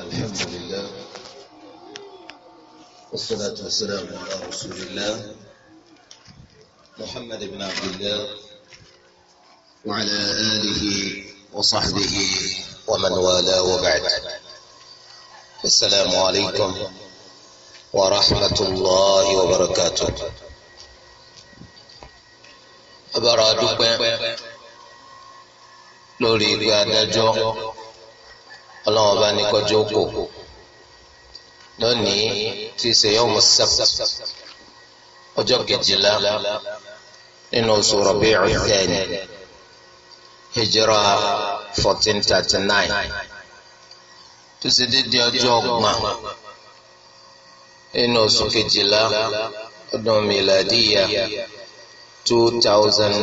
الحمد لله والصلاة والسلام على رسول الله محمد بن عبد الله وعلى آله وصحبه ومن والاه وبعد السلام عليكم ورحمة الله وبركاته أبرا لوري قادة جو ọlọ́run ọba ní kọjọ́ kò lónìí tí í ṣe yawmu sabt ọjọ́ kejìlá nínú oṣù Rabi'u Thani hijira fourteen thirty nine tó ṣe dédé ọjọ́ ọgbọ̀n nínú oṣù kejìlá ọdún miladiya two thousand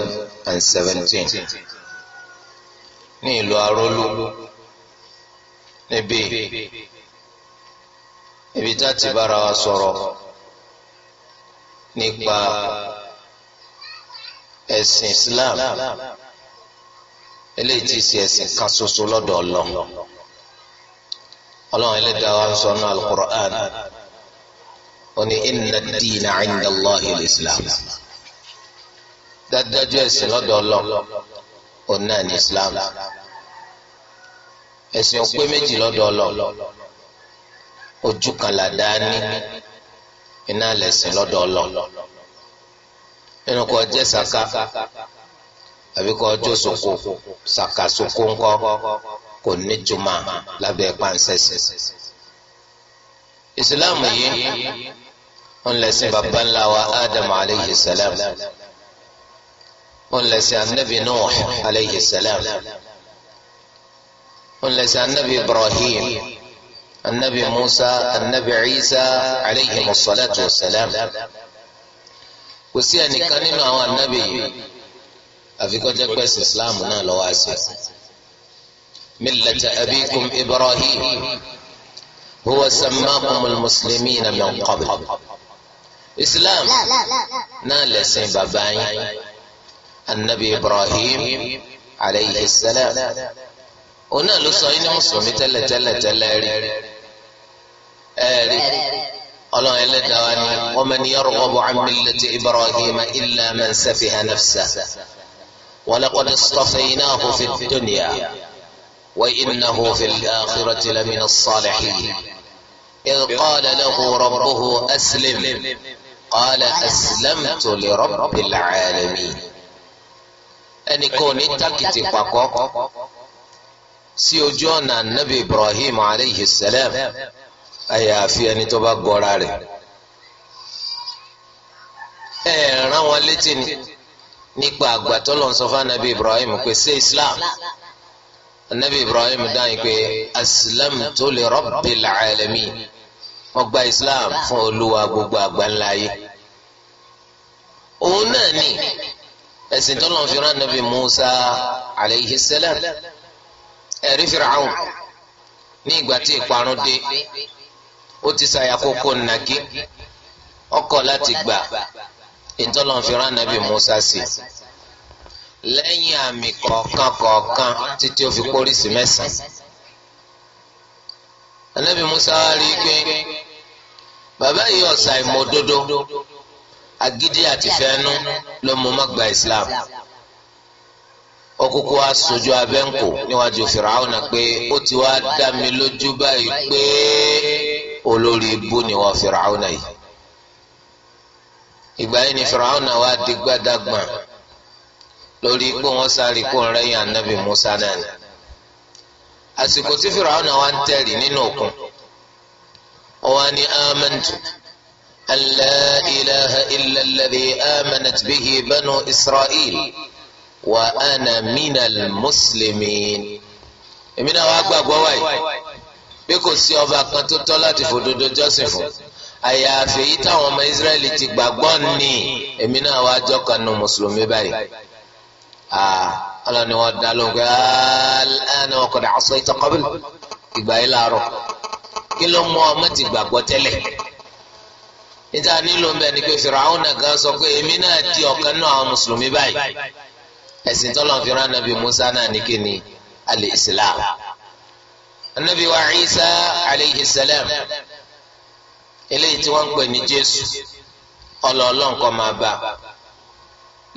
and seventeen ní ìlú arólú níbí ibi tá ti bára wa sọ̀rọ̀ nípa ẹ̀sìn Islam eléyìí ti ṣe ẹ̀sìn kan ṣoṣo lọ́dọ̀ Ọlọ́run Ọlọ́run Ẹlẹ́dàá wa sọ nínú Al-Qur'an ó ní inna Allahi islam dájúdájú ẹ̀sìn lọ́dọ̀ Ọlọ́run òun náà Islam. Islam ẹ̀sìn ọ̀pẹ méjì lọ́dọ̀ ọlọ ojú kan làdá ní iná lẹ̀sìn lọ́dọ̀ ọlọ nínú kọ jẹ́ sàká àbí kọ ọjọ́ sòkò sàká sòkò ńkọ kò ní jùmọ̀ lábẹ́ pàǹsẹ̀sẹ̀ ìsìláàmù yìí wọn lẹ̀sìn baba ńlá wa ádámù aleyhi sàlám wọn lẹ̀sìn anabi nuh aleyhi sàlám. ولسان نبي ابراهيم النبي موسى النبي عيسى عليهم الصلاة والسلام وسيا نكاني مع النبي أفكو جاكوس إسلام نالو أسر ملة أبيكم إبراهيم هو سماكم المسلمين من قبل إسلام نال سين باباين النبي إبراهيم عليه السلام ona ló sọ yín so mi tẹ́lẹ̀ tẹ́lẹ̀ tẹ́lẹ̀ rí ẹ̀rí ọlọ́run da wa ni o man yarghabu an millati Ibrahima illa man safiha nafsahu wa laqad istafaynahu fi dunya wa innahu fil akhirati lamina as-salihin idh qala lahu rabbuhu aslim qala aslamtu li rabbil alamin ẹnì kan ní tàkìtì pàkọ́. sí ojú ọ̀nà nabi ibrahim aleyhi salam àyàfi ẹni tó bá gọra rẹ̀ ẹ rán wọn létí ni nípa àgbàtọ́ lọ́n sọ fún anabi ibrahim pé ṣe islam anabi ibrahim dáhùn pé aslamtu li rabbil alamin mo gba islam fún olúwa gbogbo àgbáńlá òun náà ni ẹ̀sìn tó lọ́n fi rán anabi musa aleyhi salam ẹ̀rí fìràhùn ní ìgbà tí ìparun dé ó ti ṣàyàkókò nàgí ọkọ̀ láti gbà ìtọ́lọ́nfìrán nàbì Musa sí lẹ́yìn àmì kọ̀ọ̀kan kọ̀ọ̀kan títí ó fi pólísì mẹ́sàn-án. Ànábì Musa wá rí i pé bàbá yìí ọ̀sà ìmọ̀ òdodo agídí àti ló mú má Islam. Islam ọkùnkù wa sojú abẹ́ǹkò níwájú fìràwọ̀nà pé ó ti wá dá mi lójú báyìí pé olórí ibú ni wọ́n fìràwọ̀nà yìí. ìgbà yìí ni fìràwọ̀nà wa di gbàdàgbà lórí pé wọ́n sáré kó ń rẹ́yìn ànábì Musa náà ni. àsìkò tí fìràwọ̀nà wa ń tẹ̀rì nínú òkun ọwọ́ ni amantu an la ilaha illa alladhi amanat bihi banu wa ana minal muslimin èmi náà wá gbàgbọ́ wáyé bí kò sí ọba kan tó tọ́ láti fòdodo jọ́sìn fún àyàfi èyí táwọn ọmọ Ísírẹ́lì ti gbàgbọ́ ní èmi náà wá jọ́kanu mùsùlùmí báyìí ọlọ́ni wọn dá lóhùn pé ẹni wọn kò dà ọ́sọ ìtọ́kọ́bí ìgbà yìí láàárọ̀ kí ló mú ọmọ ti gbàgbọ́ tẹ́lẹ̀ níta nílò ń bẹ̀ ni pé Fìràwọn náà sọ pé èmi náà di ọ̀kan náà mùsùlùmí báyìí ẹ̀sìn tọ́lọ̀ fi rán anabi Musa náà ní kíni al-Islam anabi wa Isa alayhi salam eléyìí tí wọ́n ń pè ní Jésù ọlọ́ọ̀lọ́ nǹkan máa bá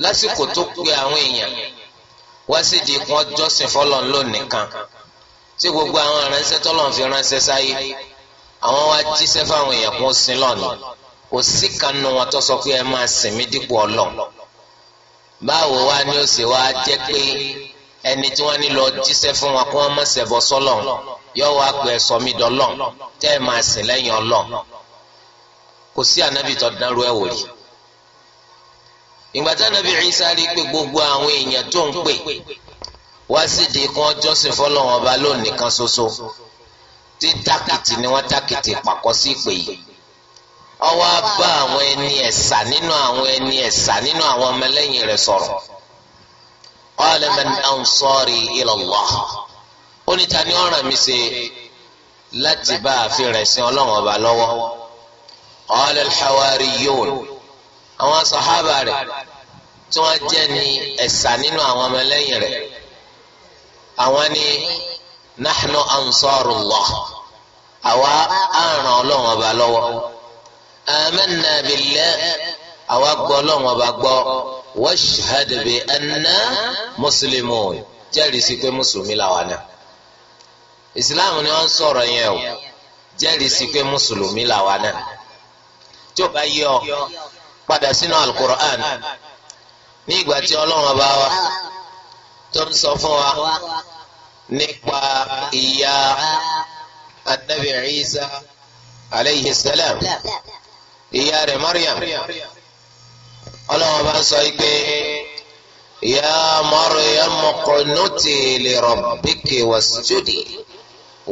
lásìkò tó pe àwọn èèyàn wá sí di kan jọ́sìn fọlọ́n lónìí kan tí gbogbo àwọn aránṣẹ́ tọ́lọ́n fi ránṣẹ́ sáyé àwọn wá jíṣẹ́ fáwọn èèyàn kún sí lọ́nà kò sí kanu wọn tó sọ pé ẹ máa sìn mí dípò Ọlọ́run báwo wá ni ó sì wá jẹ́ pé ẹni tí wọ́n ní lọ jíṣẹ́ fún wọn kó wọ́n mọ̀ ṣẹ̀bọ̀ sọ́lọ̀ yóò wá pé ẹ̀sọ́ mi dọ́lọ̀ tẹ́ ẹ̀ máa sìn lẹ́yìn ọlọ́ kò sí ànábì tó dánrú ẹ̀ wò rí ìgbà tí ànábì Ìsá rí pé gbogbo àwọn èèyàn tó ń pè wá sídìí kan jọ́sìn fọ́lọ́wọ́n ọba lónìí kan ṣoṣo tí ni wọ́n tákìtì pàkọ́ sí ìpè yìí ọwọ́ bá àwọn ẹni ẹ̀sà nínú àwọn ẹni ẹ̀sà nínú àwọn ọmọlẹ́yìn rẹ̀ sọ̀rọ̀ qala man ansari ila Allah ó ní ta ni ó ràn mí ṣe láti bá àfi rẹ̀ sin ọlọ́run ọba lọ́wọ́ qala al-hawariyun àwọn sàhábà rẹ̀ tí wọ́n jẹ́ ni ẹ̀sà nínú àwọn ọmọlẹ́yìn rẹ̀ àwọn ni nahnu ansarullah àwa á ọlọ́run ọba lọ́wọ́ amanna billah àwa gbọ́ ọlọ́run ọba gbọ́ washhad bi anna muslimun jẹ́rìí sí pé mùsùlùmí làwa náà ìsìláàmù ni wọ́n ń sọ̀rọ̀ yẹn o jẹ́rìí sí pé mùsùlùmí làwa náà tí o bá yé ọ padà sínú alukur'an ní ìgbà tí ọlọ́run ọba wa tó ń sọ fún wa nípa ìyá anabi Isa aleyhi salam ìyá rẹ̀ Maryam ọlọ́wọ́n bá sọ yìí pé ya Maryam qunuti li rabbiki wasjudi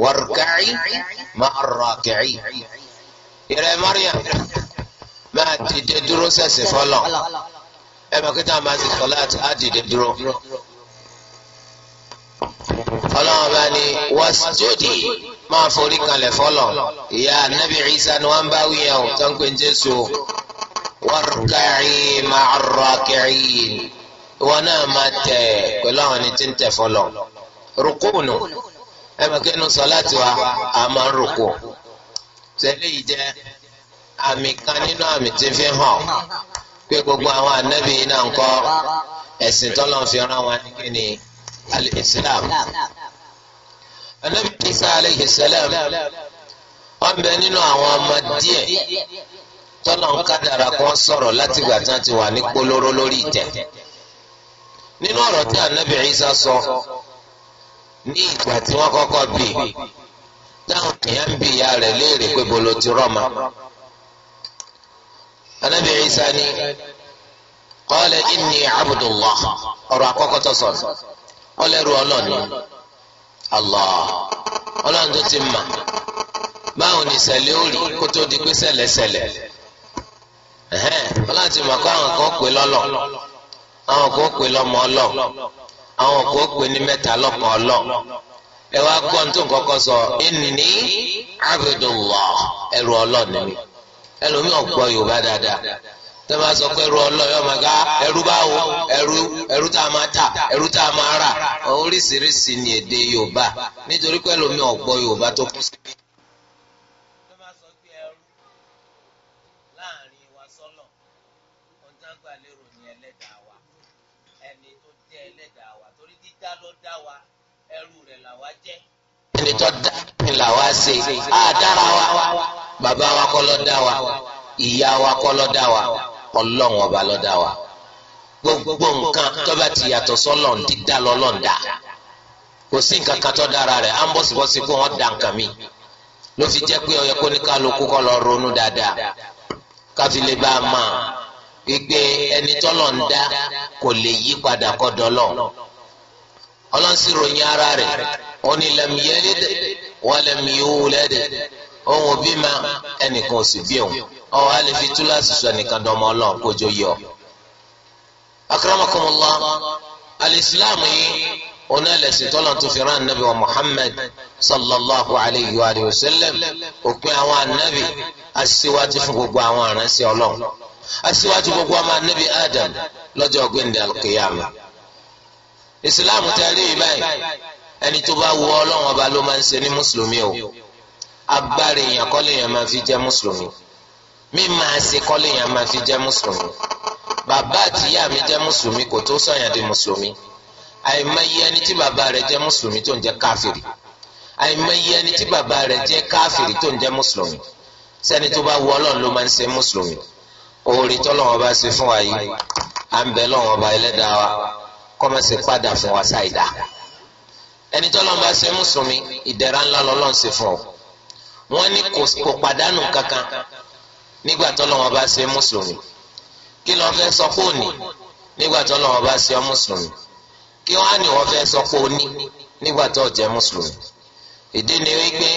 warka'i ma'a raki'in ìrẹ̀ Maryam máa dìde dúró sẹ̀sìn fọlọ́ ẹ mọ̀ kí máa ti sọ láti á dúró ọlọ́wọ́n bá ní wasjudi máa forí kalẹ̀ fọlọ̀ ìyá anabi isa ni wọ́n bá wíyà o tó ń pè jésù warka'i ma'ar raki'in ìwọ náà máa tẹ̀ pẹ̀lú àwọn ẹni tí ń tẹ̀ fọlọ̀ rukunu ẹ mọ̀ kí inú sọ láti wá a máa rukú tẹ́lẹ̀ yìí jẹ́ àmì kan nínú àmì tí fi hàn pé gbogbo àwọn anabi náà ń kọ́ ẹ̀sìn tọ́lọ́ fi rán wa ní kíni al-Islam. anabi isa aleyhi salam wọn nínú àwọn ọmọ díẹ̀ kan sọrọ láti ìgbà tí wọ́n ti wà ní polóró lórí ìtẹ̀ nínú ọrọ tí anabi isa sọ ní ìgbà tí wọ́n kọ́kọ́ bí táwọn èèyàn ń bi ìyá léèrè pé ti Allah ọlọ́run tó ti mà báwo ni ìṣẹ̀lẹ̀ ó rí kó tó di pé ṣẹlẹ̀ ṣẹlẹ̀ ọlọ́run ti mà kó àwọn kan pè lọ́lọ́ àwọn kan pè lọ́mọ ọlọ́ àwọn kan pè ní mẹ́ta lọ́kàn ọlọ́ ẹ wá gbọ́ tó kọ́kọ́ sọ inni abdullah ẹrù ọlọ́ọ̀ni mi ẹlòmíì yorùbá dáadáa tẹ máa sọ pé ẹrú ọlọ́yọ̀ máa ga ẹrú báwo ẹrú ẹrú tá a máa tà ẹrú tá a máa rà oríṣiríṣi ni èdè Yorùbá nítorí pé lómi ọ̀gbọ́ Yorùbá tó kù sí. ẹni tó dá ni làwa ṣe á dára wa bàbá wa kọ́ ló dá wa ìyá wa kọ́ ló dá wa. ọlọ́run ọba wa gbogbo nǹkan tó ti yàtọ̀ sọ́lọ̀ dídá lọ́lọ́ kò sí nǹkan kan tó dára rẹ̀ à ń pé wọ́n nǹkan mi ló fi jẹ́ pé ó yẹ kó lọ ronú dáadáa lè bá a mọ̀ ẹni tọ́lọ̀ ń kò lè yí padà ma ẹnìkan ò ọ a lè fi túláàsì sọ nìkan dọmọ Ọlọ́run kójó yọ. akramakumullah alisilamu yìí ona lẹsìn tọ́lọ̀ tó fi rán anabi wa muhammed sallallahu alayhi wa sallam òpin àwọn anabi aṣíwájú fún gbogbo àwọn aránṣẹ́ Ọlọ́run aṣíwájú gbogbo ọmọ anabi adam lọ́jọ́ gbẹ̀ndẹ̀ alqiyama ìsìláàmù tẹ rí báyìí ẹni tó bá wù Ọlọ́run ọba ló máa ń ṣe ní mùsùlùmí o agbára èèyàn kọ́ lèèyàn máa fi jẹ́ mùsùlùmí mi máa ṣe kọ́lé yẹn máa fi jẹ́ mùsùlùmí bàbá àtìyá mi jẹ́ mùsùlùmí kò tó sọ̀yàn di mùsùlùmí àìmọye ẹni tí bàbá rẹ̀ jẹ́ mùsùlùmí tó ń jẹ́ káfìrì àìmọye ẹni tí bàbá rẹ̀ jẹ́ káfìrì tó ń jẹ́ mùsùlùmí sẹ́ni tó bá wọ ọlọ́run ló máa ń ṣe mùsùlùmí oore tọ́lọ́wọ́n bá ṣe fún wa yìí à ń bẹ lọ́wọ́n bá ẹlẹ́dàá wa kọ́mọ sí padà fún wa ṣáìdá ẹni tọ́lọ́wọ́n bá ṣe mùsùlùmí ìdẹ̀ra ńlá lọ́lọ́run ṣe fún ọ wọ́n ní kò pàdánù kankan nígbà tó lọ́wọ́ bá ṣe mùsùlùmí kí lọ́n fẹ́ sọ pé òní nígbà tó lọ́wọ́ bá ṣe mùsùlùmí kí wọ́n á ní wọ́n fẹ́ sọ pé òní nígbà tó jẹ́ mùsùlùmí ìdí ni wípé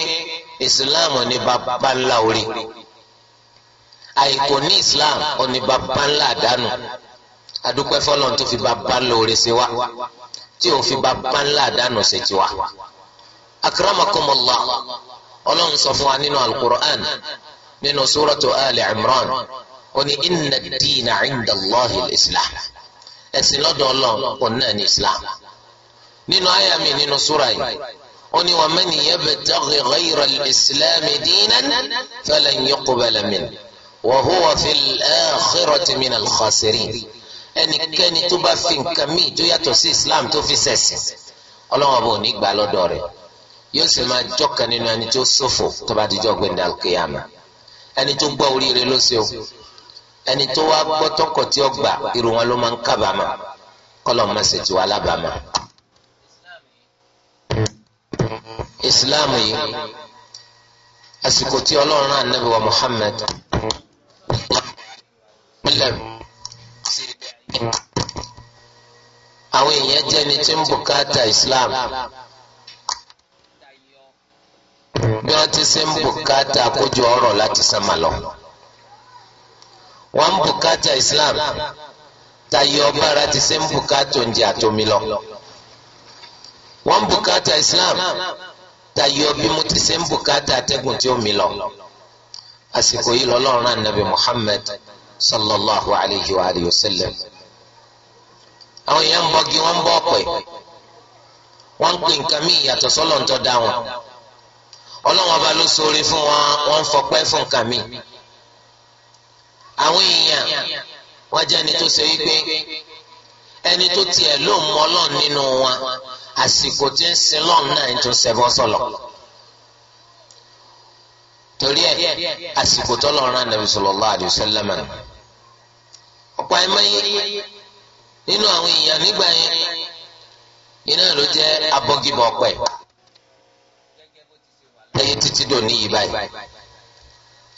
ìsìláàmù ni bàbá ńlá orí àìkò ní islam ọ̀ni bàbá ńlá àdánù adúpẹ́ fọlọ́n tó fi bàbá ńlá orí ṣe wá tí ò fi bàbá ńlá àdánù ṣe ti wá. akramakumullah ọlọ́run sọ fún wa nínú alukur'an nínú suratu ali imran ó ní inna diina inda allahi islam ẹ̀sìn lọ́dọ̀ ọlọ́run kò náà ní islam nínú àyà mi nínú sura yìí ó ní wa man yabtaghi ghayra al-islam diinan falan yuqbala min wa huwa fil akhirati min al-khasirin ẹnikẹ́ni tó bá fi nǹkan míì tó yàtọ̀ sí islam tó fi ṣẹ̀sìn ọlọ́run ọba ní gbà rẹ̀ yóò sì máa jọ́kan nínú ẹni tó ṣòfò tó bá dijọ́ gbẹ̀ndàlùkìyàmà ẹni tó gbọ́ oríire ló ṣe o ẹni tó wá gbọ́ tọkọ tí ó gbà irú wọn ló máa ń kábàámà kọlọ̀ máa ṣe tiwa lábàámà. ìsìláàmù yìí àsìkò tí ọlọ́run rán ànábì wa Muhammad àwọn èèyàn jẹ́ni tí ń bùkátà ìsìláàmù. bí wọ́n ti ṣe ń bukata kójú ọrọ láti sánmà lọ. wọ́n ń bukata Islam tayọ bára ti ṣe ń bùkátà oúnjẹ àtomi lọ. wọ́n ń bukata Islam tayọ bí mo ti ṣe ń bùkátà atẹ́gùn tí ó mi lọ. àsìkò yìí lọ́lọ́run Muhammad sallallahu alayhi wa sallam. àwọn èèyàn ń wọ́n ń bọ́ wọ́n ọlọ́wọ́n ọba ló sóore fún wọn wọ́n ń fọpẹ́ fún nǹkan mi. àwọn èèyàn wọ́n jẹ́ ẹni tó ṣe wípé ẹni tó tiẹ̀ ló ń mọ Ọlọ́run nínú wọn àsìkò tí ń sin lọ́run náà ń tún ṣẹbọ sọ̀lọ̀. torí ẹ àsìkò tọ́lọ́run náà nàbì sallallahu alaihi wasallam. ọ̀pọ̀ ẹ̀ mẹ́yẹ nínú àwọn èèyàn nígbà yẹn iná ló jẹ́ abọ́gibọ̀ pẹ̀. títí dòní yìí báyìí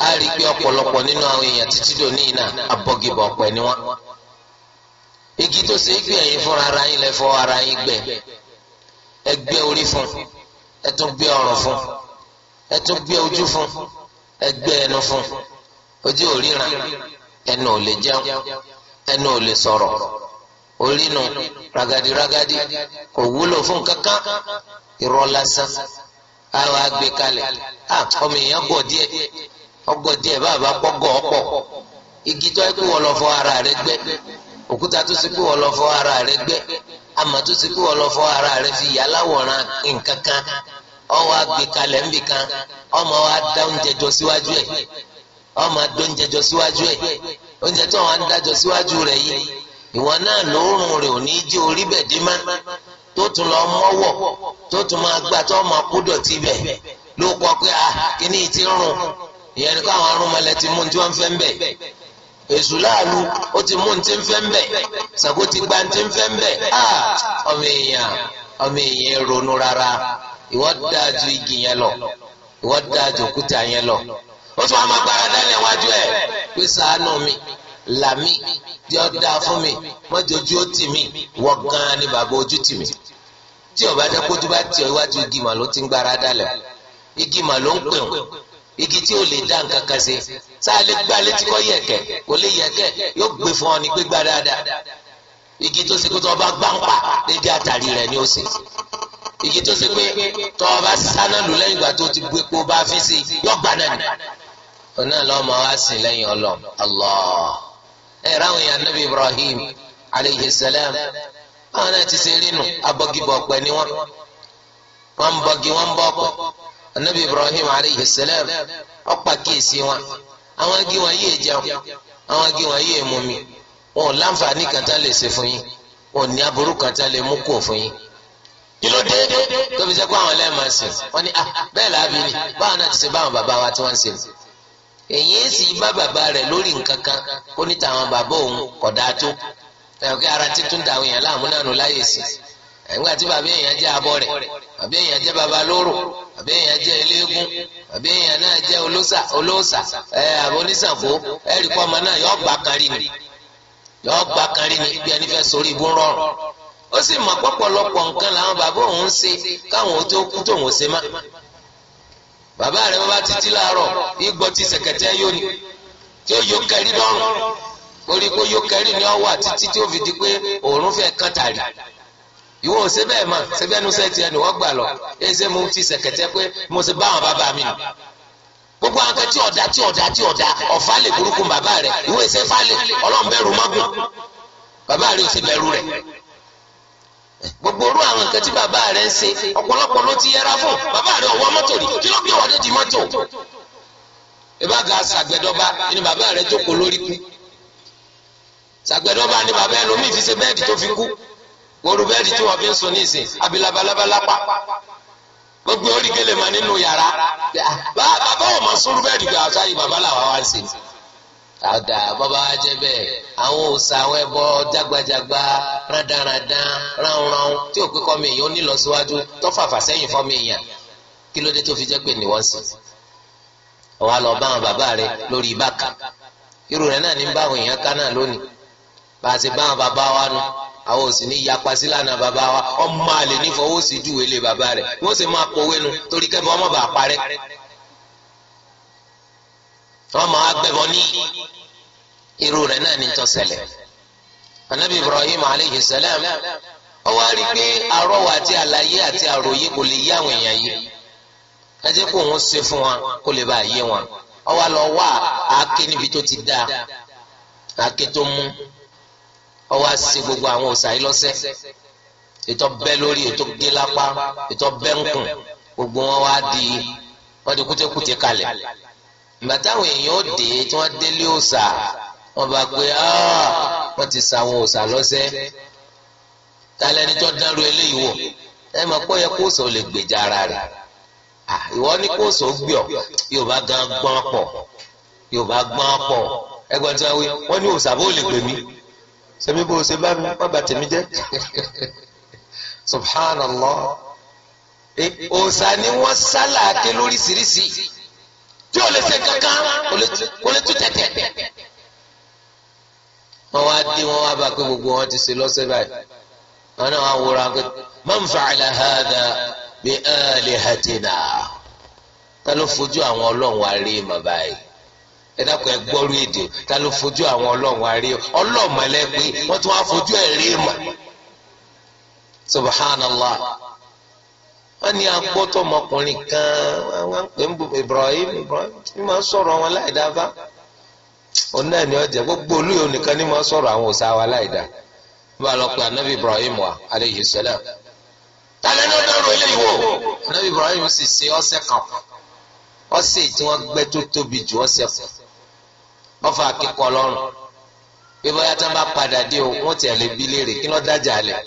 a rí i pé ọ̀pọ̀lọpọ̀ nínú àwọn èèyàn títí dòní yìí náà abọ́gibọ̀ ọ̀pẹ ni wọ́n igi tó ṣe é gbé ẹ̀yin fúnra ara yín lẹ fọ́ ara yín gbẹ ẹ gbé orí fún ẹ tún gbé ọrùn fún ẹ tún gbé ojú fún ẹ gbé ẹnu fún ojú ò ríran ẹnu ò lè jẹun ẹnu ò lè sọ̀rọ̀ orí nu ragadi ragadi kò wúlò fún kankan irọ́ lásán. káwọn agbè kalẹ̀ ọmọ èèyàn gọ̀ díẹ̀ ọgọ̀ díẹ̀ bàbá ọ̀pọ̀ igi tó ẹkú wọlọ fọ ara rẹ gbẹ́ òkúta tó sì kú fọ ara rẹ gbẹ́ àmọ́ tó sì kú fọ ara rẹ fi yà nǹkan kan ọwọ agbè kalẹ̀ kan ọmọ wa dá oúnjẹ jọ síwájú tó tún lọ mọwọ tó tún máa gbà tó máa kó dọ̀tí bẹ̀ ló kọ pé a ah, kíní ti rùn ìyẹn ni káwọn arúnmọlẹ̀ ti mú tí wọ́n ń bẹ̀ èsù láàlú ó ti mú ti ń ń bẹ̀ Ṣàngó ti gba ti ń bẹ̀ a ah, ọmọ èèyàn ọmọ èèyàn ronú igi yẹn lọ ìwọ dáa ju òkúta yẹn lọ ó tún máa gbára Lami, tí ó dáa fún mi wọ́n jẹ ojú ó tì mí wọ́n gan-an ni bàbá ojú tì mí tí ọba jẹ́ kójú bá tì ọ́ iwájú igi mà ló ti ń gbára dálẹ̀ igi mà ló ń pè ọ́ igi tí ò lè dá nǹkan kan ṣe sáà lè gbá létí kọ́ yẹ̀kẹ́ kò lè yẹ̀kẹ́ yóò gbé fún ọ ní gbégbá dáadáa igi tó ṣe pé tó ọba gbá ń pa dédé àtàrí rẹ̀ ni ó ṣe igi tó ṣe pé tó ọba sáná lù lẹ́yìn ìgbà tó ti gbé pé ó fi ṣe yọ̀gbá náà ni ọ̀nà lọ́mọ wa sìn lẹ́yìn ọlọ́ọ̀ Allah. e àwọn èèyàn ibrahim aleyhi salam báwọn náà ti ṣe rínu abọ́gibọ̀pẹ̀ ni wọ́n wọ́n ń bọ́gi wọ́n ń ibrahim aleyhi ọ̀pá kíyèsí wọn àwọn igi wọn yéé jẹun àwọn igi wọn yéé mú wọn ò láǹfààní kan lè fún yín wọn ò ní aburú lè mú kó fún yín tóbi ah bẹ́ẹ̀ làá bí ni báwọn náà ti báwọn bàbá wa tí wọ́n ń èyí sì bá bàbá rẹ̀ lórí nǹkan kan kó níta àwọn bàbá òun kódà tó ẹ̀kọ́ ara títún dàwọn èèyàn láàmú náà nù láyè sí ẹ̀ngbà tí bàbá èèyàn jẹ́ abọ́ rẹ̀ bàbá èèyàn jẹ́ bàbá lóró bàbá èèyàn jẹ́ eléégún bàbá èèyàn náà jẹ́ olóòṣà olóòṣà ẹ̀ àbónísàfó ẹ̀rí kọ́ ọmọ náà yọ̀ọ́ gbà kan rí ni yọ̀ọ́ gbà kan rí ni bí ẹni fẹ́ sórí ibú rọrùn ó sì mọ̀ pọ̀pọ̀lọpọ̀ nǹkan làwọn bàbá òun ń ṣe káwọn ó tó kú tóun ó ṣe má bàbá rẹ bá títí láàárọ̀ igbó ti sẹkẹtẹ yóò ní tí ó yóò kẹrí lọ́rùn orí kó yóò kẹrí ni ọ wà títí tí ó fi di pé òórùn fẹ́ kán tàrí ìwọ ò ṣe bẹ́ẹ̀ mà ṣẹbẹ ẹnu sẹ tiẹ nìwọ gbà lọ ẹ ṣe mo ti sẹkẹtẹ pé mo ṣe bá àwọn bàbá mi nù gbogbo akẹ́ tí ọ̀dà tí ọ̀dà tí ọ̀dà ọ̀fà lè burúkú bàbá rẹ̀ ìwé ṣe fà lè ọlọ́run mọ́gùn bàbá rẹ̀ ò ṣe bẹ̀rù rẹ̀ gbogbo orú àwọn nǹkan tí bàbá rẹ ń ṣe ọ̀pọ̀lọpọ̀ ló ti yẹra fún bàbá rẹ ọ̀wọ́ mọ́tò rí kí ló gbé wọlé di mọ́tò. ìbá ga sàgbẹ́dọ́ba ni bàbá rẹ jókòó lórí kú sàgbẹ́dọ́ba ni bàbá ẹ lómi fi ṣe bẹ́ẹ̀dì tó fi kú wọ́rù bẹ́ẹ̀dì tí wọ́n fi ń sùn ní ìsìn abilabalabalapa gbogbo oríkèlè mà nínú yàrá bàbá ò mọ̀ sórú bẹ́ẹ̀dì gbà àdá bàbá wa jẹ bẹ́ẹ̀ àwọn òòṣà àwọn ẹbọ jágbajàgba rádaràdán ránranrun tí ò pé kọ́ mi èèyàn onílọsíwájú tó fàfà sẹ́yìn fọ́ mi èèyàn kí ló dé tó fi jẹ́ pé ní wọ́n sì wàá lọ bá àwọn bàbá rẹ lórí ìbáka irú rẹ náà ní bá àwọn èèyàn ká lónìí bá a ti bá àwọn bàbá wa nu àwọn òsì ní yapa sí lánàá bàbá wa ọmọ àlè nífọwọ́sí júwèé lé bàbá rẹ wọ́n sì máa pòwé nu torí kẹ́bí wọ́n máa gbẹbọ ní irú rẹ̀ náà ní tó ṣẹlẹ̀ anabi ibrahim aleyhi salam ó wá rí i pé arọwà àti àlàyé àti àròyé kò lè yé àwọn èèyàn yìí ẹ jẹ́ kó òun ṣe fún wọn kó lè bá yé wọn ó wá lọ wá àáké níbi tó ti dáa àáké tó mú ó wá ṣe gbogbo àwọn òòṣà lọ́sẹ̀ ètò bẹ́ lórí ètò gé lápá ètò bẹ́ ńkùn gbogbo wọn wá di wọn di kútẹ́kútẹ́ kalẹ̀ ìgbà táwọn èèyàn ó dé tí wọ́n délé òòsà wọ́n bá pé ah! wọ́n ti sa àwọn òòsà lọ́sẹ̀ kálẹ̀ ní tó dánrú eléyìí wò ẹ mọ̀ pé ó yẹ kóòsà ò lè gbèjà ara rẹ̀ ìwọ ní kóòsà ó gbìọ̀ Yorùbá gan gbọ́n pọ̀ Yorùbá gbọ́n pọ̀ ẹgbẹ́ tí wọ́n ní òòsà bó lè gbè mí sẹ́mi bó ṣe bá mi má bà tèmi jẹ́ subhanallah òòsà ni wọ́n sálà ké lóríṣiríṣi. tí o lè ṣe kankan o lè tú tẹ̀tẹ̀. wọ́n wá wá bá pé gbogbo wọn ti báyìí náà wá wúra man fa'ala hadha bi alihatina ta ló fojú àwọn ọlọ́run wa rí báyìí ẹ dákun ẹ gbọ́rú èdè ta ló fojú àwọn ọlọ́run wa rí ọlọ́run mọ̀lẹ́pẹ́ wọ́n tún wá fojú ẹ̀ rí subhanallah. wọ́n ní agbọ́tọ̀ ọmọkùnrin kan wọ́n ń pè ń bu Ibrahim Ibrahim ní máa ń sọ̀rọ̀ wọn láì dá bá òun náà ni ọjà gbogbo olúyò nìkan ní máa ń sọ̀rọ̀ àwọn òòṣà wa láì dá bá lọ pé anabi Ibrahim wa aleyhi salam tálẹ́ ní ọdọ́rùn eléyìí wò anabi Ibrahim sì ṣe ọ̀sẹ̀ kan ọ̀sẹ̀ tí wọ́n gbẹ́ tó tóbi jù ọ̀sẹ̀ fún ọfà akíkọ ọlọ́run bí bóyá tí bá padà dé o wọ́n tiẹ̀ lè bí léèrè kí lọ́ọ́ dájà lẹ̀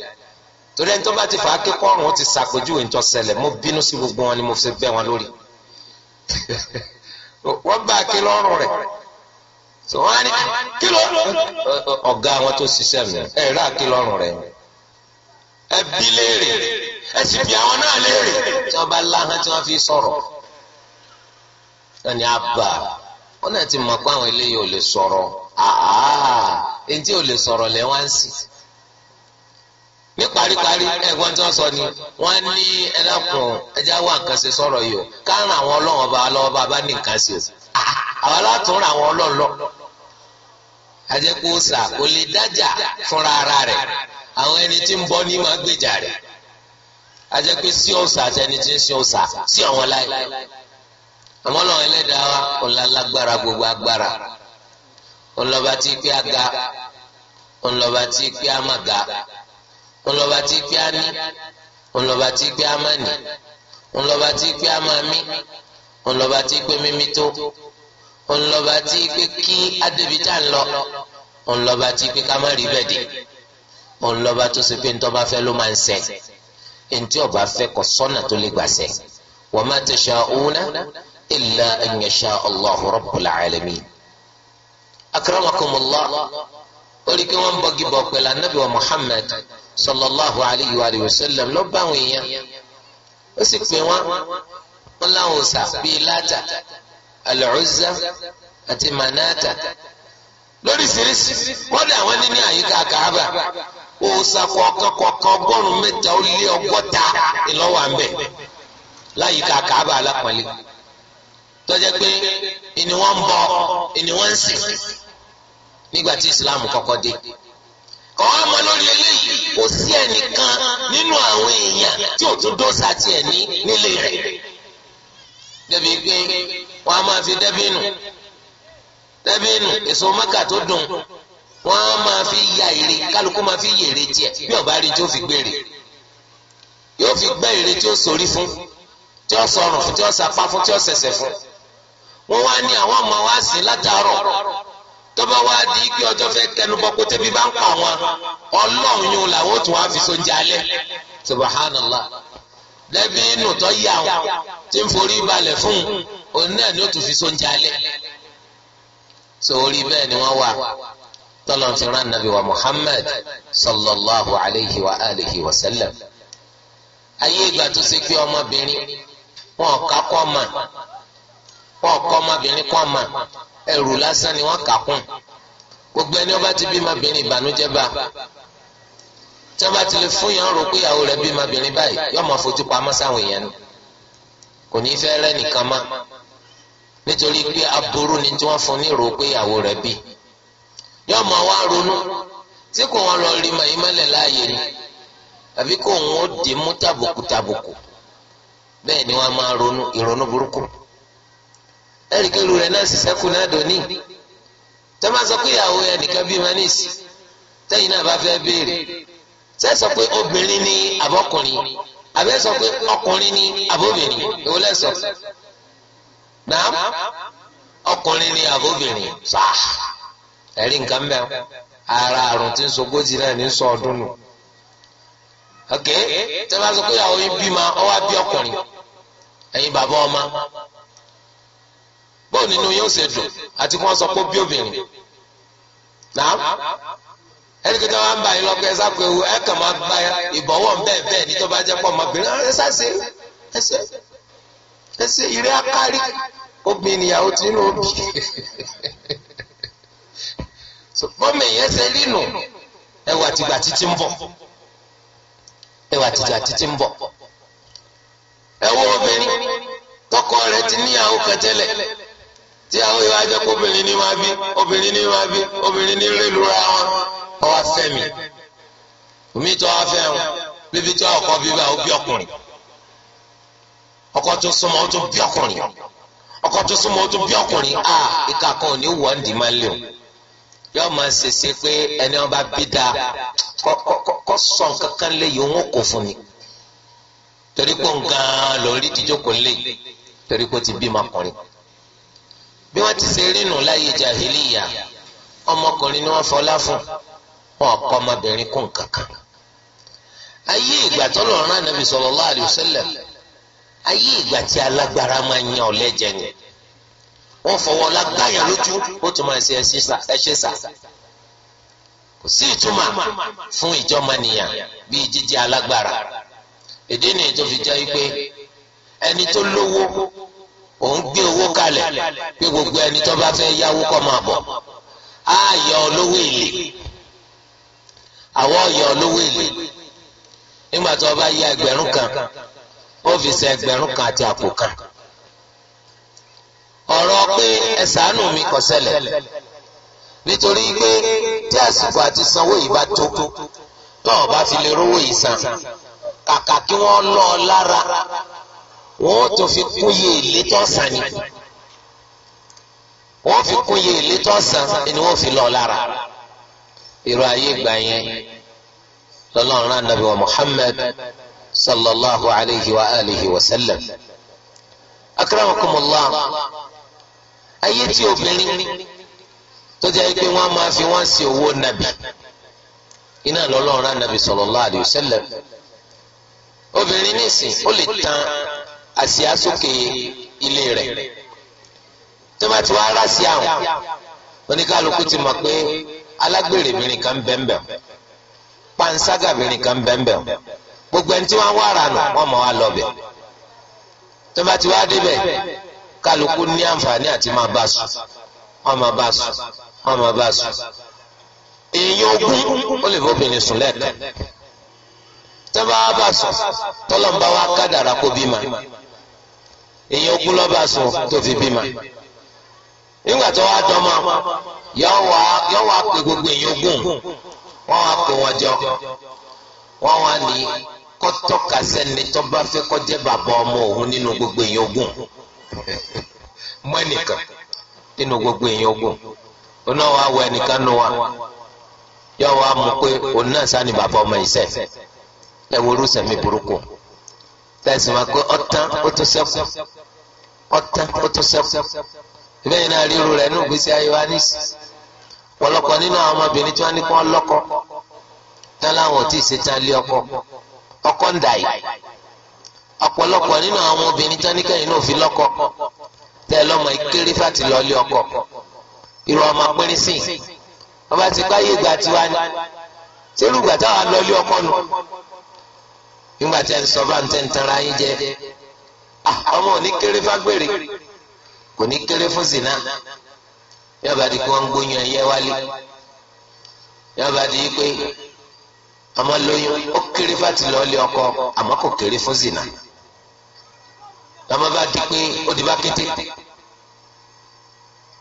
torí ẹni tó bá ti fà á ké kọ́rùn ó ti ṣàpèjúwe ń tọ́sẹ̀lẹ̀ mo bínú sí gbogbo wọn ni mo fi bẹ́ wọn lórí wọ́n bá a ké lọ́rùn rẹ̀ tó wọ́n á ní kí ló ọ̀gá àwọn tó ṣiṣẹ́ mi ẹ̀ rà ké lọ́rùn rẹ̀ ẹ bí léèrè ẹ sì bí àwọn náà léèrè tí wọ́n bá láhán tí wọ́n fi sọ̀rọ̀ ẹni àbà wọn náà ti mọ̀ pé àwọn eléyìí ò lè sọ̀rọ̀ àhà ẹni tí ò lè sọ̀rọ̀ lẹ́wọ̀n sì. ní paríparí ẹ̀gbọ́n tí wọ́n sọ ni wọ́n ní ẹlẹ́kùn ẹja wà nǹkan ṣe sọ̀rọ̀ yìí o àwọn ọlọ́run ọba lọ́wọ́ bá bá ní nǹkan ṣe o àwọn alátùn àwọn ọlọ́run lọ. àjẹkù sà lè dájà fúnra ara rẹ̀ àwọn ẹni tí ń bọ́ ní gbèjà rẹ̀ sí àti ẹni tí ń sí sí àwọn ẹlẹ́dàá wa lágbára gbogbo agbára tí pé tí pé ńlọba tí pé á ní ńlọba tí pé á má ní ńlọba tí pé á má mí ńlọba tí pé mímí tó ńlọba tí pé kí adébítà ń lọ ńlọba tí pé ká má rí bẹ́ẹ̀ dé ńlọba tó ṣe pé ntọ́ bá fẹ́ ló máa ń ṣe ntí ọba fẹ́ kọ sọ́nà tó lè gbà ṣe wa ma tasha'una illa an yasha Allahu rabbul alamin. akramakumullah ó rí i kí wọ́n ń bọ́gi pẹ̀lú anabi wa sallallahu alayhi wa sallam ló bá àwọn èèyàn ó sì pè wọ́n wọ́n láwọn òòṣà bíi Láta Al-Uzza àti Manata lóríṣiríṣi wọ́n dà wọ́n ní ní àyíká Kaaba òòṣà kọ̀ọ̀kan kọ̀ọ̀kan ọgọ́rùn-ún mẹ́ta ó lé ọgọ́ta ìlọ́wọ́ àmbẹ̀ láyìíká Kaaba alápọ̀nlé tọ́jẹ́ pé ìní ń bọ ìní ń sìn nígbà tí Islam kọ́kọ́ dé ọmọ lórí eléyìí kò sí ẹnìkan nínú àwọn èèyàn tí ò tún dọ́sà tiẹ̀ ní nílé rẹ̀ débi pé wọn a máa fi dẹ́bínù dẹ́bínù èso mọ́kà tó dùn wọn a máa fi ya èrè kálukú máa fi yèrè tiẹ̀ bí ọba rí tí ó fi gbèrè yóò fi gbẹ́ èrè tí ó sorí fún tí ó sọrùn fún tí ó sapá fún tí ó sẹ̀sẹ̀ fún wọn wá ní àwọn ọmọ wa sí látàárọ̀ tọ́ba wá di ike ọjọ́ fẹ́ kẹnubọ kó tẹ́bi bá ń pa wọn ọlọ́run yóò làwọn ó tún wá fi sóúnjẹ alẹ́ subhanallah lẹ́bi inú tọ́ yà wọn tí ń forí balẹ̀ fún òun náà ni ó tún fi sóúnjẹ alẹ́ sórí bẹ́ẹ̀ ni wọ́n wà tọ́lọ́n ti rán wa muhammad sallallahu alayhi wa alihi wa sallam ayé ìgbà tó ṣe pé ọmọbìnrin wọn kà kọ́ mà wọn kọ́ ọmọbìnrin kọ́ mà ẹrù lásán ni wọ́n kà kún gbogbo ẹni ọba ti bí mabìnrin ìbànújẹ́ bá tí wọ́n bá ti lè fún yàn rò pé ìyàwó rẹ̀ bí mabìnrin báyìí yóò máa fojú pamọ́ sáwọn èèyàn ni kò ní í fẹ́ rẹ́ nìkan mọ́ nítorí pé aburú ni tí wọ́n fún ní rò pé ìyàwó rẹ̀ bí yóò máa wá ronú tí kò wọ́n lọ rí màyí mọ́lẹ̀ láàyè ni àbí kò wọ́n dì mú tàbùkù tàbùkù bẹ́ẹ̀ ni wọ́n máa ronú ìrònú burúkú. ẹ̀ríkẹ́ lu rẹ̀ náà sì sẹ́kù náà dòní tẹ́ máa sọ pé ìyàwó yẹn nìkan bí ma níìsì tẹ́yìn náà bá fẹ́ béèrè ṣé sọ pé obìnrin ni àbọ̀kùnrin àbẹ́ sọ pé ọkùnrin ni àbóbìnrin èwo lẹ́sọ̀ náà ọkùnrin ni àbóbìnrin sáà ẹ̀rí nǹkan bẹ́ẹ̀ ara àrùn ma ọ wá bí ọkùnrin ẹ̀yin bàbá bóò nínú yóò ṣe dùn àti kí wọ́n sọ pé ó bí obìnrin náà ẹni ewu ẹ kàn máa gba ìbọ̀wọ̀ bẹ́ẹ̀ bẹ́ẹ̀ ní tó bá jẹ́ pọ̀ ọmọbìnrin ẹ ẹsẹ ẹsẹ ìrẹ́ akárí obìnrin ìyàwó tí èèyàn ṣe rí nù tìgbà títí ń bọ̀ tìgbà títí ń tí àwọn ìwà jẹ́ kó obìnrin ní wá bí obìnrin ní wá bí obìnrin ní rí lura wọn ọwọ́ fẹ́mi omi tó wá fẹ́ wọn bíbí tí ọkọ bíbá ó bí ọkùnrin ọkọ tó súnmọ́ ó tó bí ọkùnrin ọkọ tó súnmọ́ ó tó bí ọkùnrin a ìka kan ò ní wọ́n ń dì máa lé o yóò máa ṣèṣe pé ẹni wọn bá bí dáa kó sọ nǹkan kan léyìí òun ò kò fún ni torí pé òun gan-an lòún rí ìdíjókòó léyìí torí pé ó ti bí ọmọkùnrin. bí wọ́n ti ṣe rí láyé jahiliya ọmọkùnrin ni wọ́n fọlá fún wọn kọ ọmọbìnrin kún kankan ayé ìgbà tọ́lọ̀ rán anabi sallallahu alayhi ayé ìgbà tí alágbára máa ń yan ọ̀lẹ́jẹ̀ ni wọ́n fọwọ́ lágbáyà lójú ó tún máa ṣe ẹṣẹ́ sà kò sí fún jíjẹ́ alágbára ìdí fi jẹ́ ẹni tó lówó òun gbé owó kalẹ̀ pé gbogbo ẹni tó bá fẹ́ yáwó kó máa bọ̀ á yọ olówó èlé àwọn ọ̀yọ́ olówó èlé nígbà bá yá ẹgbẹ̀rún kan ó fi ẹgbẹ̀rún kan àti àpò kan ọ̀rọ̀ pé ẹ ṣàánú mi kò ṣẹlẹ̀ nítorí pé tí àsìkò àti sanwó yìí bá tó tó náà bá fi lè rówó yìí san kàkà kí wọ́n ọ lára wọ́n tó fi kún yé èlé tó san ni wọ́n fi kún yé èlé tó san ni wọ́n fi lọ lára irú ayé gbà yẹn lọ́lọ́run rán nàbí wa Muhammad sallallahu alayhi wa alihi wa sallam akramakumullah ayé tí obìnrin tó jẹ́ pé wọ́n máa fi wọ́n sí owó nàbì iná lọ́lọ́run rán sallallahu alayhi wa sallam obìnrin nìsín ó lè tán. Asị sókè ilé rẹ tó bá ahụ, onye àwọn ti mọ̀ pé alágbèrè mìíràn kan bẹ́ẹ̀ bẹ́ẹ̀ mìíràn kan gbogbo ẹni tí wọ́n wá ra nù wọ́n mọ̀ wá lọ bẹ̀ tó débẹ̀ ní àǹfààní àti máa bá sùn wọ́n máa bá sùn wọ́n máa bá sùn èèyàn ó èyí ó kú tó fi bímọ nígbà tó wá dọ́mọ yọ wá pé gbogbo èyí ogún wọn wá pé wọ́n jọ wọn wá ní kọ́tọ́ka sẹ́ni tó bá fẹ́ bàbá ọmọ òun nínú gbogbo èyí ogún mọ́ ẹnìkan nínú gbogbo èyí ogún oná wa wọ ẹnìkan nù wa yọ wá mú pé òun náà sá ni bàbá ọmọ ẹ mi burúkú. tẹ̀sí ma pé ọ̀tán ó tún sẹ́kù ọ̀tán ó tún sẹ́kù ìbẹ́yìn náà ríru rẹ̀ ní ògbésí ayé wa ní pọ̀lọpọ̀ nínú àwọn ọmọbìnrin tí wọ́n ní kí wọ́n lọ́kọ tán láwọn ò tí ì ṣetán lé ọkọ ọkọ ń dà yìí ọ̀pọ̀lọpọ̀ nínú àwọn obìnrin tán ní kẹ́yìn náà fi lọ́kọ tẹ́ lọ́mọ ìkéré fàtí lọ lé ọkọ irú ọmọ pínrín sí i ti gbáyé ìgbà tiwa ni ṣé irú ìgbà táwa lọ lé ọkọ nù nígbà tí ẹ ń sọ bá ń tẹ́ ń tanra yín jẹ ah, ọmọ kò ní kéré fún zina yọba di pé wọn ń gbóyún ẹyẹ wálé yọba di pé ọmọ lóyún ó kéré fáti lọ ọkọ kéré fún zina lọmọ bá di pé ó di bá kété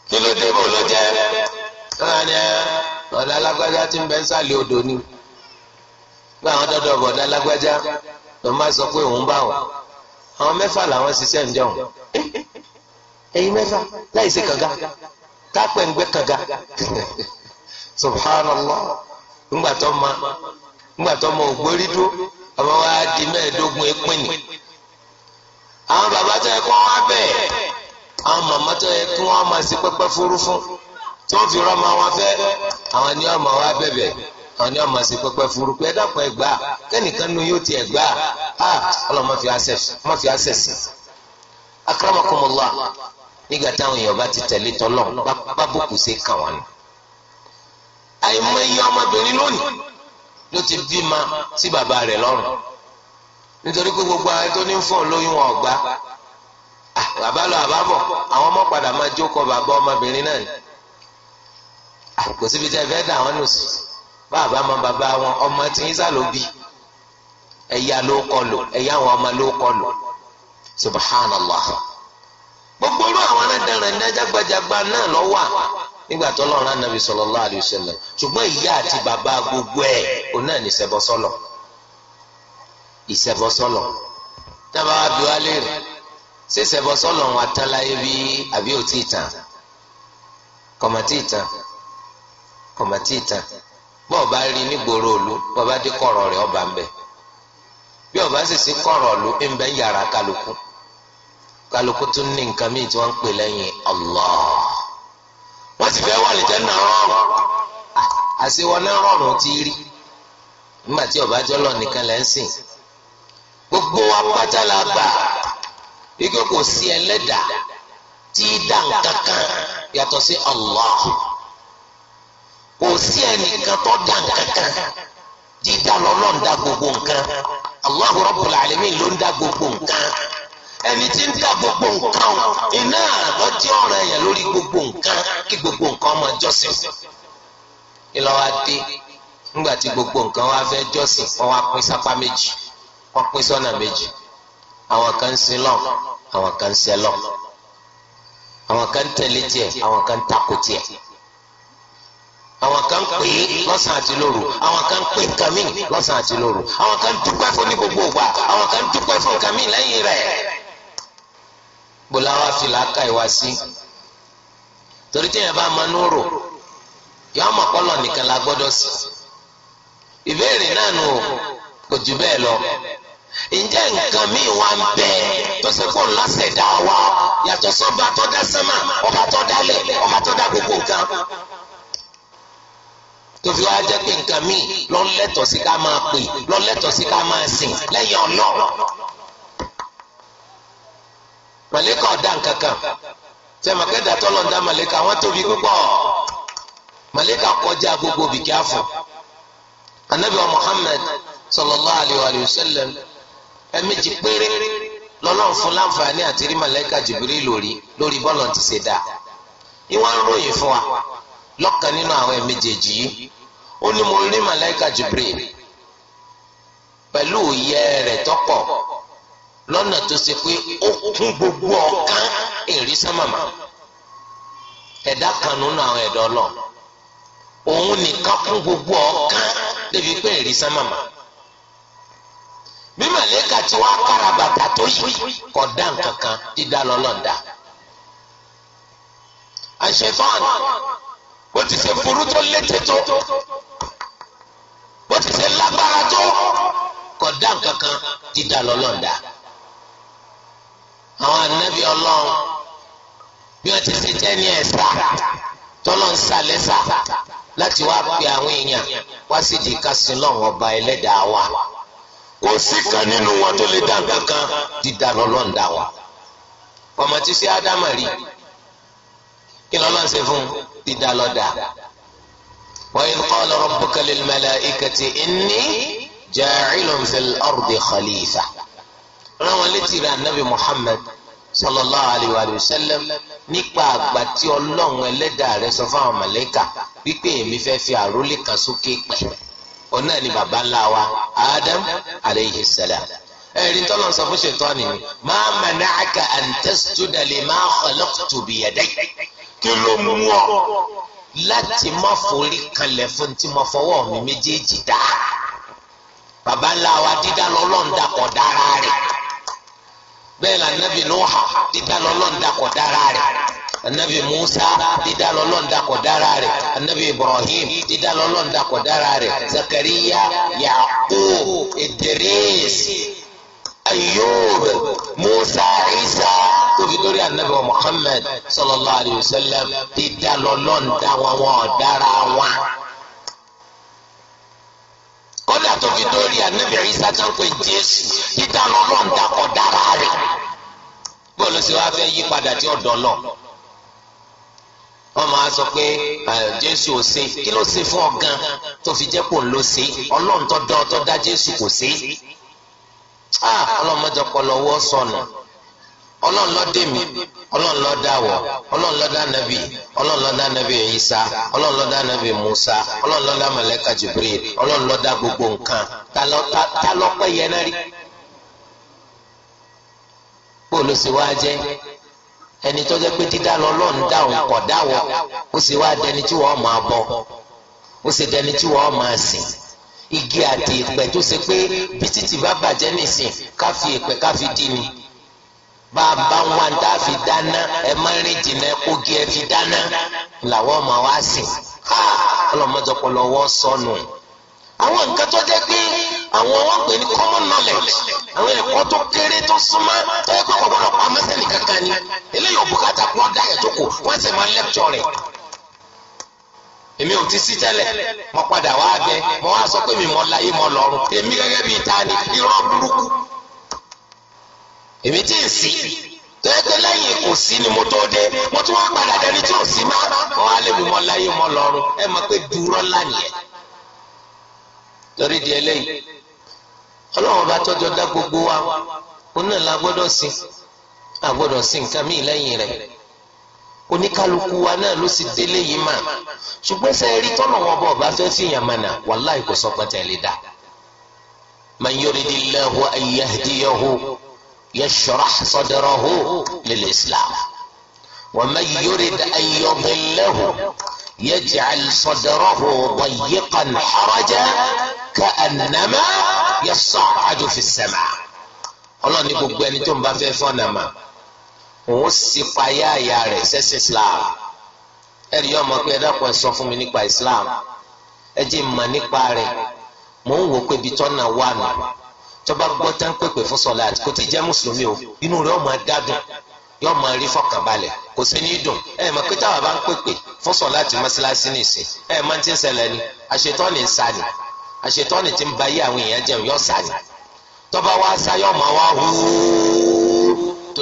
kí ló dé jẹ alágbájá pé àwọn dọ́dọ̀ bọ̀dá lágbájá sọ pé òun bá wọn àwọn mẹ́fà làwọn ṣiṣẹ́ ń jọun ẹ̀yin mẹ́fà láì ṣe kànga tápẹ̀ ń gbé kànga subhanallah ńgbà ma ńgbà ma ògbórí dúró àwọn wa di ni àwọn bàbá tó yẹ kó fi wọn àwọn ni wọn wá àwọn ni ọmọ sí pẹpẹ furuukú ẹ dákun ẹ gbà kẹ́nìkan nu yóò ti ẹ gbà á ah, ọlọ́mọ fi access akramakumullah nígbà táwọn èèyàn bá ti tẹ̀lé tọ́lọ̀ bá bùkù sí kàn wọ́n ni. àìmọye ọmọbìnrin lónìí ló ti bímọ sí bàbá rẹ̀ lọ́rùn nítorí pé gbogbo àwọn tó ní ń fọ̀ lóyún wọn ọ̀gbá ah, bàbá lọ àbábọ̀ àwọn ọmọ padà máa jókòó bàbá ọmọbìnrin náà ni ah, kò bàbá mọ bàbá wọn ọmọ tí ń sá ló bí ẹ̀yà ló kọlù ẹ̀yà àwọn ọmọ ló kọlù subhanallah gbogbo olú àwọn aládàáradá jágbajàgba náà lọ wà nígbà tó lọ́run anabi sallallahu alayhi wa sallam ṣùgbọ́n ìyá àti bàbá gbogbo ẹ̀ òun náà ní ìṣẹ̀bọsọ́lọ̀ ìṣẹ̀bọsọ́lọ̀ tábà abdulhali rẹ̀ ṣé ìṣẹ̀bọsọ́lọ̀ wọn atáláyé bí àbí òtí ìtàn kọ̀mọ̀tì bọ́ ọba rí nígboro òlu ọba dé kọ̀rọ̀ rẹ̀ ọba ń bẹ̀ bí ọba sì sí kọ̀rọ̀ òlu ń bẹ̀ yàrá kálukú kálukú ní nǹkan míì tí wọ́n ń pè lẹ́yìn Allah wọ́n ti fẹ́ wà lè jẹ́ náà rọrùn àṣewọ́n náà rọrùn ti ọba jọlọ nìkan la gbà kò sí ẹlẹ́dàá tí yàtọ̀ sí Allah. kò sí ẹnìkan tó dá nǹkan kan dídá lọ́lọ́ ń dá gbogbo nǹkan Allahu Rabbul Alamin ló ń dá gbogbo nǹkan ẹni tí ń dá gbogbo nǹkan iná lọ́jọ́ ọ̀ràn yẹn lórí gbogbo nǹkan kí gbogbo nǹkan máa jọ́sìn ìlọ wa dé nígbà tí gbogbo nǹkan wa fẹ́ jọ́sìn wọ́n wá pín sápá méjì wọ́n pín sọ́nà méjì àwọn kan ń sin àwọn kan ń sẹ́ àwọn kan àwọn kan pè é lọ́sàn àti lóru àwọn kan pè nǹkan lọ́sàn àti lóru àwọn kan dúpẹ́ fún ní gbogbo ìgbà àwọn kan dúpẹ́ fún nǹkan lẹ́yìn rẹ̀ bọ́lá wa fi làákà ìwá sí torí tí yẹn bá máa rò yọ ọmọ nìkan la gbọdọ sí ìbéèrè náà nù kò jù lọ bẹ wa ọba ọba gbogbo tó fi wá jẹ́ pé nǹkan míì lọ́lẹ́tọ̀ sí ká máa pè lọ́lẹ́tọ̀ sí ká máa sìn lẹ́yìn ọ̀nà. màlẹ́kà ọ̀dà nkankan sẹ́mi akẹ́dà tọ́lọ̀ ń dá màlẹ́kà wọ́n tóbi púpọ̀ màlẹ́kà kọjá gbogbo bìkí àfọ̀. anabi wa sallallahu alayhi wa sallam péré lọ́lọ́run fún láǹfààní àti rí màlẹ́kà jìbìrì lọ́kàn nínú àwọn ẹ̀mẹjèèjì yìí ó ní mo rí màláìka Jibril pẹ̀lú òye rẹ̀ tọ́pọ̀ lọ́nà tó ṣe pé ó kún gbogbo ọ̀kan ìrísẹ́ ẹ̀dá kan nínú àwọn ẹ̀dọ́ ọlọ́ọ̀ òun nìkan kún gbogbo ọ̀kan débi pé ìrísẹ́ màmá bí màlẹ́kà tí wàá kára bàtà tó yí kò dá nǹkan kan dídá lọ́lọ́ọ̀dá àṣetán bó ti ṣe burú tó létè tó bó ti ṣe lágbára tó kò dá nǹkan kan dídá lọ́lọ́ọ̀dá àwọn ànábì ọlọ́run bí wọ́n ti ṣe jẹ́ ní ẹ̀sà tọ́lọ́ ń sàlẹ́sà láti wá pe àwọn èèyàn wá sí di kásìlọ́ọ̀n ọba ẹlẹ́dàá wa kò sí kan nínú wọn tó lè dá nǹkan dídá lọ́lọ́ọ̀dá wa ọmọ tí sí ádámà rí kí lọ́lọ́ọ̀ ṣe fún un ìdálọ́dà. وإذ قال ربك للملائكة إني جاعل في الأرض خليفة ránwọn létí rẹ anabi muhammed sallallahu alayhi wa sallam nípa àgbà tí ọlọ́run ẹlẹ́dàá rẹ sọ fáwọn mọ̀lẹ́kà wípé èmi fẹ́ fi àrólé kan sókè pẹ̀ òun ni baba ńlá wa adam alayhi salam ẹ̀rí tọ́lọ̀ sọ fún ṣètọ́ nìyí ma mana'aka an tasjuda lima khalaqtu biyadayya kí ló mú ọ láti má forí kanlẹ̀ fún tí mo fọwọ́ mi méjèèjì dá baba ńlá wa dídá lọ́lọ́run dàpọ̀ dára rẹ̀ bẹ́ẹ̀ la nabi nuha dídá lọ́lọ́run dàpọ̀ dára rẹ̀ anabi musa dídá lọ́lọ́run dàpọ̀ dára rẹ̀ anabi ibrahim dídá lọ́lọ́run dàpọ̀ dára rẹ̀ zakariya yaqub idris ayub موسى isa tóbi lórí anabi wa muhammed sallallahu alayhi wa sallam dídá lọ́lọ́n dá wọn wọn dára wọn. kódà tóbi lórí anabi isa tó ń pè jésù dídá lọ́lọ́n dá kọ́ dára rẹ̀. bọ́ọ̀lù sì wá fẹ́ yí padà tí ó dọ̀lọ́ wọ́n máa sọ pé jésù ò ṣe kí ló ṣe fún ọ gan tó fi jẹ́ kó ń lo ṣe ọlọ́run tó dán tó dá jésù kò ṣe ọlọ́run mọ́jọ pọlọ ọwọ́ sọnù ọlọ́run ló dé mi ọlọ́run ló dá wọ ọlọ́run gbogbo nǹkan ta yẹn náà rí. bóòlù sì wá ẹni tó pé dídá lọ dáhùn kọ̀ dáwọ̀ ó sì wá dẹni tí wọ́n máa ó sì dẹni tí igi àti ìpẹ́ tó ṣe pé bí títì bá bàjẹ́ nìsín ká fi ìpẹ́ ká fi dì ní bàbá wa tá a fi dáná ẹ má rìn jìnnà kógi ẹ fi dáná làwọn ọmọ wa sìn ha ọlọmọdé ọpọlọwọ sọnù àwọn nǹkan tó jẹ́ pé àwọn wọn pè ní common knowledge àwọn ẹ̀kọ́ tó kéré tó súnmọ́ ò ti sí tẹ́lẹ̀ mo padà wá bẹ mo wá sọ pé mi mọ láyé mo lọ́run èmi gẹ́gẹ́ bíi ta ni irọ́ burúkú èmi tí ì sí tẹ́tẹ́ lẹ́yìn kò sí ni mo tó dé mo tún wá padà dẹni tí ò sí má wá lè mọ láyé ẹ pé dúró a sí oníkálukú wa náà ló sì délé yìí mà ṣùgbọ́n ṣe rí tọ́nà wọn bọ̀ bá fẹ́ fìyàn mọ̀nà wàláì kò sọ pọ́n tẹ̀lé dá. man yuridillahu an yahdiyahu yashrah sadrahu lil islam wa man yurid an yudillahu yaj'al sadrahu dayyiqan harajan ka'annama yas'adu fis sama. ọlọ́ni gbogbo ẹni tó ń bá fẹ́ fọ́nà mà. òun si payá àyà rẹ̀ islam ẹ̀rí ọmọ pé ẹ dákun ẹ sọ fún mi nípa islam ẹ jẹ́ ìmọ̀ nípa rẹ̀ mò ń wò pé ibi tọ́nà wà nù tọ́ba gbọ́ tán pèpè fún sọláàtì kò tí jẹ́ mùsùlùmí o inú rẹ̀ ọmọ dádùn yóò máa rí fọkànbalẹ̀ kò sí ní dùn ẹ pé táwa bá ń pèpè fún nìsín ẹ máa ti ń ni àṣetọ́ni ń sa ni ti ń ba yé àwọn èèyàn jẹun yóò sa ni tọ́ba wá yóò wá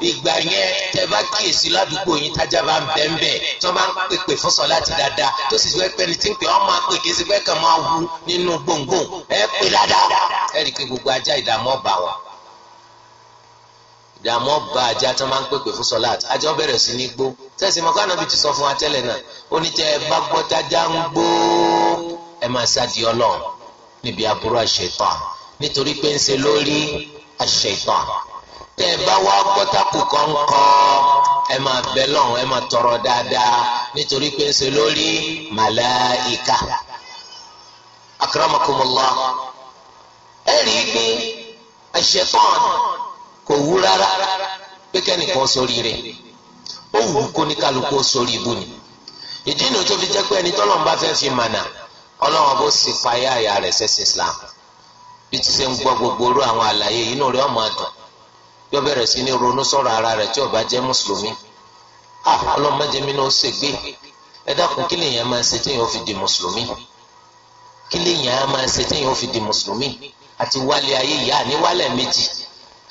ìgbà yẹn tẹ bá kíyèsí ládùúgbò yín tájà bá ń bẹ́ẹ̀ bẹ́ẹ̀ tí wọ́n bá ń pèpè fún sọ láti dáadáa tó sì fẹ́ pẹ́ni tí ń pè ọ́ máa pè kí ẹsẹ̀ fẹ́ kàn máa wú nínú gbòǹgbòǹ ẹ pè dáadáa ẹ rí i pé gbogbo ajá ìdààmú ọba wa ìdààmú ọba ajá tí wọ́n bá ń pèpè fún sọ láti ajá wọn bẹ̀rẹ̀ sí ní gbó tẹ̀sí mọ́ káná bí ti sọ fún wa tẹ́lẹ̀ náà ó ní tẹ́ bá gbọ́ tájà ń gbó tẹ́ ẹ bá wá gbọ́tàkù kọ́ńkọ́ ẹ máa bẹ tọrọ dáadáa nítorí pé ń ṣe lórí màláìka akramakumullah ẹ rí i pé ẹ̀ṣẹ̀fọ́n kò wú rárá pé kẹ́nìkan sórí rẹ̀ ó wù kó ní kálukú ni ìdí inú tó fi jẹ́ pé ẹni tọ́lọ̀ ń bá fẹ́ fi mànà ọlọ́run bó sì pa ayé àyà rẹ̀ Islam bí yọ bẹ̀rẹ̀ sí ni ronú sọrọ ara rẹ̀ tí ó bá jẹ́ mùsùlùmí ọlọ́mọdémi náà ó ṣègbè ẹ dákun kí lèèyàn máa ṣe téèyàn ó fi di mùsùlùmí kí lèèyàn máa ṣe téèyàn ó fi di mùsùlùmí àti wálé ayé ìyá ní wálẹ̀ méjì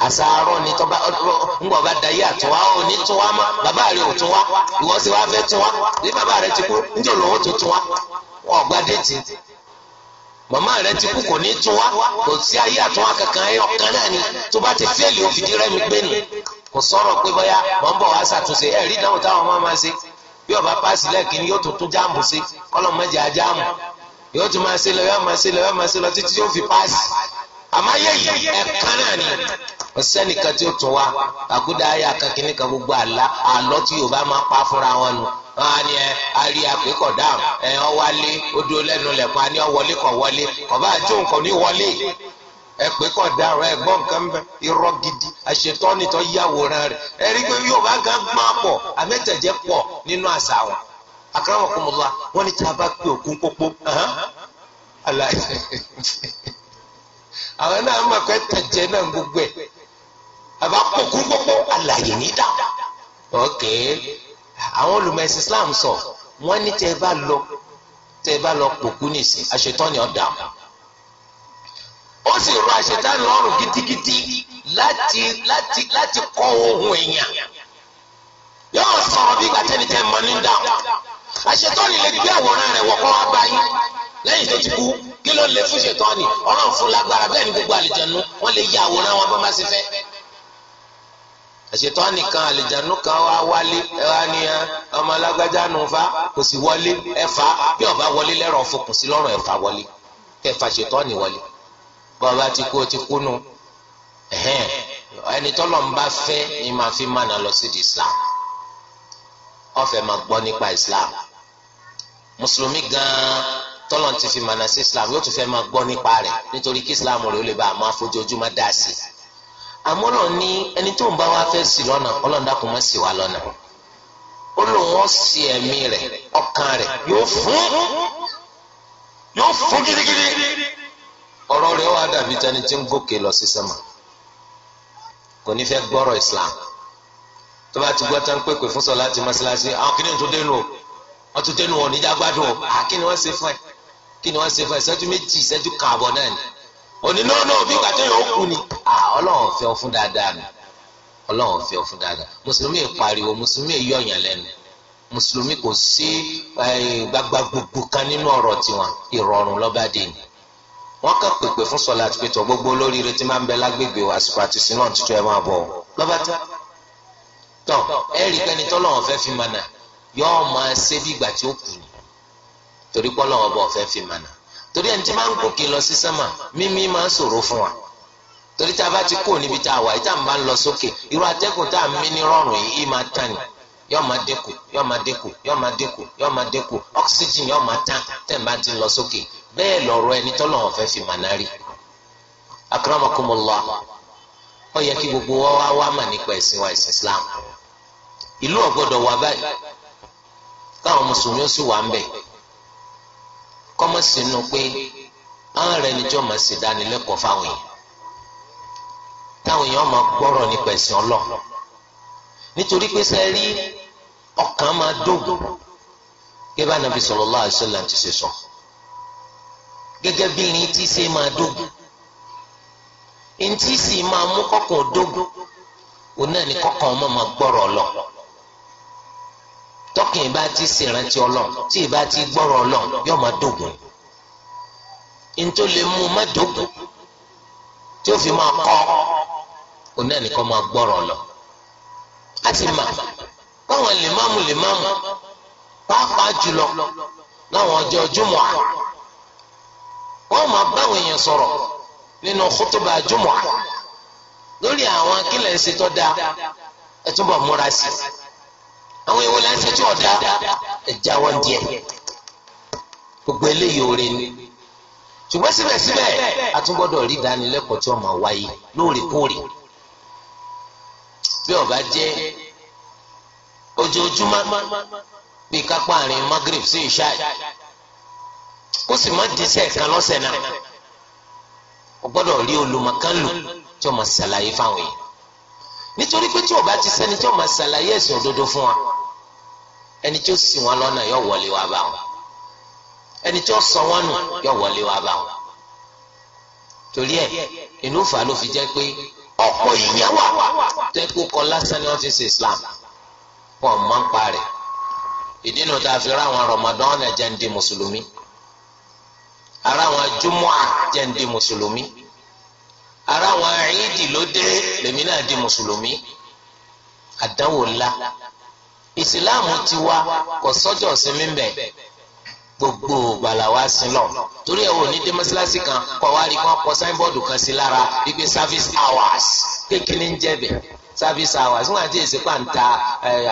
àsàárọ̀ ni tọ́ba ńgbọ̀ bá da yé àtúnwá ò ní túnwá mọ́ bàbá rẹ̀ ò túnwá ìwọ sì wá fẹ́ túnwá bí bàbá rẹ̀ ti kú níjọ́ lòun tó túnwá wọn ò déètì màmá rẹ ti kú kò ní tún wá kò sí ayé àtúnwá kankan ẹyọ kan náà ni tó bá ti fẹ́ẹ̀lì òfìdí rẹ mi gbé ni kò sọ̀rọ̀ pé bóyá mọ̀ ń bọ̀ wá ṣàtúnṣe ẹ̀ rí ìdáhùn táwọn máa máa ṣe bí ọba páàsì lẹ́ẹ̀kínní yóò tún tún jáàmù sí kọ́lọ̀ mẹ́jẹ ajáàmù yóò tún máa ṣe lọ yóò máa ṣe lọ yóò máa ṣe lọ títí yóò fi páàsì àmọ́ ayé yìí ẹ̀kan náà ni ọ̀sẹ́nìkan tí ó tún wá àgúdá ayé akẹ́kínní gbogbo àlọ́ tí Yorùbá máa pa fúnra wọn nù wọn á ní ẹ àpékọ̀ dáhùn ọ wálé ó dúró lẹ́nu lẹ̀kọ́ ọ kọ̀ wọlé kọ̀ bá jó nǹkan ní wọlé ẹ pé dáhùn ẹ gbọ́ nǹkan irọ́ gidi àṣetọ́ni tó yàwòrán rẹ̀ ẹ rí pé yóò bá gán gbọ́n pọ̀ àmẹ́tẹ̀jẹ́ pọ̀ nínú àṣà wọn àkàràwọ̀ ní tí a bá pé òkun pópó àwọn náà mọ̀ pé náà gbogbo ẹ̀ àbá pópó àwọn olùmọ̀ Islam sọ wọ́n ní tẹ́ ẹ bá lọ tẹ́ ẹ bá lọ pòkú nìsín àṣetọ́ni ọ̀dà ó sì rọ àṣetán lọ́rùn gidigidi láti láti láti kọ́ ohun èèyàn yóò sọ̀rọ̀ bí gbàtẹ́ni tẹ́ mọ́ ní dáhùn àṣetọ́ni lè gbé àwòrán rẹ̀ wọ̀ kọ́ wá báyìí lẹ́yìn tó ti kú kí ló lè fún ṣètọ́ni ọlọ́run fún lágbára bẹ́ẹ̀ ni gbogbo àlìjẹ̀nu wọ́n lè yí àwòrán wọn bá má ṣe fẹ́ àṣetọ́ nìkan àlejànú kan wá wálé ẹ wá ní ọmọ alágbájá nù fa kò sì wọlé ẹ fa bí ọba wọlé lẹ́rọ̀ fokùn sí lọ́rùn ẹ fa wọlé kẹfà ṣetọ́ ni wọlé bọ́ọ̀bá ti kú ti kú nù ẹni tọ́lọ̀ ń bá fẹ́ ni màá fi mànà lọ sí di Islam ọ̀fẹ́ máa gbọ́ nípa Islam mùsùlùmí gan-an tọ́lọ̀ ti fi mànà sí Islam yóò tún fẹ́ máa gbọ́ nípa rẹ̀ nítorí kí Islam rẹ̀ ó lè bá a máa fojoojúmọ́ dá sí i àmọ́ lọ ní ẹni tó ń bá wa fẹ́ sí lọ́nà ọlọ́run dákun mọ́ sí wa lọ́nà ó lòun ó sí ẹ̀mí rẹ̀ ọkàn rẹ̀ yóò fún yóò fún gidigidi ọ̀rọ̀ rẹ̀ wà dàbí tẹni tí ń gòkè lọ sí sẹ́mà kò ní fẹ́ gbọ́rọ̀ Islam tó bá ti gbọ́ tán pépè fún sọ láti mọ́ṣáláṣí àwọn kìnìún tó dénú o wọ́n tó dénú o níjà gbádùn o àkíni wọ́n ṣe fún ẹ kí wọ́n ṣe fún ẹ ìṣẹ́jú méjì ìṣẹ́jú kààbọ̀ náà ni onínàánà òbí ìgbà tó yàn ó kú ni ọlọ́run fẹ́ ọ fún dáadáa nù ọlọ́run fẹ́ ọ fún dáadáa mùsùlùmí pariwo mùsùlùmí yọ̀yàn lẹ́nu mùsùlùmí kò sí gbagba gbogbo kan nínú ọ̀rọ̀ tiwọn ìrọ̀rùn lọ́ba dé ni wọ́n kàn pèpè fún sọlá àti pétọ́ gbogbo olóríire tí máa ń bẹ lágbègbè àsìkò àti sinọ́ tuntun ẹ̀ máa bọ̀ lọ́ba tá tọ́ ẹ̀rí kẹ́ni tọ́lọ́run fẹ́ fi mànà yọ́ọ́ máa ṣe bí ìgbà tí ó kù ni torí pọ́lọ́run ọba ọ̀fẹ́ fi mànà torí ẹni tí máa ń gòkè lọ sí sánmà mímí máa ń ṣòro fún wa torí tá bá ti kó níbi tá a wà yìí tá a máa lọ sókè irú atẹ́gùn tá a mí ní rọrùn yìí máa tán ni yóò máa dínkù yóò máa dínkù yóò máa dínkù yóò máa dínkù oxygen yóò máa tán tẹ̀ bá ti lọ sókè bẹ́ẹ̀ ẹni fẹ́ fi rí yẹ kí gbogbo wa mà nípa ẹ̀sìn wa ìlú wà báyìí kọ́mọ̀ sínú pé àwọn rẹ̀ níjọ́ máa ṣe dánilẹ́kọ̀ọ́ fáwọn èèyàn táwọn èèyàn máa gbọ́rọ̀ nípa ẹ̀sìn ọlọ́ nítorí pé sẹ́ rí ọkàn máa dógùn gẹ́gẹ́ bá nàbí ti sọ gẹ́gẹ́ bí irin tí ṣe máa sì máa mú kọ́kàn òun náà ọmọ máa gbọ́rọ̀ ọlọ́ọ̀ tọkàn ìbá ti ṣèrántí Ọlọ́run tí ìbá ti gbọ́rọ̀ Ọlọ́run yóò máa dògùn ntó lè mú má dògùn tí ó fi máa kọ́ òun náà nìkan máa gbọ́rọ̀ lọ a ti mà báwọn lèmáàmù lèmáàmù pàápàá jùlọ láwọn ọjọ́ jùmọ̀ à wọ́n máa báwọn èèyàn sọ̀rọ̀ nínú kútùbà jùmọ̀ à lórí àwọn akílẹ̀ ṣe tó dáa ẹ túbọ̀ múra sí i àwọn ìwé láti tí ọ̀dà ẹja wọn díẹ̀ gbogbo eléyìí oore ni ṣùgbọ́n síbẹ̀síbẹ̀ a tún gbọ́dọ̀ rí ìdánilẹ́kọ̀ọ́ tí wọ́n máa wáyé lóòrèkóòrè bí ọba jẹ́ ojoojúmọ́ bí kápá àárín magreth sí ìṣá kó sì má dín sẹ́ẹ̀kan lọ́sẹ̀ náà o rí olùmọ̀kánlò tí wọ́n máa fáwọn èèyàn nítorí pé tí ó bá ti sẹ́ni tí ó máa ṣàlàyé ẹ̀sìn òdodo fún wa ẹni tí ó sì wọn lọ́nà yóò wọlé wá bá wọn ẹni tí ó sọ wọn nù yóò wọlé wá bá wọn torí ẹ inú fa ló fi jẹ́ pé ọ̀pọ̀ ìyẹn wà tó kó kọ lásán ni wọ́n Islam wọn mọ̀ ń pa rẹ̀ ìdínà tá a fi ra àwọn Ramadan jẹ́ ń di mùsùlùmí ara àwọn júmọ́ jẹ́ ń di mùsùlùmí ara àwọn àìdì ló dé lèmi náà di mùsùlùmí àdánwò ńlá ìsìláàmù ti wá kò sọ́jọ́ sinmi bẹ̀ gbogbo gbalawa sin lọ torí ẹ wò ní dé kan kọ́ wá rí kan kọ́ sáínbọ́ọ̀dù kan sí lára wípé service hours kékeré ń jẹ́ service hours nígbà tí èsì pa ń ta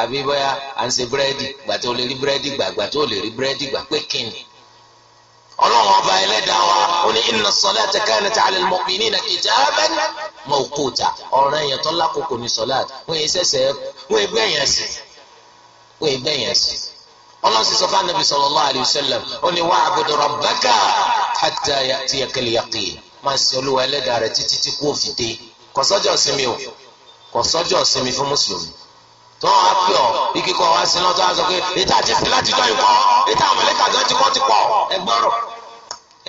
àbí bóyá à ń ṣe búrẹ́dì gbà lè rí búrẹ́dì gbà gbà lè rí búrẹ́dì gbà pé kíni ọlọ́run ọba ẹlẹ́dàá wa ó ní inna salata kanat ala al-mu'minina kitaban mawquta ọ̀ràn èèyàn tó lákòókò ní sọlát wọ́n yẹ sẹ́sẹ́ wọ́n yẹ gbẹ̀yìn sí wọ́n yẹ gbẹ̀yìn sí ọlọ́run sì sọ fún anabi sallallahu alayhi wa sallam ó ní wa'bud rabbaka hatta ya'tiyaka al-yaqin máa sin olúwa ẹlẹ́dàá rẹ títí tí kú òfin dé kọ́sọ́jọ́ sinmi pè ọ́ ikíkọ́ wá sí lọ́tọ́ á sọ pé ètò láti jọ ìkọ́ ètò àmọ̀lẹ́kàjọ́ ti kọ́ ti pọ̀ ẹgbọ́rọ̀.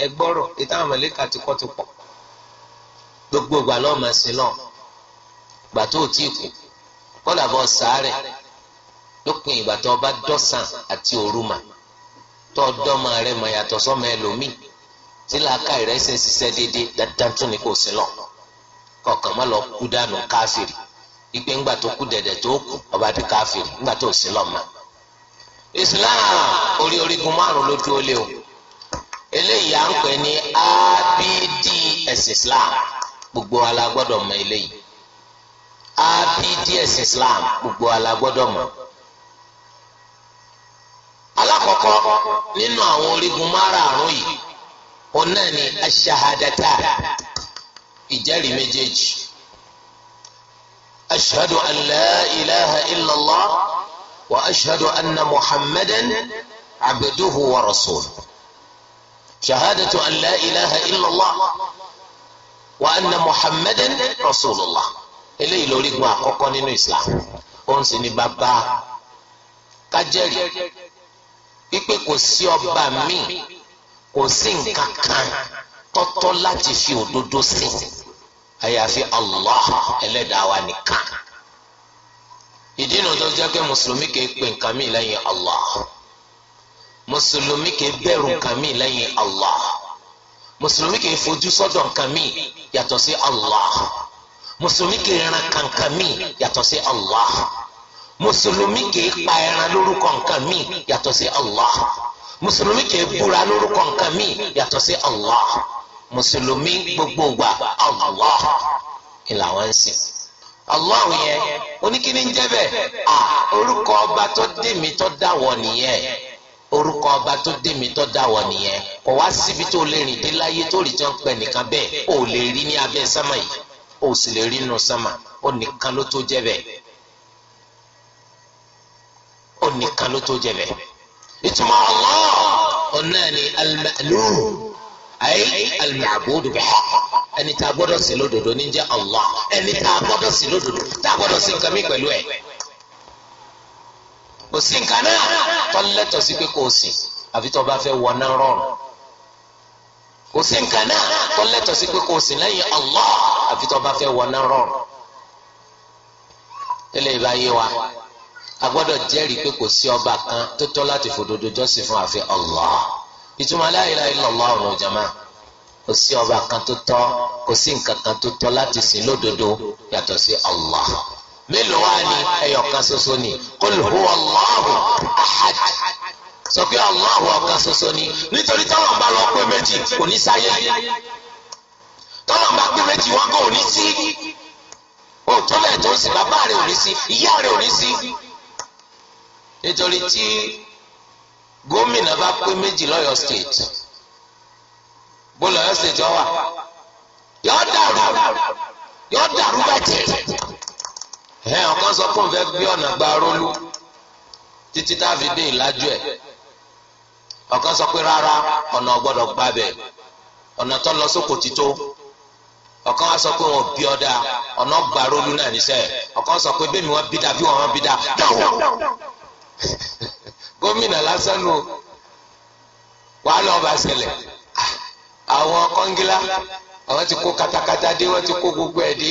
Egboro gbọ́rọ̀ ètò àwọn mọ̀lẹ́kà ti kọ́ ti pọ̀ gbogbo ìgbà náà mà sí náà gbà tó tí kù kọ́dà bọ sàárẹ̀ lópin ìgbà tó bá dọ́sàn àti òrùmà tó dọ́mọ rẹ̀ mọ̀ yàtọ̀ sọ́mọ ẹlòmíì tí làákà déédéé tún ni kò sí lọ kọ̀ọ̀kan má lọ kú dànù káfìrì ìpè ńgbà tó kú dẹ̀dẹ̀ tó ọba bí ńgbà tó sí Islam orí orígun márùn ló dúró o. eléyìí à ń pè ní abd ẹ̀sìn islam gbogbo wa la gbọ́dọ̀ mọ̀ eléyìí abd ẹ̀sìn islam gbogbo wa la gbọ́dọ̀ mọ̀ alákọ̀ọ́kọ́ nínú àwọn orígun márààrún yìí òun náà ni aṣahadata ìjẹ́rìí méjèèjì ashhadu an la ilaha wa ashhadu anna muhammadan abduhu wa rasuluhu. شهادة أن لا إله إلا الله وأن محمدا رسول الله. lórígun àkọ́kọ́ nínú islam òun sì ni bàbá kájẹ́rì wípé kò sí ọba míì kò sí nǹkan kan tọ́tọ́ láti fi òdodo sìn àyàfi allah ẹlẹ́dàá wa nìkan ìdí nu tó jẹ́ pé mùsùlùmí kì í pe nǹkan míì lẹ́yìn allah mùsùlùmí kì í bẹ̀rù nǹkan míì lẹ́yìn allah mùsùlùmí kì í fojú sọ́dọ̀ nǹkan míì yàtọ̀ sí allah mùsùlùmí kì í ran kankan míì yàtọ̀ sí allah mùsùlùmí kì í pa ẹran lórúkọ nǹkan míì yàtọ̀ sí allah mùsùlùmí kì í búra lórúkọ nǹkan míì yàtọ̀ sí allah mùsùlùmí gbogbo gbà allah ìlà wọn ń allah yẹn oníkíní ń jẹ́ bẹ́ẹ̀ orúkọ ọba tó dé mi tó dáwọ́ nìyẹn orúkọ ọba tó dé mi tó dá wọ nìyẹn kò wá síbi tó lè rìn dé láyé tó rí tí wọn pẹ nìkan bẹ́ẹ̀ ò lè rí ní abẹ́ sámà yìí ò sì lè rí nù sámà ó nìkan ló tó jẹ bẹ́ẹ̀ ó nìkan ló tó jẹ bẹ́ẹ̀ ìtumọ̀ Allah ọ̀nà ni alimalu ayi alimabudu bẹ́ẹ̀ ẹni tá a gbọ́dọ̀ sí lódodo ní jẹ́ Allah ẹni tá a gbọ́dọ̀ sí lódodo tá a gbọ́dọ̀ sí nǹkan mi pẹ̀lú ẹ̀ kò sí nǹkan náà tọ́lẹ́tọ̀ sí pé kò sí àfi tó bá fẹ́ wọná rọrùn kò sí nǹkan náà tọ́lẹ́tọ̀ sí pé kò sí lẹ́yìn Allah àfi tó bá fẹ́ wọná rọrùn tẹ́lẹ̀ ìbáyé wa a gbọ́dọ̀ jẹ́rìí pé kò sí ọba kan tó tọ́ láti fòdodo jọ́sìn fún àfi Allah ìtumọ̀ la ilaha illallah ọ̀run jama kò sí ọba kan tó tọ́ kò sí nǹkan kan tó tọ́ láti sìn lódodo yàtọ̀ sí Allah mélòó wá ní ẹyọ̀kan ṣoṣo ni qul huwa Allahu ahad sọ pé Allahu ọ̀kan ṣoṣo ni nítorí tọ́lọ̀ bá lọ pé méjì kò ní sáyé tọ́lọ̀ bá pé méjì wọn kò ní sí òtún bẹ́ẹ̀ tó ń sì bàbá rẹ̀ ò ní sí ìyá rẹ̀ ò ní sí nítorí tí gómìnà bá pé méjì lọ́yọ̀ state bó lọ́yọ̀ state wà yọ dàrú yọ dàrú bàjẹ́ ẹ ọkàn sọ fún fẹ́ gbé ọ̀nà gba rólú títí tá a fi dé ìlàjú ẹ̀ ọkàn sọ pé rárá ọ̀nà ọgbọ́dọ̀ gbà bẹ̀ ọ̀nà tó lọ sóko tító ọkàn wa sọ pé wọn bí ọ̀dà ọ̀nà gba rólú náà níṣẹ́ ọkàn sọ pé bẹ́ẹ̀ mi wọ́n bí da bí wọ́n bí da dáwọ́ gómìnà lásán nù wàhálà ọba ṣẹlẹ̀ ah, àwọn kọ́ngílá àwọn ti kó katakata dé wọ́n ti kó gbogbo ẹ̀ dé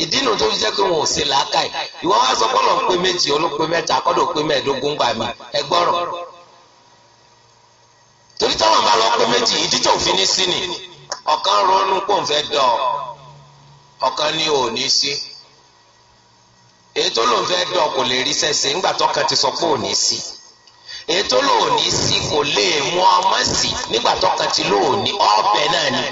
ìdí nu tó fi jẹ́ kí wọn ò ṣe làákàyè ìwọ wá sọ bọ́ọ̀lù ń méjì olóńpé mẹ́ta kọ́dọ̀ pé mẹ́ẹ̀ẹ́dógún gbà ẹgbọ́rọ̀ lọ méjì ìdí tó fi ní sí ni ọ̀kan ronú pò ń fẹ́ dọ̀ ò ní kò lè rí sẹ́sẹ́ ńgbà ti sọ pé ò ní sí kò lè mú ọmọ sí nígbà ti náà ni.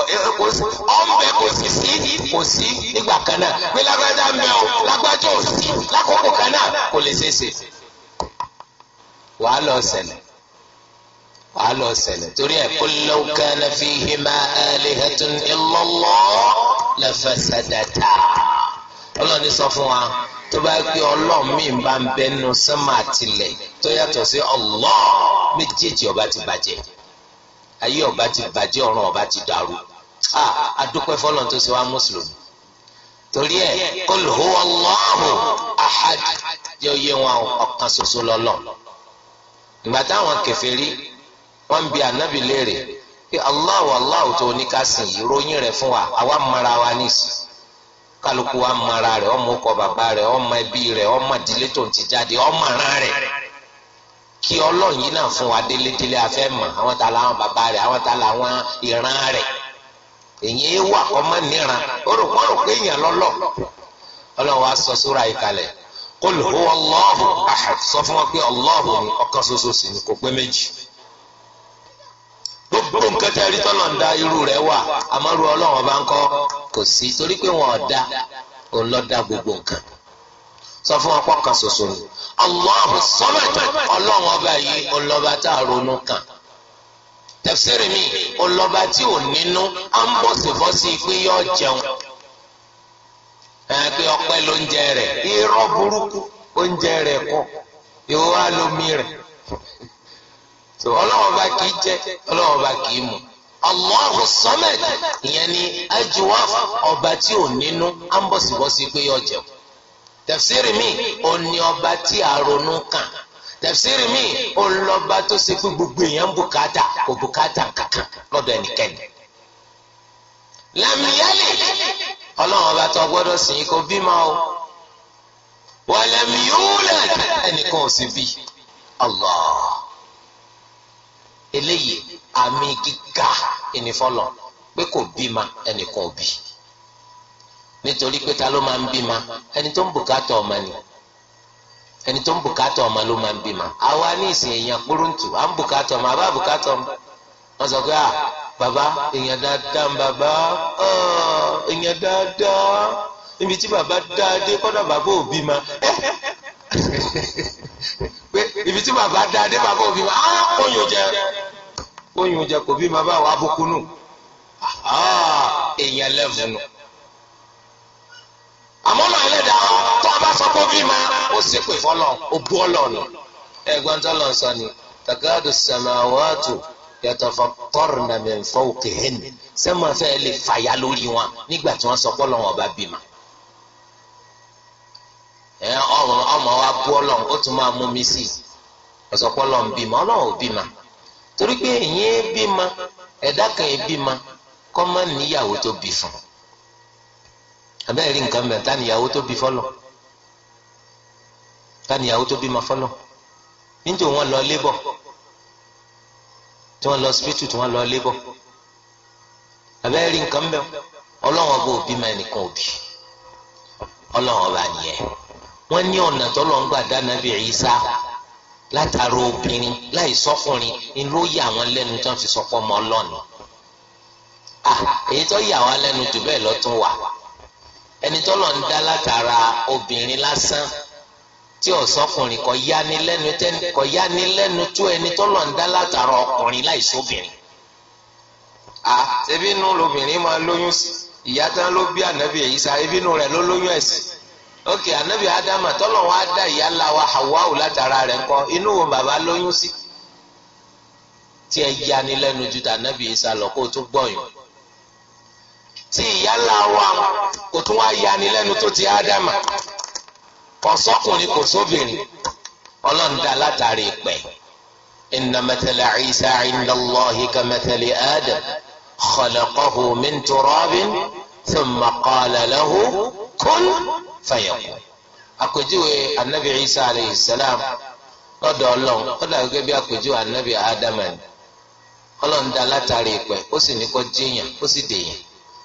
ọ̀nbẹ kò sì sí kò sí nígbà kan náà pé lágbájá ń bẹ o lágbájá ò sí lákòókò kan náà kò lè ṣeé ṣe wàá lọ ṣẹlẹ̀ wàá lọ ṣẹlẹ̀ torí ẹ̀ kul law kana fihima alihatun illallah lafasadata ọlọ́ọ̀ni sọ fún wa tó bá gbé ọlọ́ọ̀ mi bá ń bẹ́nu sánmà tilẹ̀ tó yàtọ̀ sí Allah méjèèjì ọba ti bàjẹ́. ayé ọba ti bàjẹ́ ọ̀run ọba ti dàrú a adúpẹ́ fọlọ́n tó ṣe wá torí ẹ ahad jẹ́ oyé wọn ọ̀kan ṣoṣo lọ́lọ́ ìgbà táwọn kèfèrí wọn ń bi ànábì léèrè pé Allahu Allahu tó oníkàsìn yìí ròyìn rẹ̀ fún wa àwa mara wa kálukú wa mara ọmọ ọkọ bàbá ọmọ ẹbí ọmọ kí ọlọ́run yìí náà fún wa délédélé afẹ́ mọ̀ àwọn ta làwọn bàbá rẹ̀ àwọn ta làwọn ìran rẹ̀ èyí wà ọmọ níran ó rò wọ́n rò pé èèyàn lọ́lọ́ ọlọ́run wa sọ sóra yìí kalẹ̀ qul huwa Allahu ahad sọ fún wọn pé Allahu ni ọ̀kan ṣoṣo sì ni kò pé méjì gbogbo nǹkan tẹ́ rí tọ́lọ̀ ń da irú rẹ̀ wà àmọ́ ru ọlọ́run ọba ń kọ́ kò sí torí pé wọn ò da òun ló dá gbogbo nǹkan. sọ fún ọ̀pọ̀ kan ṣoṣo ni Allahu Samad Ọlọ́run ọba yìí ọlọba tá a ronú kàn tẹfsiri mi ọlọba tí ò nínú à ń bọ̀ sífọ́ sí i pé yọ jẹun ẹ pé ọpẹ ló rẹ irọ́ burúkú oúnjẹ rẹ kọ ìwọ wa lomi rẹ so Ọlọ́run ọba kìí í jẹ Ọlọ́run ọba kìí í mu Allahu Samad ìyẹn ni ajuwaf ọba tí ò nínú à ń bọ̀ sí i pé yọ jẹun. tẹ̀fsírì mi ò ọba tí a ronú kàn tẹ̀fsírì mi ò tó ṣe gbogbo èèyàn bùkátà kò bùkátà kankan lọ́dọ̀ ẹnikẹ́ni. lamiyali ọlọ́run ọba tó gbọ́dọ̀ sìn kó bímọ o wàlámiyúlẹ̀ ẹnìkan ò bí eléyìí àmì gíga pé kò bímọ ẹnìkan ò bí. nítorí pé ta ló máa ń bímọ ẹni tó ń bùkátà ọmọ ni ẹni tó ń bùkátà ọmọ ló máa ń bímọ àwa ní ìsìn èèyàn kúrúǹtù à ń bùkátà ọmọ àbá bùkátà ọmọ wọn sọ pé à bàbá èèyàn dáadáa ń bàbá èèyàn dáadáa níbi tí bàbá dáadé kọ́dà bàbá ò bímọ pé ibi tí bàbá dáadé bàbá ò bímọ á kóyún jẹ kóyún jẹ kò bímọ báwo abúkú nù èèyàn lẹ́fun nù. àmọ́ náà ẹlẹ́dàá tó a bá sọ bí ma ó sì pè fọlọ́ ó bú tó lọ sọ ni takadu samawatu yatafattarna min fawqihin sẹ́mu afẹ́ lè fàyà lórí wọn nígbà tí ọba bí ma ọmọ ọmọ wa bú ó tún máa torí pé bí ma ẹ̀dá kan ma kọ́ níyàwó tó bí abẹ́rẹ́ rí nǹkan bẹ̀ ta níyàwó tó bí fọlọ̀ ta níyàwó tó bí ma fọlọ̀ níjẹ́ wọn lọ lébọ̀ tí wọn lọ tí wọn lọ lébọ̀ abẹ́rẹ́ rí nǹkan bẹ̀ ọlọ́wọ́n ọba bí ma ẹnìkan òbí ọlọ́wọ́n bá nìyẹn wọ́n ní ọ̀nà gbà dáná bí látara obìnrin láì ni ló yà wọn lẹ́nu tí wọ́n fi ọmọ ẹni tọ́lọ̀ ń dá látara obìnrin lásán tí ọ̀sọ́kùnrin kò yá ní lẹ́nu tẹ́ni kò yá ní lẹ́nu tó ẹni tọ́lọ̀ ń dá látara ọkùnrin láìsóbìnrin. à ṣebí inú lobìnrin máa lóyún sí ìyá tán ló bí ànábì èyí sá ebi inú rẹ̀ ló lóyún ẹ̀sìn. ok ànábì ádámà tọ́lọ̀ wọn dá ìyá ńlá wa látara rẹ̀ ńkọ́ inú wo bàbá lóyún sí. tí ẹ yá ní lẹ́nu ju tànábì èyí sá lọ kó o tún gbọ̀yàn ti ìyá ńlá wa kò tún wá yani lẹ́nu tó ti ádámà kò sọ́kùnrin kò sóbìnrin ọlọ́run dá látàrí ìpẹ́ inna mathala Isa inda Allahi ka mathali Adam khalaqahu min turabin thumma qala lahu kun fayakun. àpèjúwe anabi Isa alayhi salam lọ́dọ̀ ọlọ́run ó dà bí àpèjúwe anabi ádámà ni dá látàrí ìpẹ́ ó sì ní kó jíyàn ó sì dèyàn.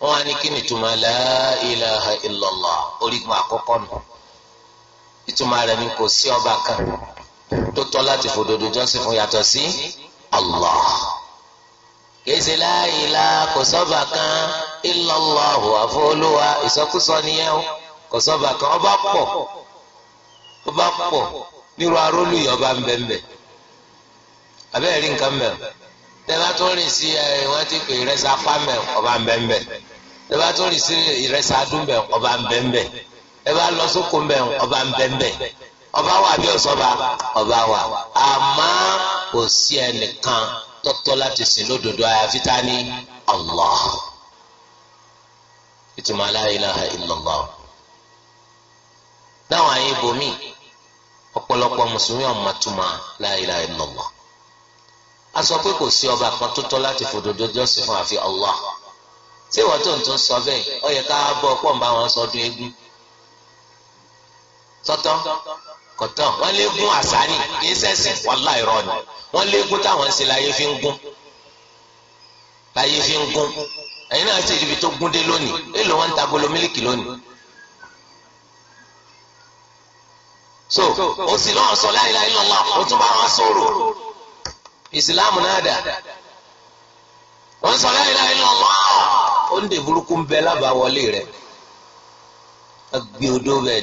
wọ́n wá ní kí ni ìtumọ̀ la ilaha orígun àkọ́kọ́ nù ìtumọ̀ rẹ̀ ni kò sí ọba kan tó tọ́ láti fòdodo jọ́sìn fún yàtọ̀ sí Allah kèsì kò sọ́ba kan ọba pọ̀ ọba pọ̀ nírú ọba ń abẹ́rẹ́ rí nǹkan tẹ́lá tó rìn sí ẹ wọ́n ti pè ìrẹsà pàmẹ́ ọba ńbẹ́ńbẹ́ tẹ́lá tó rìn sí ìrẹsà adúmbẹ̀ ọba ńbẹ́ńbẹ́ ẹ bá lọ sóko ńbẹ́ ọba ńbẹ́ńbẹ́ ọba wà bí ọ̀sọ́ba ọba wà àmọ́ kò sí ẹnìkan tọ́tọ́ láti sìn lódodo àyàfi ta ni Allah ìtumọ̀ la ilaha illallah náà àyè ibòmí ọ̀pọ̀lọpọ̀ mùsùlùmí ọ̀mọ̀túmọ̀ la ilaha illallah a sọ pé kò sí ọba kan tó tọ́ láti fòdodo jọ́sìn fún àfi Allah ṣé ìwọ tó ń tún sọ bẹ́ẹ̀ ó yẹ ká bọ́ pọ̀ ń bá wọn sọ ọdún eégún tọ́tọ́ kọ̀tọ́ wọ́n léegun àṣà ni kì í sẹ́sìn wallahi irọ́ ni wọ́n léegun táwọn ń ṣe láyé fi ń gún láyé fi ń gún ẹ̀yin náà ṣe ibi tó gún dé lónìí èlò wọn ń ta agolo mílíkì lónìí. so òsì lọ́wọ́ sọ la ilaha illallah ó bá wọn sọ̀rọ̀. ìsìláàmù n'ada dà wọ́n sọ la ilaha ó ń dè burúkú ń bẹ lábàáwọlé rẹ̀ gbé odó ni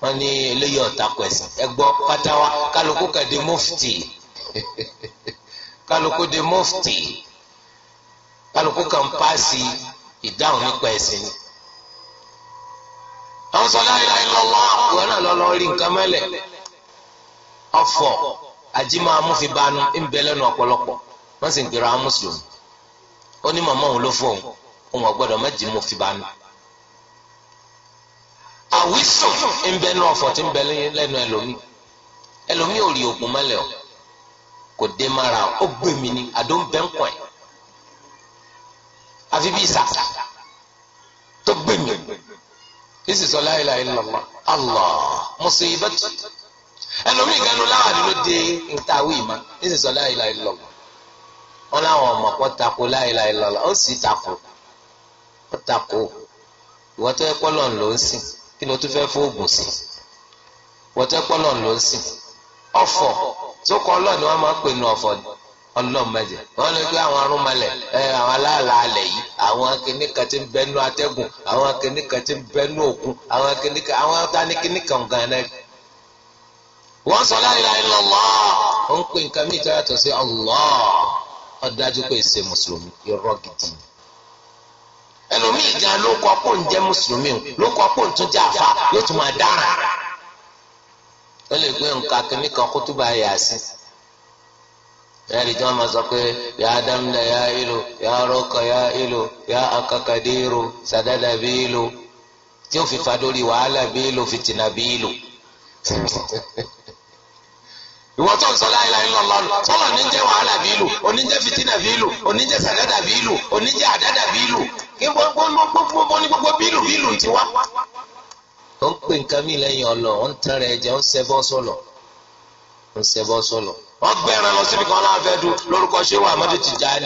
wọ́n ní eléyìí patawa kwẹ̀sìn ẹ kálukú mufti kálukú dé mufti kálukú kan paasi ìdáhùn nípa esi ni. àwọn sọ la ilaha illallah àwọn náà lọ́lọ́ rí nǹkan àjìmọ̀ amúfibanu ń bẹ lẹ́nu ọ̀pọ̀lọpọ̀ wọ́n sì ń pèrò àwọn ó ní màmá òun ló fún òun òun ọ̀gbọ́dọ̀ má jìmọ̀ àwísùn ń bẹ ọ̀fọ̀ tí ń bẹ lẹ́nu ò rí o kò dé mara o mi ní àdó ẹlòmíì gan ló láwọn àdúgbò de ntàwé ìmọ̀ ní sísọ láìláì lọ wọn láwọn ọmọ kan tako láìláì lọ ó sì tako ó tako ìwọ tó yẹ pọlọ ló ń sìn kí ló tún fẹ́ fóògùn sí ìwọ tó yẹ pọlọ ló ń sìn ọ̀fọ̀ tó kọ Ọlọ́run ni wọn máa ń pè ní ọ̀fọ̀ Ọlọ́run mẹjẹ wọn lè gbé àwọn arúnmalẹ̀ ẹ àwọn aláàlálẹ yìí àwọn akíní kan ti ń bẹnu atẹ́gùn àwọn akíní kan ti ń bẹnu òkun àwọn akíní àwọn táníkíní kan ganan náà wọ́n sọ la ilaha illallah ó ń pè nǹkan mìíràn yàtọ̀ sí Allah ó dájú pé ṣe mùsùlùmí irọ́ gidi ẹlòmíì gan ló kọ́ pò ń jẹ́ mùsùlùmí o ló kọ́ pò ń tún jẹ́ àfa yóò tún máa dára ó lè gbé nǹkan kìnnì kan kó túbà yà sí yàrá ìjọba máa sọ pé yà á dámdà yà á ìlò yà á rọkọ yà á ìlò yà á akakadé ìlò sàdádà bí ìlò tí ó fi fa lórí wàhálà bí ìlò fìtìnà bí ìlò. ìwọ nsọla ń n'ụlọ láìla ńlọ lọnà sọlọ ní jẹ wàhálà bí oníjẹ fitina bí oníjẹ sàdádà bí oníjẹ àdádà bí gbogbo ní gbogbo ti wá. ó ń pè nǹkan mi lẹ́yìn ó ń tẹ̀rẹ̀ ẹ̀jẹ̀ ó ń ó ń wọ́n lọ síbi kan lórúkọ ṣé wà mọ́tò ti já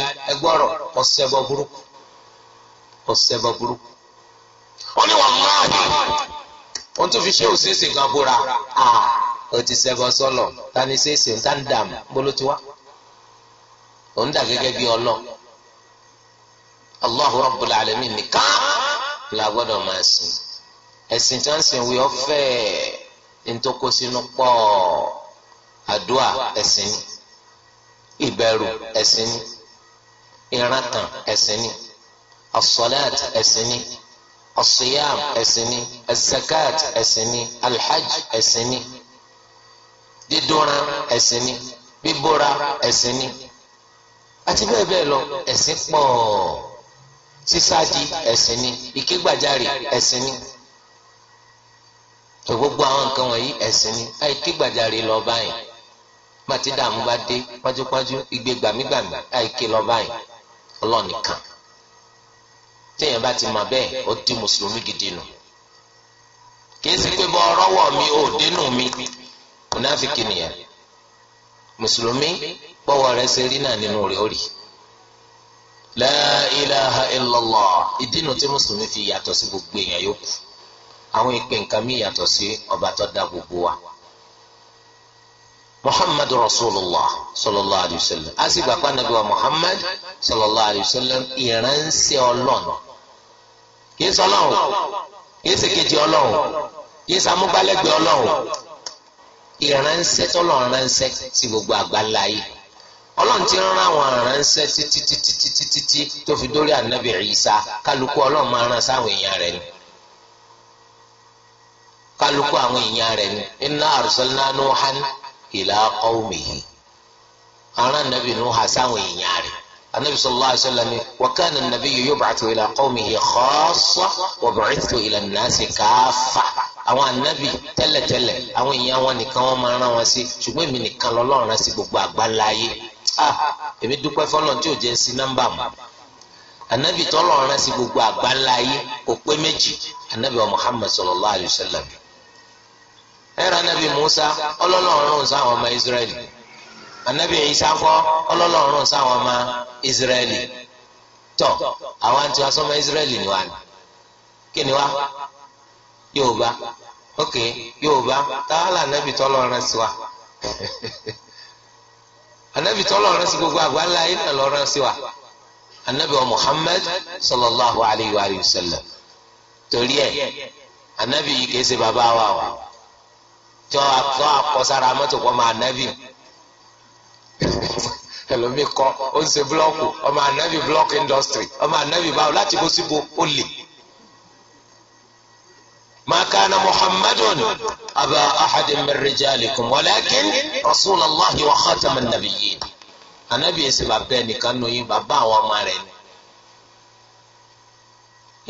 ni o ti ṣẹbọ sọlọ tani ṣèṣe ń tán dààmú gbóló tiwa ò ń dà gẹ́gẹ́ bí ọlọ Allahu Rabbul Alamin nìkan la gbọ́dọ̀ máa sìn ẹ̀sìn tí wọ́n sìn wí ọ̀fẹ́ ntoko sínú pọ̀ àdúà ẹ̀sìn ni ìrántàn ẹ̀sìn ni as-salat ẹ̀sìn ni as-siyam ẹ̀sìn dídúnran ẹ̀sìn ni bíbúra ẹ̀sìn ni àti bẹ́ẹ̀ bẹ́ẹ̀ lọ ẹ̀sìn pọ̀ sísáàjì ẹ̀sìn ni ìkégbàjarè ẹ̀sìn ni tó gbogbo àwọn nǹkan wọ̀nyí ẹ̀sìn ni àìkégbàjarè lọ báyìí má ti dààmú bá dé pájúpájú igbe gbàmígbàmí àìké lọ báyìí ọlọ́nìkan téèyàn bá ti mọ̀ bẹ́ẹ̀ ó di mùsùlùmí gidi nù kì í sì pé bọ́ ọ̀rọ̀ wọ̀ mi ò dénú mi munafiki nìyẹn mùsùlùmí bọ́wọ́ rẹ̀ ṣe rí náà nínú rẹ̀ ó rí la ilaha illallah ìdínà tí mùsùlùmí fi yàtọ̀ sí gbogbo èèyàn yòókù àwọn ìpè nǹkan mi yàtọ̀ sí ọba tó dá gbogbo wa muhammadu rasulillah sallallahu alayhi wa sallam asigba kpanabi wa muhammad sallallahu alayhi wa sallam ìránṣẹ́ ọlọ́run kìí sọ ọlọ́run kìí ṣèkejì ọlọ́run kìí ṣàmúgbálẹ́gbẹ̀ ọlọ́run. ìránṣẹ́ tọ́lọ̀ ránṣẹ́ sí gbogbo àgbáńlá ọlọ́run ti rán àwọn ránṣẹ́ títí tó fi dórí ànábì Ìsá kálukú ọlọ́run máa rán sáwọn èèyàn rẹ̀ ni kálukú àwọn èèyàn rẹ̀ ni inna arsalna ànábì sáwọn èèyàn النبي صلى الله عليه وسلم وكان النبي يبعث إلى قومه خاصة وبعثت إلى الناس كافة àwọn anabi tẹ́lẹ̀tẹ́lẹ̀ àwọn èèyàn wọn nìkan wọn máa rán wọn sí ṣùgbọ́n èmi nìkan lọ́lọ́run rán sí gbogbo àgbáláyé ah èmi dúpẹ́ fọlọ́n tí ò jẹ́ sí nọ́mbà mọ́ anabi tọ́lọ́run rán sí gbogbo àgbáláyé kò pé méjì anabi wa muhammad sallallahu alayhi wa sallam ẹ̀rọ anabi musa ọlọ́lọ́run rán sáwọn ọmọ israẹli anabi isa kọ ọlọ́lọ́run sáwọn ọmọ israẹli tọ àwọn àti wọn sọmọ israẹli ni wà ní kí ni wá yorùbá ok yorùbá tààlà anabi tọ́lọ́run sí wa anabi tọ́lọ́run sí gbogbo àgbáńlá yìí náà lọ́run sí wa anabi wa muhammad sallallahu alayhi wa sallam torí ẹ anabi yìí kìí ṣe bàbá wa o tọ́ àkọ́ àkọ́sára mọ́tò kọ́ mọ́ anabi ẹlòmíì kọ ó ń ṣe búlọ́ọ̀kù ọmọ anabi búlọ́ọ̀kù indọ́sítírì ọmọ anabi báwo láti bó síbo ó lè. ما كان محمد أبا أحد من رجالكم ولكن رسول الله وخاتم النبيين anabi ẹsẹ bàbá ẹnìkan nù yín bàbá àwọn ọmọ rẹ̀ ni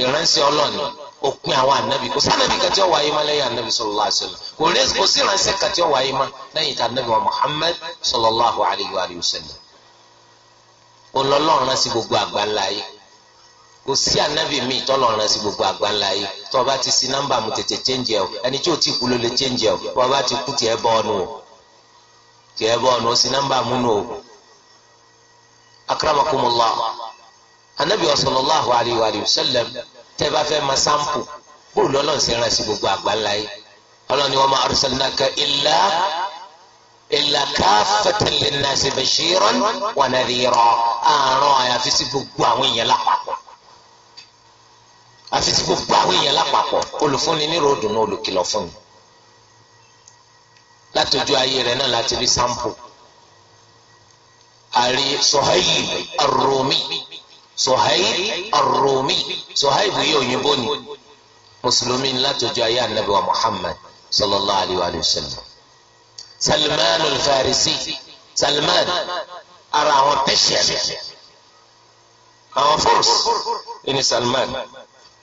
ìránṣẹ́ Ọlọ́run òpin àwọn ànábì kò sí ànábì kàtí ọwọ ayé má lẹ́yìn ànábì sallallahu alaihi wasallam kò rí kò sí ìránṣẹ́ kàtí ọwọ ayé má lẹ́yìn tí ànábì wa Muhammad sallallahu alaihi wa sallam olọlọrun sí gbogbo àgbáńlá yìí kò sí ànábì míì tọlọrun sí gbogbo àgbáńlá yìí tó o bá ti sí nọ́mbà mu tètè chẹ́ǹjì ẹ̀ o ẹni tí o ti kú ló lè chẹ́ǹjì o tó bá ti kú tiẹ̀ bọ́ ọ̀nù o tiẹ̀ bọ́ ọ̀nù o sí nọ́mbà mu nù o akramakumullah ànábì sallallahu alaihi wa sallam tẹ́ bá fẹ́ ma sampo bóòlù ọlọ́run sì rán sí gbogbo àgbáńlá yìí ọlọ́run ni wa ma arsalnaka illa illa kaffatan linnasi bashiran wa nadhira àrùn àyàfi sí gbogbo àwọn èèyàn lápapọ̀ àfi sí gbogbo àwọn èèyàn lápapọ̀ olùfúnni ní ròdù náà olùkìlọ̀ fún látọjú ayé rẹ náà láti rí sampo àrí Suhail ar Suhaib Ar-Rumi Suhaib yìí òyìnbó ni mùsùlùmí látọjọ́ ayé anabi wa Muhammad sallallahu alayhi wa sallam Salman al-Farisi Salman ara àwọn pẹ́ṣẹ́lẹ̀ àwọn fúrúsì ẹni Salman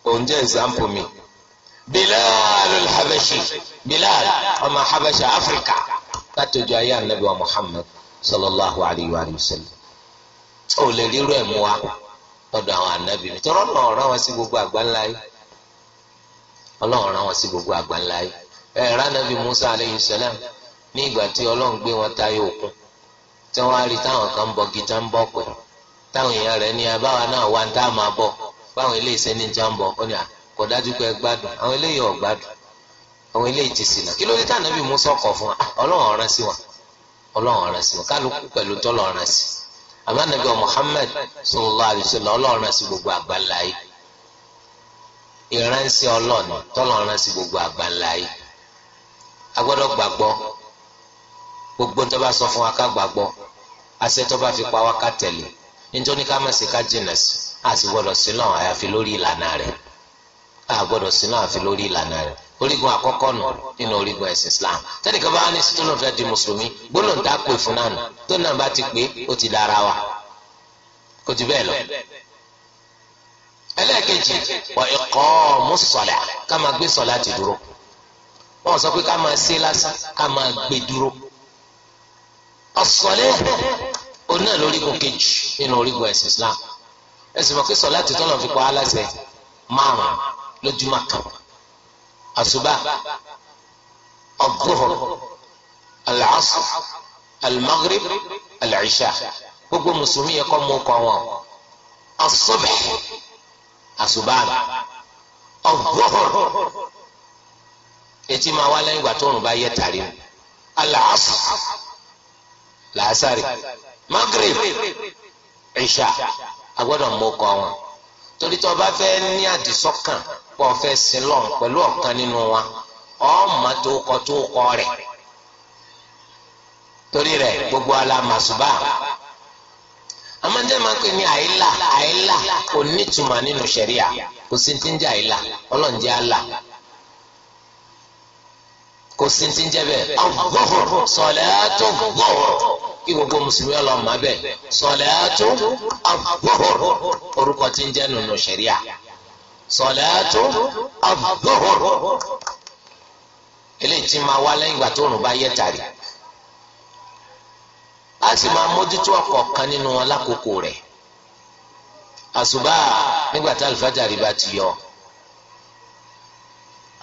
òun jẹ́ ẹ̀sánpù mi Bilal al-Habashi Bilal ọmọ Habashi Afrika látọjọ́ ayé anabi wa Muhammad sallallahu alayhi wa sallam ó ẹ̀ mú wa. lọ́dọ̀ àwọn ànábì mi tọ́rọ náà rán wọn sí gbogbo àgbáńlá yìí ọlọ́run rán wọn sí gbogbo àgbáńlá yìí ẹ ránàbì Musa aleyhi salam ní ìgbà tí ọlọ́run wọn táyé òkun tí wọ́n á rí táwọn kan ń bọ gita ń bọ̀ pẹ̀ táwọn èèyàn rẹ̀ ní abáwa náà wá ń bọ̀ báwọn ń bọ̀ ó ní kò àwọn àmọ́ nàbí Muhammad sallallahu alaihi wasallam ọlọ́run sí gbogbo àgbáńlá yìí ìránṣẹ́ ọlọ́run tọ́lọ́run sí gbogbo àgbáńlá yìí a gbọ́dọ̀ gbàgbọ́ gbogbo tó bá sọ fún wa ká gbàgbọ́ àṣẹ tó bá fi pa wá ká tẹ̀lé nítorí ká má ṣe ká jìnà sí a sì gbọ́dọ̀ sílọ̀ àyàfi lórí ìlànà rẹ̀ a gbọ́dọ̀ sílọ̀ àfi lórí ìlànà rẹ̀ orígun akọkọ nù nínú orígun ẹ̀sìn Islam tẹ́nìkan bá ní sítúnù fẹ́ di mùsùlùmí gbólóhùn tá a pè fún náà nù tó náà bá ti pé ó ti dára wa kò jù bẹ́ẹ̀ lọ. ẹlẹ́ẹ̀kejì wà ẹ̀kọ́ mùsọ̀lá ká máa gbé sọ̀lá ti dúró wọ́n sọ pé ká máa ṣe lásán ká máa gbé dúró. ọ̀sọ̀lẹ́ lórígun kejì nínú Islam ẹ̀sìn mọ̀ pé sọ̀lá ti tọ́lọ̀ fi pa á márùn-ún lójúmọ́ kan الصباح، الظهر، العصر، المغرب، العشاء. maghrib al-isha gbogbo mùsùlùmí yẹ kọ́ mú kọ́ wọn as-subh àṣùbà ọgọ́hùn etí máa wá lẹ́yìn ìgbà tó òrùn bá yẹ tàrí mu al-asr làásàrì isha agbọ́dọ̀ mú kọ́ wọn torí bá fẹ́ ní àdìsọ́kàn. pọ̀ fẹ́ sin lọ́n pẹ̀lú ọ̀kan nínú wa ọmọ tó kọ tó kọ rẹ̀ torí rẹ̀ gbogbo alamasuba amadu ma pe ni àyílà àyílà kò nítumọ̀ nínú ṣẹ̀ríà kò sí ti ń jẹ́ àyílà ọlọ́njẹ́ àlà kò sí ti ń jẹ́ bẹ́ẹ̀ agbóhùn sọ̀lẹ́tò gbóhùn kí gbogbo mùsùlùmí orúkọ ti ń sọ̀láàtò àbúrò eléyìí tí máa wá lẹ́yìn ìgbà tó rùn bá yẹ tàrí a sì máa mójútó ọ̀kọ̀ọ̀kan nínú wọn lákòókò rẹ̀ àṣùbà nígbà tá àlùfájàrí bá ti yọ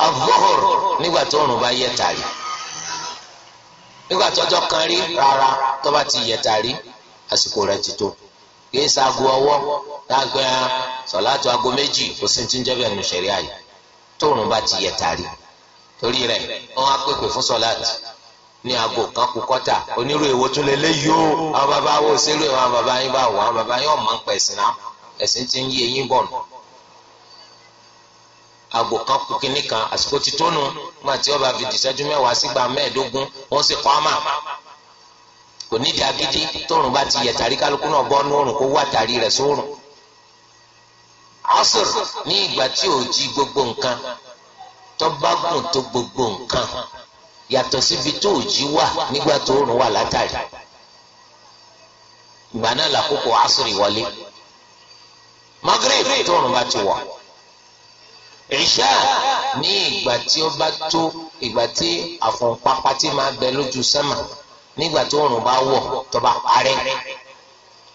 àbúrò nígbà tó rùn bá yẹ tàrí nígbà tọ́jọ́ kan rí rárá tó bá ti yẹ tàrí àsìkò rẹ̀ ti tó kìí ṣaago ọwọ́ dágbẹ́ sọ̀láàtù aago méjì kò sí ti ń jẹ́ bẹ́ẹ̀ nù sẹ̀rí àyè tóòrùn bá ti yẹ tàrí torí rẹ̀ wọ́n á pèpè fún sọ̀láàtù ní aago kan kú kọ́tà onírú èwo tún lè léyìí o àwọn bàbá wo sẹ́rù ẹ̀ wọn bàbá yín bá wọ àwọn bàbá yín ọ̀mọ́ ń pẹ̀ sí náà ẹ̀sìn ti ń yí eyín bọ̀ nù aago kan kú kínní kan àsìkò ti tónu nígbà tí ọba fi dìṣẹ́jú mẹ́wàá sígbà mẹ́ẹ̀ẹ́dógún wọ́n sì kọ́ àmà kò ní dàgídí tóorùn bá ti yẹ tàrí kálukú náà bọ́ nóorùn kó wá tàrí rẹ̀ sóorùn asr ní ìgbà tí ò jí gbogbo nǹkan tó bá gùn tó gbogbo nǹkan yàtọ̀ síbi tó ò jí wà nígbà tó òrùn wà látàrí ìgbà náà làkókò asr wọlé magreth tó òrùn bá ti wọ̀ ìṣá ní ìgbà tí ó bá tó ìgbà tí àfọ̀npápá ti máa bẹ lójú sẹ́mà nígbà tó òrùn bá wọ̀ tó bá parẹ́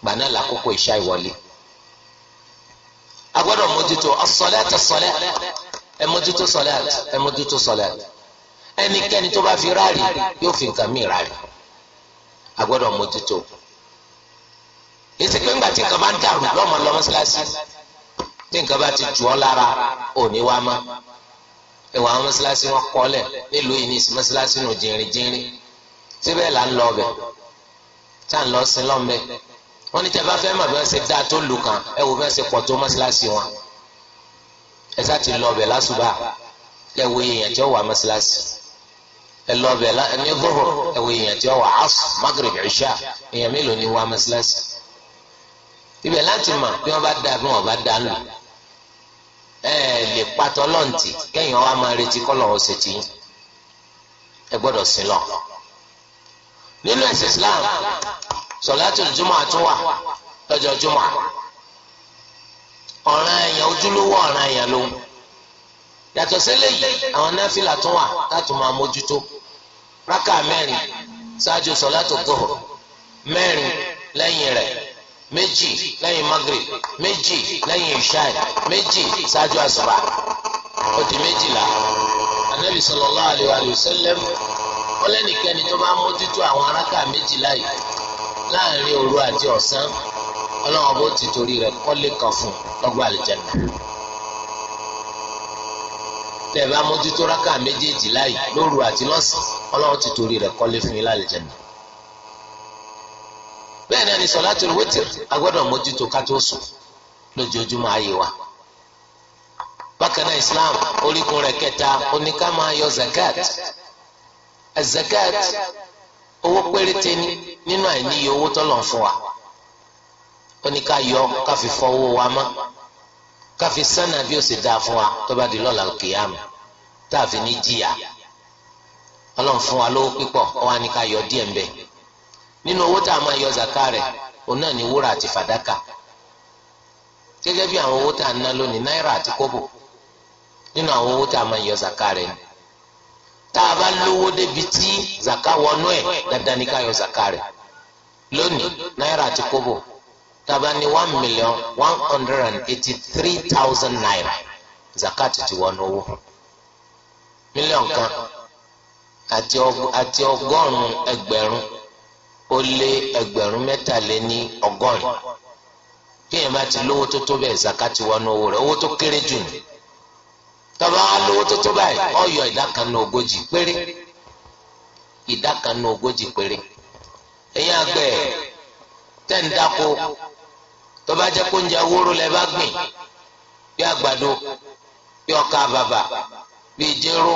gbà náà lákòókò ìṣá ìwọlé a gbọ́dọ̀ mójútó as-salata as-salata ẹ mójútó salata ẹ mójútó salata ẹnikẹ́ni tó bá fi ráàlì yóò fi nǹkan mí ráàlì a gbọ́dọ̀ mójútó èsì pé ńgbà tí nǹkan bá ń dàrú lọ́mọ lọ́mọ síláṣí tí nǹkan bá ti jù ọ́ lára òní wá má ẹwà àwọn mọ́sálásí wọn kọ́lẹ̀ nílùú yìí ní ìsìn mọ́sálásí nù jìnrìn jìnrìn síbẹ̀ là ń lọ ọbẹ̀ tá à ń lọ sí lọ́nbẹ̀ wọ́n ní tẹ́fà fẹ́ mọ̀ bí wọ́n ṣe dá tó lù kàn ẹ wò bí wọ́n ṣe pọ̀ tó mọ́ṣáláṣí wọn ẹ sá ti lọ ọbẹ̀ lásùbà ẹ wo èèyàn tí ó wà mọ́ṣáláṣí ẹ lọ ọbẹ̀ ní gbọ́rọ̀ ẹ wo èèyàn tí ó wà áṣù magrib ìṣá èèyàn mélòó ni wà mọ́ṣáláṣí ibẹ̀ láti mọ̀ bí wọ́n bá dá bí wọ́n bá dá lù ẹ lè pàtọ́ lọ́ǹtì kẹ́yìn ọ nínú ẹ̀sìn Islam sọ̀látù jùmọ̀ àtúwà lọ́jọ́ jùmọ̀ ọ̀ràn ẹ̀yàn ojúlówó ọ̀ràn ẹ̀yàn ló ń yàtọ̀ sílẹ̀ yìí àwọn náfìlà tún wà láti máa mójútó rákà mẹ́rin ṣáájú sọ̀látù duhur mẹ́rin lẹ́yìn rẹ̀ méjì lẹ́yìn magrib méjì lẹ́yìn ìṣáì méjì ṣáájú àsùbá ó di méjìlá anabi sallallahu alayhi wa sallam wọ́n lẹ́nìkẹ́ni tó bá mójútó àwọn aráka méjìlá yìí láàrin òru àti ọ̀sán ọlọ́wọ́n bó ti torí rẹ̀ kọ́lé kan fún lọ́gbà àlìjẹ́nà. tẹ̀ bá mójútó ráka méjèèjìlá yìí lóru àti lọ́sàn-án ti torí rẹ̀ kọ́lé fún yín lálìjẹ́nà. bẹ́ẹ̀ náà ni sọ̀látùl wítìr a gbọ́dọ̀ mójútó ká tó sùn lójoojúmọ́ ayé wa bákan náà Islam orígun rẹ̀ kẹta oníkàmá yọ zakat azakat owó péréte teni nínú àìníye owó tọ́lọ̀ fún wa ó ní ká yọ ká fi fọ owó wa mọ́ ká fi sánà bí ó sì dáa fún wa tó bá di lọ́la kìyàmù tá a fi ní jìyà ọlọ́run fún wa lówó pípọ̀ ó wá ní ká yọ díẹ̀ ń bẹ̀ nínú owó tá a máa yọ zaka rẹ̀ òun náà ní wúrà àti fàdákà gẹ́gẹ́ bí àwọn owó tá a ná tá a bá lówó débi tí zaka wọnú ẹ̀ dandan ní ká yọ zaka rẹ̀ lónìí náírà àti kóbò tá a bá ní one million one hundred and eighty three thousand naira zaka ti ti wọnú owó mílíọ̀n kan àti ọgọ́rùn-ún ẹgbẹ̀rún ó lé ẹgbẹ̀rún mẹ́tàléní ọgọ́rin bí èèyàn bá ti lówó tó tó bẹ́ẹ̀ zaka ti wọnú owó rẹ̀ owó tó kéré jù ní tọba alówó tó tó báyìí ọyọ ìdá ịdaka n'ogoji ogójì péré ìdá ogójì péré tọba jẹ́ kó ń wóró lẹ bá gbìn bí àgbàdo bí ọkà bàbà bí jéró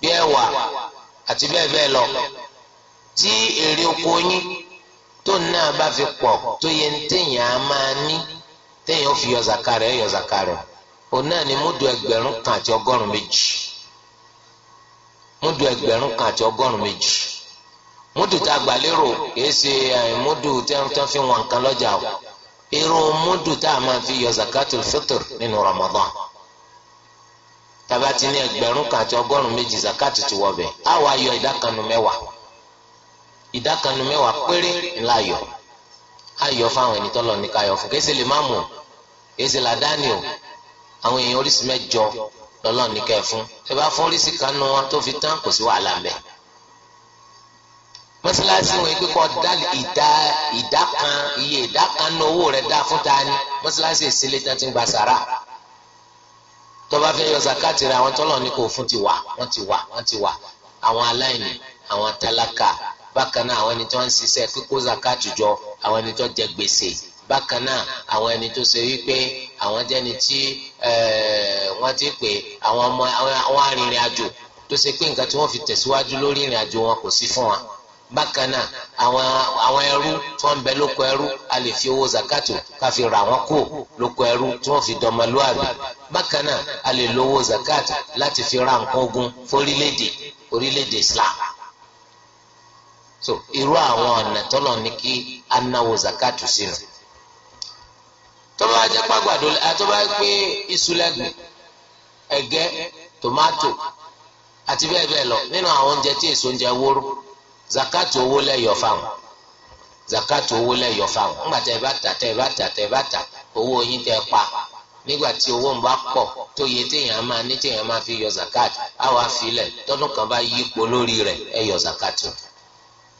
bí ẹ̀wà àti bẹ́ẹ̀ bẹ́ẹ̀ lọ tí èrè oko yín tó náà bá fi pọ̀ tó yẹ téèyàn á máa òun náà ni múdù ẹgbẹ̀rún kan àti ọgọ́rùn méjì múdù ẹgbẹ̀rún kan àti ọgọ́rùn méjì múdù tá a gbà lérò kìí ṣe eh, múdù tẹ́ntẹ́n fi wọn nǹkan lọ́jà o irú múdù tá a máa fi yọ zakatul fitr nínú Ramadan tàbá ti ní ẹgbẹ̀rún kan àti ọgọ́rùn méjì zakat ti wọ bẹ̀ á wàá yọ ìdákanu mẹ́wàá ìdákanu mẹ́wàá péré ńlá yọ á yọ fáwọn ẹni tọ́lọ̀ ní ká fún kìí ṣe lè má mú kìí ṣe làdáni o àwọn èèyàn oríṣi mẹ́jọ lọ́lọ́run ní kẹ́ fún ẹ bá fún oríṣi kan nu wọn tó fi tán kò sí wàhálà ń mọ́sálásí wọn pé kọ́ ìdá ìdá kan iye ìdá kan nu owó rẹ̀ dá fún ta ni mọ́sálásí ìsílẹ̀ tán ti ń gba sàrà tó bá yọ zakati rẹ̀ àwọn tọ́lọ̀ ní kò fún ti wà wọ́n ti wà wọ́n ti wà àwọn aláìní àwọn tálákà bákan náà àwọn ẹni tó ń ṣiṣẹ́ kíkó zakati jọ àwọn ẹni tó jẹ gbèsè bákan náà àwọn ẹni tó ṣe wípé àwọn jẹ́ni tí eh, wọ́n ti pè àwọn ọmọ àwọn arìnrìn àjò tó ṣe pé nǹkan tí wọ́n fi tẹ̀síwájú lórí ìrìn àjò wọn kò sí fún wa bákan náà àwọn àwọn ẹrú tí wọ́n bẹ lóko ẹrú a lè fi owó zakato ká fi rà wọ́n kó lóko ẹrú tí wọ́n fi dọmọlúwàbí bákan náà a lè lo owó zakato láti fi ra nǹkan ogun fórílẹ̀èdè orílẹ̀èdè Islam so irú àwọn ọ̀nà tọ́lọ̀ ní kí a náwó zakato sínú. Si tọ́ba jẹ́ pàgbàdo àtọ́ba pé iṣu lẹ́gbẹ̀ẹ́ tomato, tòmátò àti bẹ́ẹ̀ bẹ́ẹ̀ lọ nínú àwọn oúnjẹ tí èso oúnjẹ wóró zakati owó lẹ́yọ̀ fáwọn zakati owó lẹ́yọ̀ fáwọn ńgbà tẹ́ ẹ bá tà tẹ́ ẹ bá tà tẹ́ ẹ bá tà owó yín tẹ́ ẹ pa nígbà tí owó ń bá pọ̀ tó yẹ téèyàn máa ní téèyàn máa fi yọ zakati àwọn afilẹ̀ tọ́dún kan bá yípo lórí rẹ̀ ẹ yọ zakati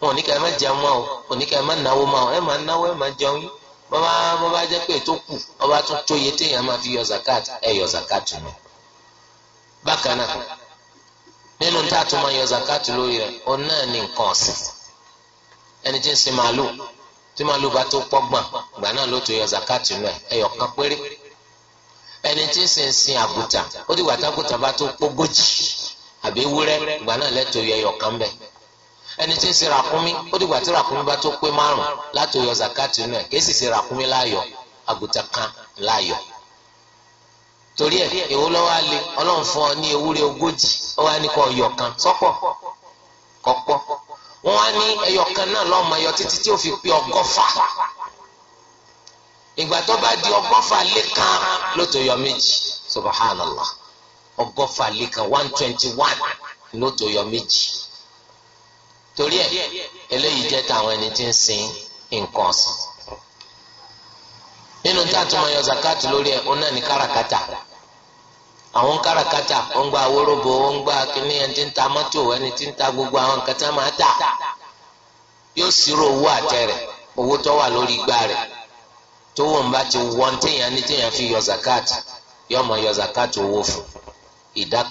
wọn ò ní ká ẹ má jẹun mọ́ o ò ní ká ẹ má náwó mọ́ o ẹ má náwó ẹ má jẹun yín bọ́bá bọ́bá jẹ́ pé tó kù ọba tó tó iye téèyàn máa fi yọ zakat ẹ yọ zakat nù. bákan náà nínú tá a tún máa yọ zakat lórí rẹ̀ òun náà ní nǹkan ọ̀sìn ẹni tí ń sin màálù tí màálù yọ zakat ẹ ẹyọ kan péré ẹni tí ń sin sin yọ ẹyọ kan ẹni tí ń ṣe ràkúnmí ó dìgbà tí ràkúnmí bá tó pé márùn láti yọ zakati nù ẹ kì í sì ṣe ràkúnmí láàyò àgùntàn kan láàyò torí ẹ èwo lọ wá lé Ọlọ́run fún ọ ní ewúrẹ ogójì ó wá ní kọ ọyọ kan sọpọ kọpọ wọn á ní ẹyọ kan náà lọmọ ẹyọ títí tí ó fi pé ọgọ́fà ìgbà tó bá di ọgọ́fà lé kan ló tó yọ méjì subhanallah ọgọ́fà lé kan one twenty one ló tó yọ méjì. torí ẹ eléyìí jẹ́ tàwọn ẹni tí ń sin nǹkan ọ̀sìn nínú tààtúmọ̀ yọ zakati lórí ẹ̀ ọ̀nà ní káràkátà àwọn káràkátà ó ń gba awóróbo ó ń gba kíní ẹni tí ń ẹni tí gbogbo àwọn nǹkan tá máa tà yóò ṣírò owó àtẹ owó tó wà lórí igbá tó bá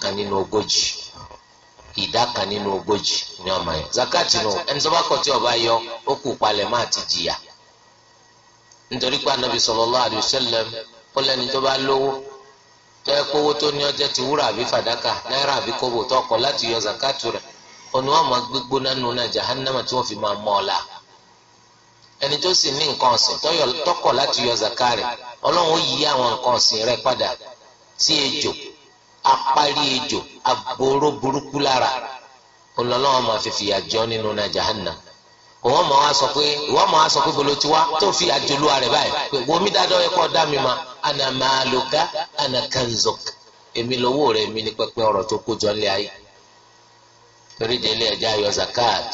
ti ní ìdá kan nínú ogójì ní ọmọ yẹn zakati nù ẹni tó bá kọ̀ tí ọba yọ ó kù palẹ̀ má ti jìyà nítorí pé anabi sallallahu alaihi wasallam ó lẹni tó bá lówó tó kówó yọ náà jahannama tí wọn fi máa mọ ọ ẹni tó sì ní nǹkan ọ̀sìn tọkọ láti yọ zakari ọlọ́run ó yí àwọn nǹkan ọ̀sìn rẹ̀ padà sí ejò apárí aboro burúkú lára olólùwọ́n máa fi fìyà jọ nínú náà máa sọ pé máa sọ pé bolo tiwa tó fi àjòlúwa rẹ̀ báyìí pé wọ́n mi ma ana maaluka ana kanzok èmi lówó rẹ̀ mi ní pẹ́pẹ́ ọ̀rọ̀ tó kó jọ nílé ayé torí délé ẹ̀jẹ̀ ayọ̀ zakat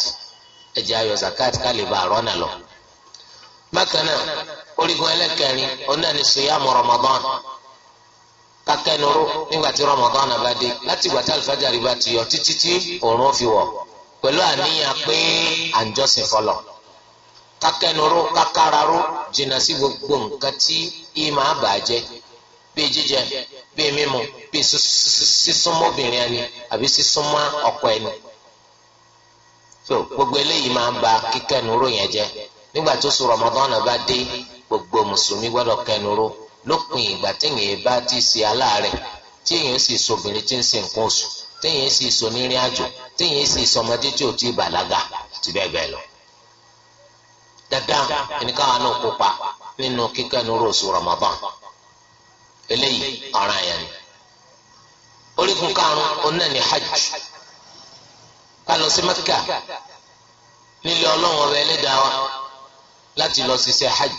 ẹ̀jẹ̀ ayọ̀ zakat ká lè ba lọ. bákan náà orígun ẹlẹ́kẹrin kakẹnuru nígbà tí Ramadan bá dé láti ìgbà tí alifájàre bá ti yọ títí tí òòrùn fi wọ̀ pẹ̀lú àníyàn pé à ń jọ́sìn fọlọ kakẹnuru kakararu jìnnà sí gbogbo nǹkan tí ìmọ̀ àbàjẹ́ bíi jíjẹ bíi mímu bíi sísúnmọ́ obìnrin ẹni àbí sísúnmọ́ ọkọ ẹni so gbogbo eléyìí máa ń ba kíkẹnuru yẹn jẹ́ nígbà tó sùn Ramadan bá dé gbogbo mùsùlùmí gbọ́dọ̀ kẹnuru. lópin ìgbà téèyàn bá ti ṣe aláàárẹ̀ téèyàn sì obìnrin tí ń ṣe nǹkan oṣù téèyàn sì so nírìn àjò téèyàn sì tí ò tí ì bàlágà àti bẹ́ẹ̀ bẹ́ẹ̀ lọ. dandan ẹnìkan àwọn kópa nínú kíkẹ́nu hajj ká lọ sí Mẹ́kà nílé Ọlọ́run ọba ẹlẹ́dàá wa láti lọ hajj.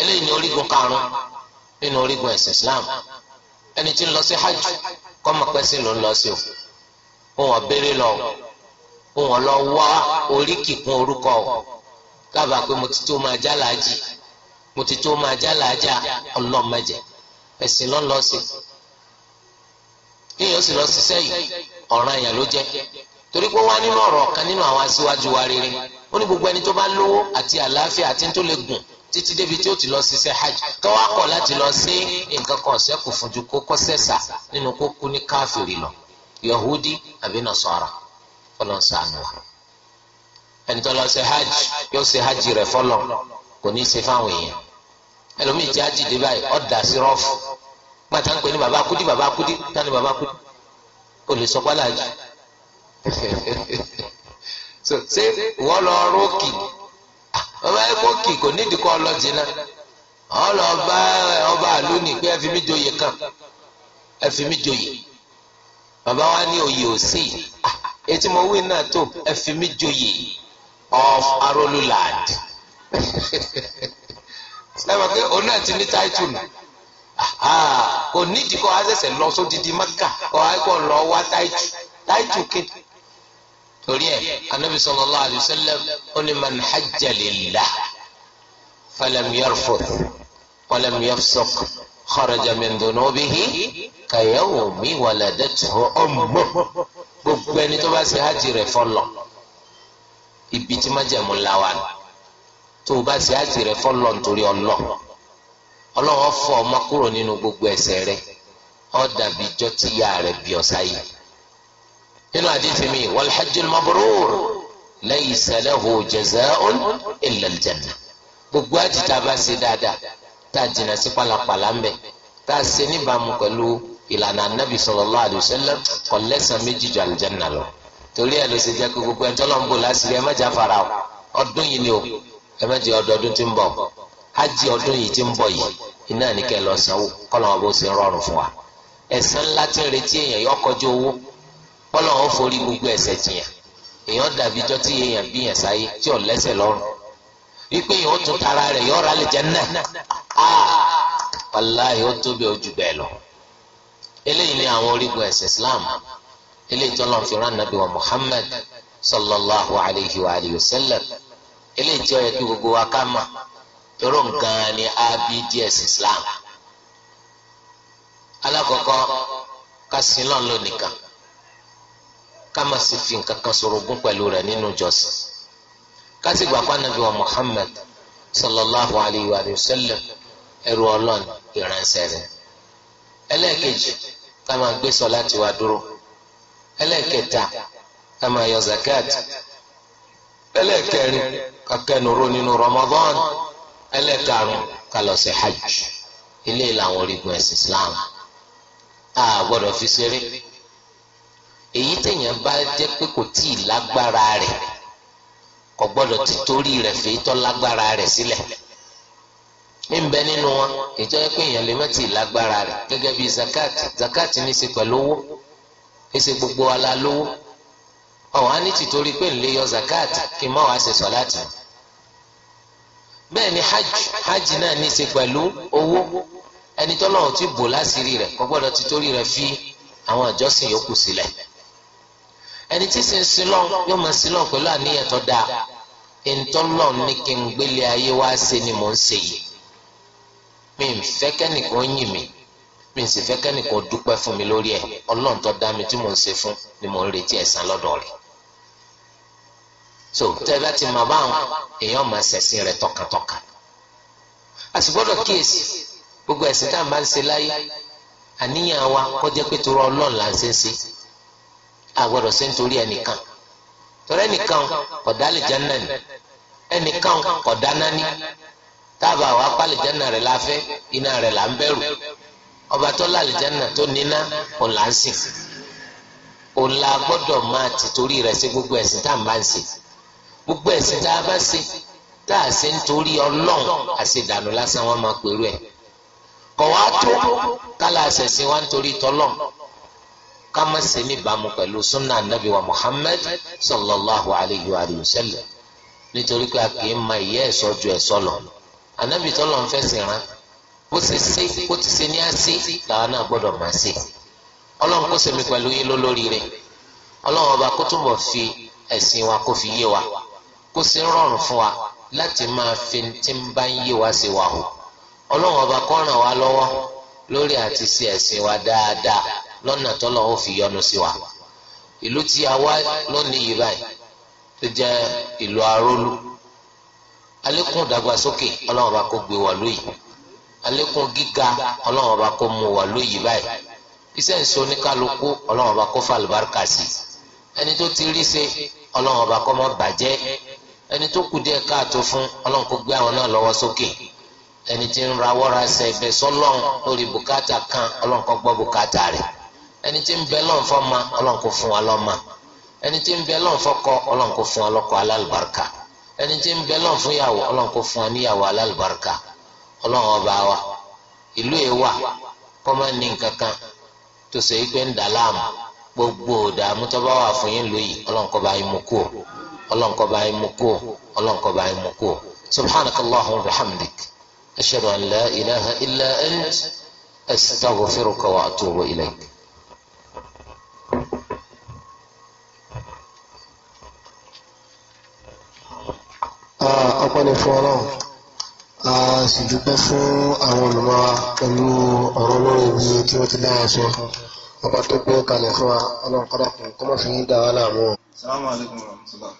eléyìí ní orígun karùn nínú orígun ẹ̀sìn islam ẹni tí ń lọ sí hajj kọ́ mọ̀ pé sí ló ń lọ sí o fún wọn béèrè lọ o fún wọn lọ wá oríkì kún orúkọ o lábàá pé mo ti tó máa já làájì mo ti tó máa já làájà ọlọ́mọdé ẹ̀sìn ló ń lọ sí kéèyàn sì lọ ṣiṣẹ́ yìí ọ̀ràn èèyàn ló jẹ́ torí pé wá nínú ọ̀rọ̀ kan nínú àwọn aṣíwájú wa rere ó ní gbogbo ẹni tó bá lówó àti àlàáfíà àti tó lè gùn títí débi tí ó ti lọ ṣiṣẹ́ hajj tó wá kọ̀ láti lọ sí nǹkan kan ṣẹ́kù fúnjú kó kọ́ sẹ́sà nínú kó kú ní káfìrí lọ yahudi àbí nasara fọlọ́n sànù wa ẹni tó lọ ṣe hajj yóò ṣe hajj rẹ̀ fọlọ́ kò ní ṣe fáwọn èèyàn ẹlòmíì jẹ́ hajj dé báyìí ọ̀ dà sí rọ́ọ̀fù pátá ń pè ní baba kudi baba kudi tani baba kudi o lè sọ pálá jù so ṣé wọ́n lọ rókì ọba ẹkọọkì kò nídìí kọ ọlọtì náà ọlọba ọba àlónì pé ẹ fi mí joyè kan ẹ fi mí joyè bàbá wa ní oyè òsì etí mo wí náà tó ẹ fi joyè of aroluland sẹ́wọ̀n pé òun náà ti ní táìtù nù kò nídìí kọ́ asẹ̀sẹ̀ lọ sódìdí mẹ́kà kọ́ ẹ kọ́ lọ wá táìtù táìtù kéde torí ẹ anabi sallallahu alayhi wa sallam ó ní man hajja lillah falam yarfuth walam yafsuq kharaja min dhunubihi kayawmi waladathu ummuh gbogbo ẹni tó bá ṣe hajj rẹ̀ fọlọ́ ibi tí májẹ̀mú ńlá wa ni tó o bá ṣe hajj rẹ̀ fọlọ́ nítorí ọlọ́ ọlọ́wọ́ fọ ọmọ kúrò nínú gbogbo ẹ̀ṣẹ̀ rẹ̀ ó dàbí ijọ́ tí ìyá bí ọ̀sá yìí nínú àdìsí mi wal hajjul mabrur laysa lahu jazaa'un illa aljanna gbogbo àti tá a bá ṣe dáadáa tá a jìnnà sí pàlàpàlà ń bẹ tá a ṣe níbàámu pẹ̀lú ìlànà anabi sallallahu alayhi wa sallam kò lẹ́san méjì ju aljanna lọ torí ẹ̀ ló ṣe jẹ́ kó gbogbo ẹjọ́ lọ́n bò láṣìírí ẹ má fara o ọdún yìí ni o ẹ má ọdọọdún tí ń bọ̀ hajj ọdún yìí tí ń bọ̀ yìí iná ní kẹ́ lọ sanwó kọ́lọ́mọbó ṣe rọrùn fún wa ẹ̀san ńlá tí ń retí èèyàn yọ owó kọ́lọ̀ ó forí gbogbo ẹ̀ṣẹ̀ jìyàn èèyàn dàbí ijọ́ tí èèyàn bí yàn sáyé tí ò lẹ́sẹ̀ lọ́rùn wípé tún tara rẹ̀ jẹ́ ah, wàláhì ó ojú bẹ́ẹ̀ lọ eléyìí ni àwọn orígun Islam eléyìí tó lọ́n fi rán nàbí wa sallallahu alayhi wa alayhi wa sallam eléyìí tí ó yẹ kí gbogbo wa ká tóró nǹkan ni abds Islam alákọ̀ọ́kọ́ ká sin lọ́n ká má sì fi nǹkan kan ṣorogún pẹ̀lú rẹ̀ nínú ìjọsìn ká sì gbà pa nàbí wa Muhammad sallallahu alayhi wa sallam ẹrú ọlọ́ọ̀nì ìránṣẹ́ rẹ̀ ẹlẹ́ẹ̀kejì ká máa gbé sọ̀láàtì wa dúró ẹlẹ́ẹ̀kẹta ká máa yọ zakat ẹlẹ́ẹ̀kẹrin ká kẹnuró nínú Ramadan ẹlẹ́ẹ̀karùn ká lọ sí hajj ilé ìlànà orígun ẹ̀sìn Islam a fi ṣeré. èyí téèyàn bá jẹ́ pé kò tí ì lágbára rẹ̀ kò gbọ́dọ̀ ti torí rẹ̀ fèé tọ́ lágbára rẹ̀ sílẹ̀ níbẹ̀ nínú wọn ìjọ yẹ pé èèyàn lè má ti lágbára rẹ̀ gẹ́gẹ́ bí zakat zakat ní pẹ̀lú owó gbogbo ala lówó á ní tìtorí pé ń yọ zakat kí má wàá ṣe hajj hajj náà ní í ṣe pẹ̀lú owó ẹni ti bò láṣìírí fi àwọn àjọsìn yòókù sílẹ̀. ẹni tí sì ń silọ yóò máa silọ pẹ̀lú àníyàn tó dáa ìtọ́lọ̀ ní kí n gbélé ayé wá ṣe ni mò ń ṣe yìí mi ń fẹ́ kẹ́nìkan yìn mí mi ń sì fẹ́ kẹ́nìkan dúpẹ́ fún mi lórí ẹ̀ ọlọ́run tó dá mi tí mò ń ṣe fún ni mò ń retí ẹ̀san lọ́dọ̀ rẹ̀ so tẹ́ bá ti máa bá àwọn èèyàn máa ṣẹ̀sìn rẹ̀ tọkàntọkàn a sì gbọ́dọ̀ kíyèsí gbogbo ẹ̀sìn tá à ń ń ṣe láyé àníyàn wa kọjá pé torọ ọlọ́run là ń ṣe ń àgbọ̀dọ̀ ṣe nítorí ẹnìkan torí ẹnìkan kọ̀dá lè jẹ́ nàní ẹnìkan kọ̀dá nání táàbà wà pa àlìjánà rẹ̀ láfẹ́ iná rẹ̀ là ń bẹ̀rù ọba tó lálìjánà tó níná òun là ń sìn òun la gbọ́dọ̀ máa ti torí rẹ̀ sí gbogbo ẹ̀sìn tá à ń bá ń sìn gbogbo ẹ̀sìn tá a bá ṣe tá a ṣe nítorí ọlọ́run àṣedànù lásán wọn máa pèrú ẹ̀ kọ̀ wá tó kálá àṣẹ̀sìn wa nítorí tọ́lọ́run kama má ṣe níbàámu pẹ̀lú sunna anabi wa muhammed sallallahu alayhi wa sallam nítorí pé a kì í ma ìyẹ́ ẹ̀sọ́ ju ẹ̀sọ́ lọ anabi tó lọ́n fẹ̀sìn rán ti ní àṣì làwọn náà gbọ́dọ̀ máa ṣe ọlọ́run kó sèmi pẹ̀lú yín ọlọ́run ọba kó túnbọ̀ fi ẹ̀sìn wa kó fi yé wa kó wa láti máa fi wa hù ọlọ́run ọba kó lọ́nà tọ́lọ̀ ó fi yọ́nú sí wa ìlú tí a wá lónìí yìí báyìí tó jẹ́ ìlú arólú àlékún ìdàgbàsókè ọlọ́run bá kó gbé wà lóyìí àlékún gíga ọlọ́run bá kó mú wà lóyìí báyìí iṣẹ́ ìṣe oníkálukú ọlọ́run bá kó fàlùbáríkà sí ẹni tó ti rí ṣe ọlọ́run bá kó má bàjẹ́ ẹni tó kù díẹ̀ káàtó fún ọlọ́run kó gbé àwọn náà lọ́wọ́ sókè ẹni tí ń rawọ́ra ṣẹ̀bẹ̀ sọ́lọ́run lórí bùkátà kan ọlọ́run kó gbọ́ bùkátà rẹ̀ ẹni tí ń bẹ lọ́n fọ́ ma ọlọ́n kó fún wa lọ́ ma ẹni tí ń bẹ lọ́n fọ́ kọ ọlọ́n kó fún wa lọ́kọ alálùbáríkà ẹni tí ń bẹ lọ́n fún yàwó ọlọ́n kó fún wa níyàwó alálùbáríkà ọlọ́n ọba wa ìlú yẹn wà kọ́ máa ní nǹkan kan tó ṣe é pé ń dà láàmú gbogbo ìdààmú tó wà fún yín lóyìí ọlọ́n kó bá mú kú ọlọ́n kó bá mú kú ọlọ́n kó bá mú kú ọpẹ́ ni fún ọlọ́run a sì dúpẹ́ fún àwọn olùmọ̀ pẹ̀lú ọ̀rọ̀ lórí ibi tí wọ́n ti dá wa sọ ọba tó gbé kalẹ̀ fún wa ọlọ́run kọ́dà kún kó má fi ń dá wa láàmú. Assalamu alaikum warahmatullah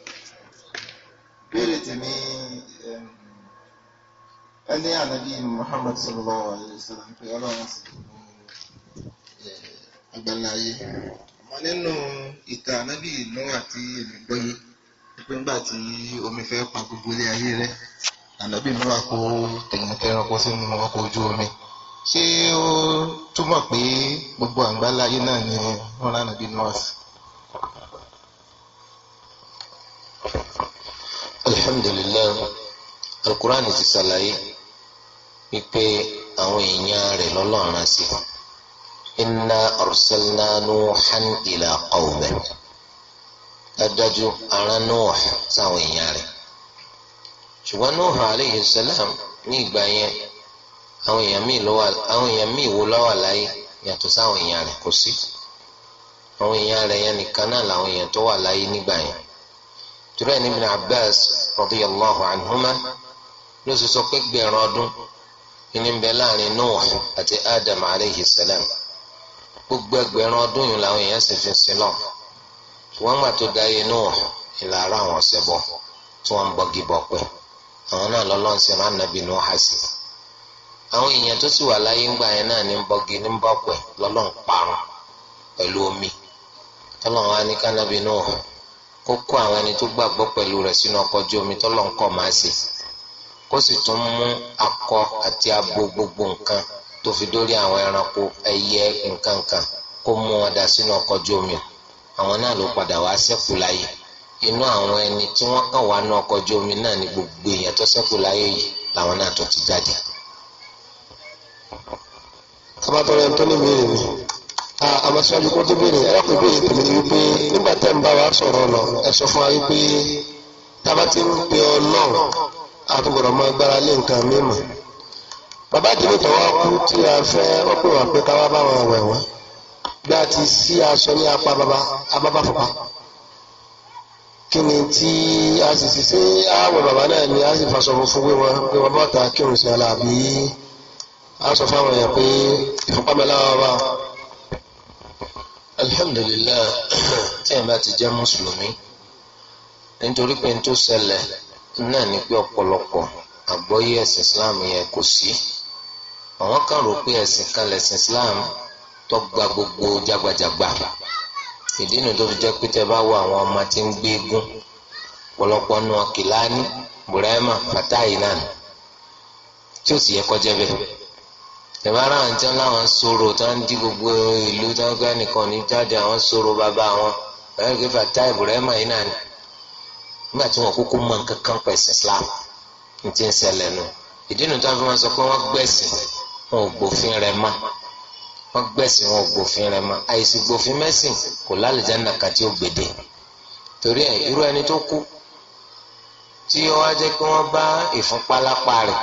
béèrè tèmi ẹni ànábì Muhammad sallallahu alaihi wasallam pé ọlọ́run sì eh, agbáláyé ọmọ nínú ìtàn ànábì ìlú àti èlùbọ́yé pé ńgbà tí omi fẹ́ pa gbogbo ilé ayé rẹ ànábì mìíràn kó tèèyàn tẹranko sínú ọkọ̀ ojú omi ṣé ó túmọ̀ pé gbogbo àgbáláyé náà ni wọ́n rán ànábì nọ́ọ̀sì. alhamdulilayi alukur'an ti ṣàlàyé wípé àwọn èèyàn rẹ̀ lọ́lọ́run sí inna arsalna nuhan ila qawmihi dájúdájú ará Nuh sáwọn èèyàn rẹ̀ ṣùgbọ́n Nuh alayhi salam ní ìgbà yẹn àwọn èèyàn míì wo ló wà láyé yàtọ̀ sáwọn èèyàn rẹ̀ kò sí àwọn èèyàn rẹ̀ yẹn nìkan náà làwọn èèyàn tó wà láyé nígbà yẹn turẹ̀ ní Ibn Abbas radiyallahu anhuma ló sì sọ pé gbẹ̀rún ọdún ní ń bẹ láàrin Nuh àti Adam alayhi salam gbogbo ẹgbẹ̀rún ọdún yìí làwọn èèyàn sì fi sin ṣùgbọ́n gbà tó da inú ìlà ara àwọn ọ̀sẹ̀ bọ̀ tí wọ́n ń bọ́gi bọ̀ pẹ́ àwọn náà lọ́lọ́run sì rán nàbì inú àṣì àwọn èèyàn tó sì wà láyé ńgbà yẹn náà ní ń bọ́gi ní ń bọ́ pẹ́ lọ́lọ́run parun pẹ̀lú omi tọ́lọ́run wá ní kánábì inú kó kó àwọn ẹni tó gbàgbọ́ pẹ̀lú rẹ̀ sínú ọkọ̀ ojú omi tọ́lọ́run kọ̀ máa ṣe ó sì tún mú akọ àti abo gbogbo nǹkan tó fi dórí àwọn ẹranko ẹyẹ nǹkan kan kó mú wọn sínú ọkọ̀ ojú omi o àwọn náà ló padà wá ṣẹ́kù láyé inú àwọn ẹni tí wọ́n kàn wá náà omi náà ni gbogbo èèyàn tó láyé yìí làwọn náà tó ti jáde. abatọrọ tó ní ni àmọ́síwájú kó ni nígbà wa fún wa a fẹ́ wọ́n pè wá pé káwá bá bí a ti sí aṣọ ní apá ababa fọpa kí ni tí a sì sì sí àwọ̀ bàbá náà ni a sì fa sọ̀rọ̀ fún wíwọ́n pé wọ́n bọ́ta kírun sí ọ̀la àbí a sọ fáwọn èèyàn pé ìfọ̀pámẹ́lá ọba alhamdulilayi tí ẹ̀ bá ti jẹ́ mùsùlùmí nítorí pé n tó ṣẹlẹ̀ náà ni pé ọ̀pọ̀lọpọ̀ àgbọ́yé ẹ̀sìn Islam yẹn kò sí àwọn kan rò pé ẹ̀sìn kan lẹ̀sìn Islam tó gba gbogbo jagbajagba ìdí nu tó fi jẹ́ pé tẹ́ bá wo àwọn ọmọ tí ń gbé eégún pọ̀lọpọ̀ nu Burama Fatahi náà tí ó sì yẹ kọjá bẹ́ẹ̀ tẹ̀bára tí láwọn di gbogbo ìlú tó ń gbé nìkan ní jáde àwọn bàbá wọn kí Fatahi Burama yìí ni nígbà tí wọn kúkú mọ nǹkan kan pẹ̀sì Islam ní ti ń ṣẹlẹ̀ nù ìdí nu tó fi wọ́n gbẹ̀sìn wọn gbòfin rẹ̀ mọ́ àìsí gbòfin mẹ́sìn kò lálejò nàka tí ó gbèdé torí ẹ̀ irú ẹni tó kú tí ó wá jẹ́ pé wọ́n bá ìfúnpalápa rẹ̀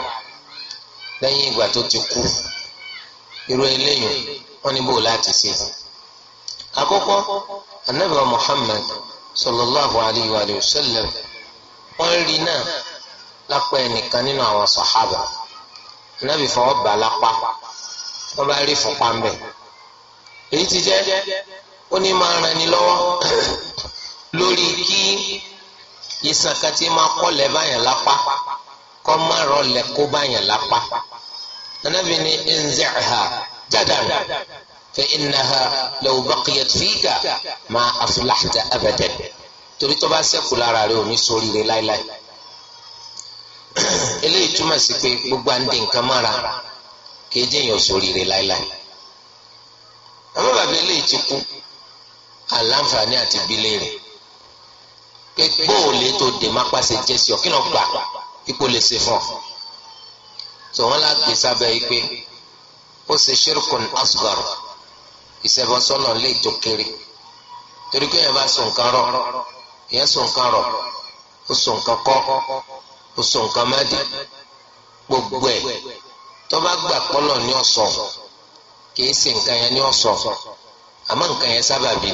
lẹ́yìn ìgbà tó ti kú irú eléyìí wọ́n níbò láti ṣe. àkọ́kọ́ anabi muhammad sallallahu alayhi wa sallam wọ́n rí náà lápá ẹnìkan nínú àwọn sàhábà anabi fọwọ́ bá lápá wọ́n bá rí fúnpa ń bẹ̀. èyí tí jẹ́ ó ní máa ran ni lọ́wọ́ lórí kí iṣan kan tí máa kọ́lẹ̀ báyàn lápá kọ́ má rọlẹ̀ kó báyàn lápá. Ànábì ní inzi'ha jadan fa innaha law baqiyat fika ma aflahta abadan torí tó bá ṣẹ́kù lára rẹ̀ ò ní láéláé. eléyìí túmọ̀ sí pé gbogbo à ń di nǹkan mọ́ra kìí jẹ́ èèyàn sóríire láéláé àmọ́ bàbá eléyìí ti kú àlàǹfààní àti bílé rẹ̀ pé bóòlù tó dè má pàṣẹ jẹ́ sí ọ kí lọ́ọ́ gbà ipò lè ṣe fún ọ tó wọn lágbè sábẹ́ yìí pé ó ṣe ṣírkùn asghar ìṣẹ̀bọ̀sọ́nà lè tó kéré torí pé yẹn bá sùn kan rọ yẹn sùn kan rọ ó sùn kan kọ́ ó sùn kan má dé gbogbo ẹ̀ tọ́ba gbà pọ́lọ̀ ní ọ̀sọ̀ kìí ṣe nǹkan yẹn ní ọ̀sọ̀ àmọ́ nǹkan yẹn sábà bí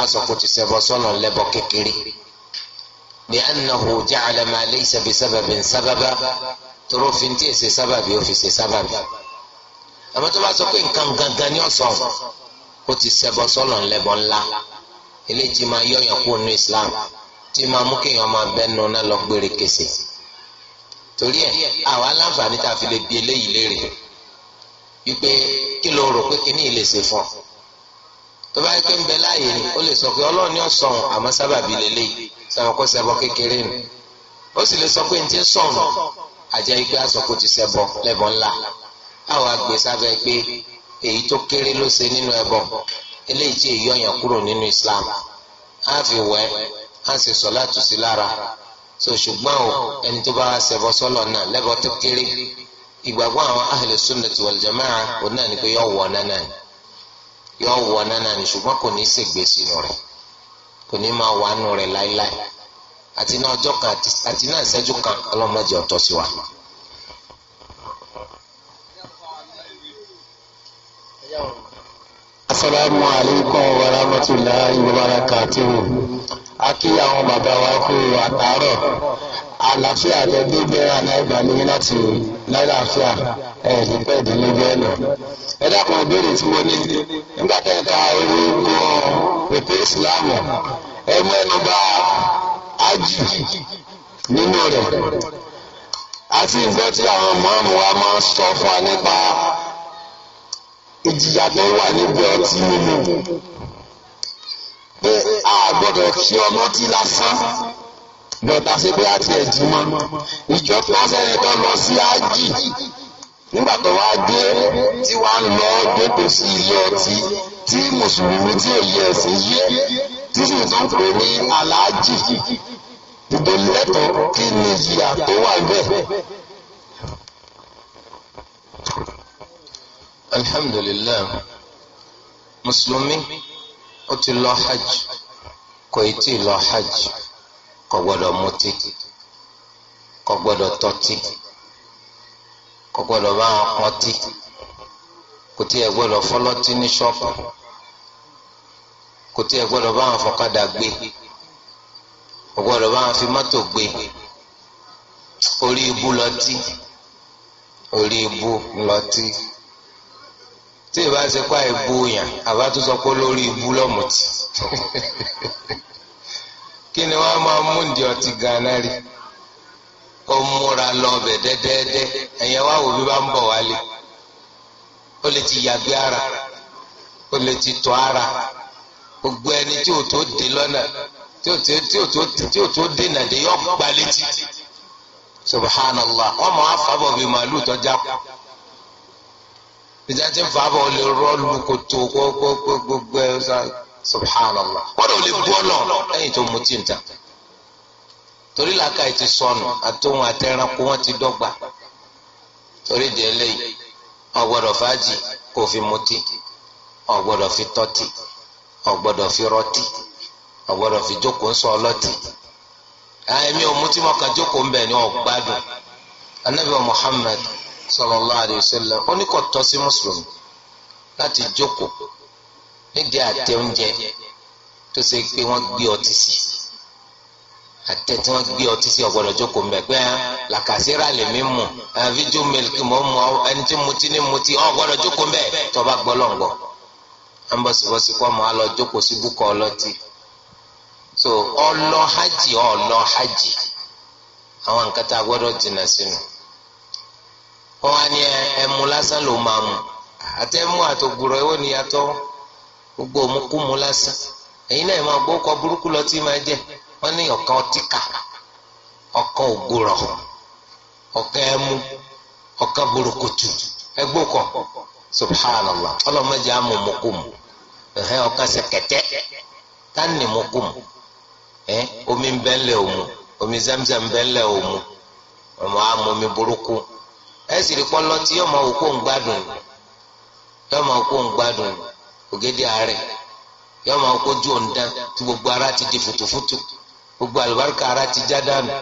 a sọ kó ti ṣẹbọ sọ́nà lẹ́bọ kékeré bí annahu ja'ala ma laysa bi sababin sábàbà tóró fi ti sábàbí ó sábàbí àmọ́ tọ́ba sọ pé nǹkan gangan ní ọ̀sọ̀ ó ti ṣẹbọ sọ́nà lẹ́bọ ńlá eléyìí ti máa yọ̀yàn kúrò ní Islam tí máa mú kéèyàn máa bẹ́ẹ̀ náà lọ gbére kése torí ẹ àwa láǹfààní tá a fi lè bi eléyìí léèrè wípé kí ló rò pé kíní lè ṣe fún ọ tó bá yẹ pé ń bẹ láàyè ni ó lè sọ pé ọlọ́run ní ọ̀sán àmọ́ sábàbí lélẹ́yìí sẹ́wọ̀n kó ṣẹbọ kékeré nù ó sì lè sọ pé ní ti sọ̀nù àjẹ́ ìgbé àsọ̀kò ti ṣẹbọ lẹ́bọ̀ ńlá àwọn àgbẹ̀ sábẹ́ pé èyí tó kéré ló ṣe nínú ẹbọ eléyìí tí èyí ọ̀yàn kúrò nínú Islam á fi wẹ̀ á sì sọ látùsí lára so ṣùgbọ́n o ẹni tó bá ṣẹbọ sọ́lọ̀ náà lẹ́bọ̀ tó kéré ìgbàgbọ́ àwọn ahlu sunnati wal jamaa òun náà ni pé yọ wọ nánà ni yọ wọ nánà ni ṣùgbọ́n kò ní í ṣègbè sínú rẹ̀ kò ní máa wà nù rẹ̀ láíláí àti náà ọjọ́ kan àti náà kan ọlọ́mọdé ọ̀tọ̀ sí wa. asalaamualeykum wa rahmatulahi wa barakatuhu. àti àwọn bàbá wa kú àtàárọ̀ àlàáfíà rẹ gbígbé aláìgbà ní láti láìláàfíà ẹ̀ẹ́dì pẹ́ ìdílé bẹ́ẹ̀ lọ. ẹ dákun ìbéèrè tí mo ní nígbà tẹ́ ẹ ka orúkọ òpè ìsìláàmù ẹ mú ẹnu bá ájì nínú rẹ̀ àti nǹkan tí àwọn mọ́ọ̀mù wa máa ń sọ fún wa nípa ìjìyà tó wà níbi ọtí mímu pé a gbọ́dọ̀ tí ọmọ tí lásán lọ́ta sí pé a ti ẹ̀ jí mọ́ ìjọ pásẹ̀lẹ̀ tó lọ sí ájì nígbà tó wá dé tí wàá lọ gbẹ́tò sí ilé ọtí tí mùsùlùmí tí èyí ẹ̀sìn yé tí sì tún pè ní aláàjì ìdólẹ́tọ̀ kí ni ìyà tó wà bẹ́ẹ̀. alhamdulillah mùsùlùmí ó ti lọ hajj kò ì tí ì lọ hajj kò gbọ́dọ̀ mutí kò gbọ́dọ̀ tọ́tí kò gbọ́dọ̀ bá wọn pọtí kò tí ẹ gbọ́dọ̀ fọlọtí ní ṣọ́ọ̀bù kò tí ẹ gbọ́dọ̀ bá wọn fọ̀kadà gbé kò gbọ́dọ̀ bá wọn fi mọ́tò gbé orí ibu lọtí orí ibu lọtí tí ìbá ṣe pa ìbú yàn àbá tó sọ pé lórí lọ́mùtì kí ni wọ́n máa mú ǹdí ọtí gan rí kó múra lọ dẹ́dẹ́dẹ́ bí bá ń bọ̀ wálé ó lè ti yàgbé ara ó lè ti tọ́ ara gbogbo ẹni tí ò tó dé lọ́nà tí ò tó tí ò tó yọ subhanallah wọ́n ìjáde fàábà ò lè rọ́ọ̀lù kòtò gbogbogbò ẹ̀ subhanallah kọ́dọ̀ ò lè bú ọ̀nà lẹ́yìn tó muti ń ta torí làákàyè ti ati àtòhun àtẹranko wọn ti dọ́gba torí di eléyìí ò gbọ́dọ̀ kò fi mutí ò fi tọ́tí ò fi fi jókòó ń sọ ka ni sallallahu alayhi wa sallam ó ní kò tọ́ sí mùsùlùmí láti jókòó nídìí àtẹ oúnjẹ tó ṣe pé wọ́n gbé ọtí sí àtẹ tí wọ́n gbé ọtí sí ọ̀gbọ́dọ̀ jókòó ń bẹ̀ pé ah, làkàṣírà lè mí mu fíjú mílíkì mọ́ mu ẹni tí mu ti ní mu ti ọ̀gbọ́dọ̀ jókòó ń bẹ̀ tó bá gbọ́ lọ́ngbọ̀ à ń bọ̀sibọ̀sí kọ́ jókòó sí búkọ́ ọlọ́tí so ọlọ́ hajj ọlọ́ hajj àwọn nǹkan tá a gbọ́dọ̀ dènà sínú. Si wọn wá ní ẹmu lásán ló máa mu àtẹmu àtògùrọ̀ ẹwọ níyàtọ̀ gbogbo òmùkúmu lásán ẹ̀yin náà máa gbókọ burúkú lọ tí máa jẹ wọn ní ọ̀kan ọtíkà ọ̀kan ògùrọ̀ ọ̀kan ẹmu ọ̀kan burúkutu ẹgbókọ subhanallah ọlọmọdé àmọ sẹkẹtẹ tani ẹ omi ń omi zamzam ọmọ omi burúkú. ẹ sì tí yọmọ òkú ń yọmọ òkú ògèdè yọmọ òkú ojú tí gbogbo ara ti di fùtùfùtù gbogbo àlùbáríkà ara ti já dànù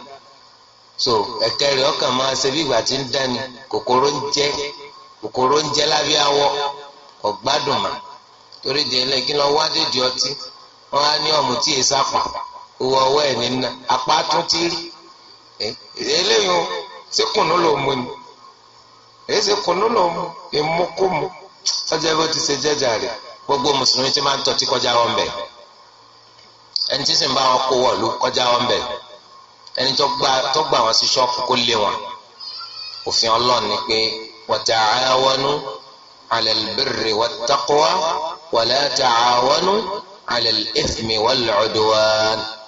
so ẹkẹ rẹ ọkàn máa ṣe bí ìgbà tí ń dání kòkòrò ń jẹ kòkòrò ń jẹ lábẹ́ awọ ọgbádùn mà torí di ẹlẹ kí lọ wá dédìí ọtí wọn á ní ọmọ tí èsà pa owó ọwọ́ nínú apá tún ti rí eléyìí ó síkùnú ló èyí ṣe kùnú ló ìmúkùmù sọjá bó ti ṣe jẹjà rẹ gbogbo mùsùlùmí ti máa ń tọ́tí kọjá wọn bẹ̀ ẹni tí sì ń bá wọn kó wọ̀lú kọjá wọn bẹ̀ ẹni tó gbà wọn sí ṣọ́ọ̀fù kó lé wọn òfin ọlọ́run ni pé wa ta'awanu 'ala al-birri wat-taqwa wa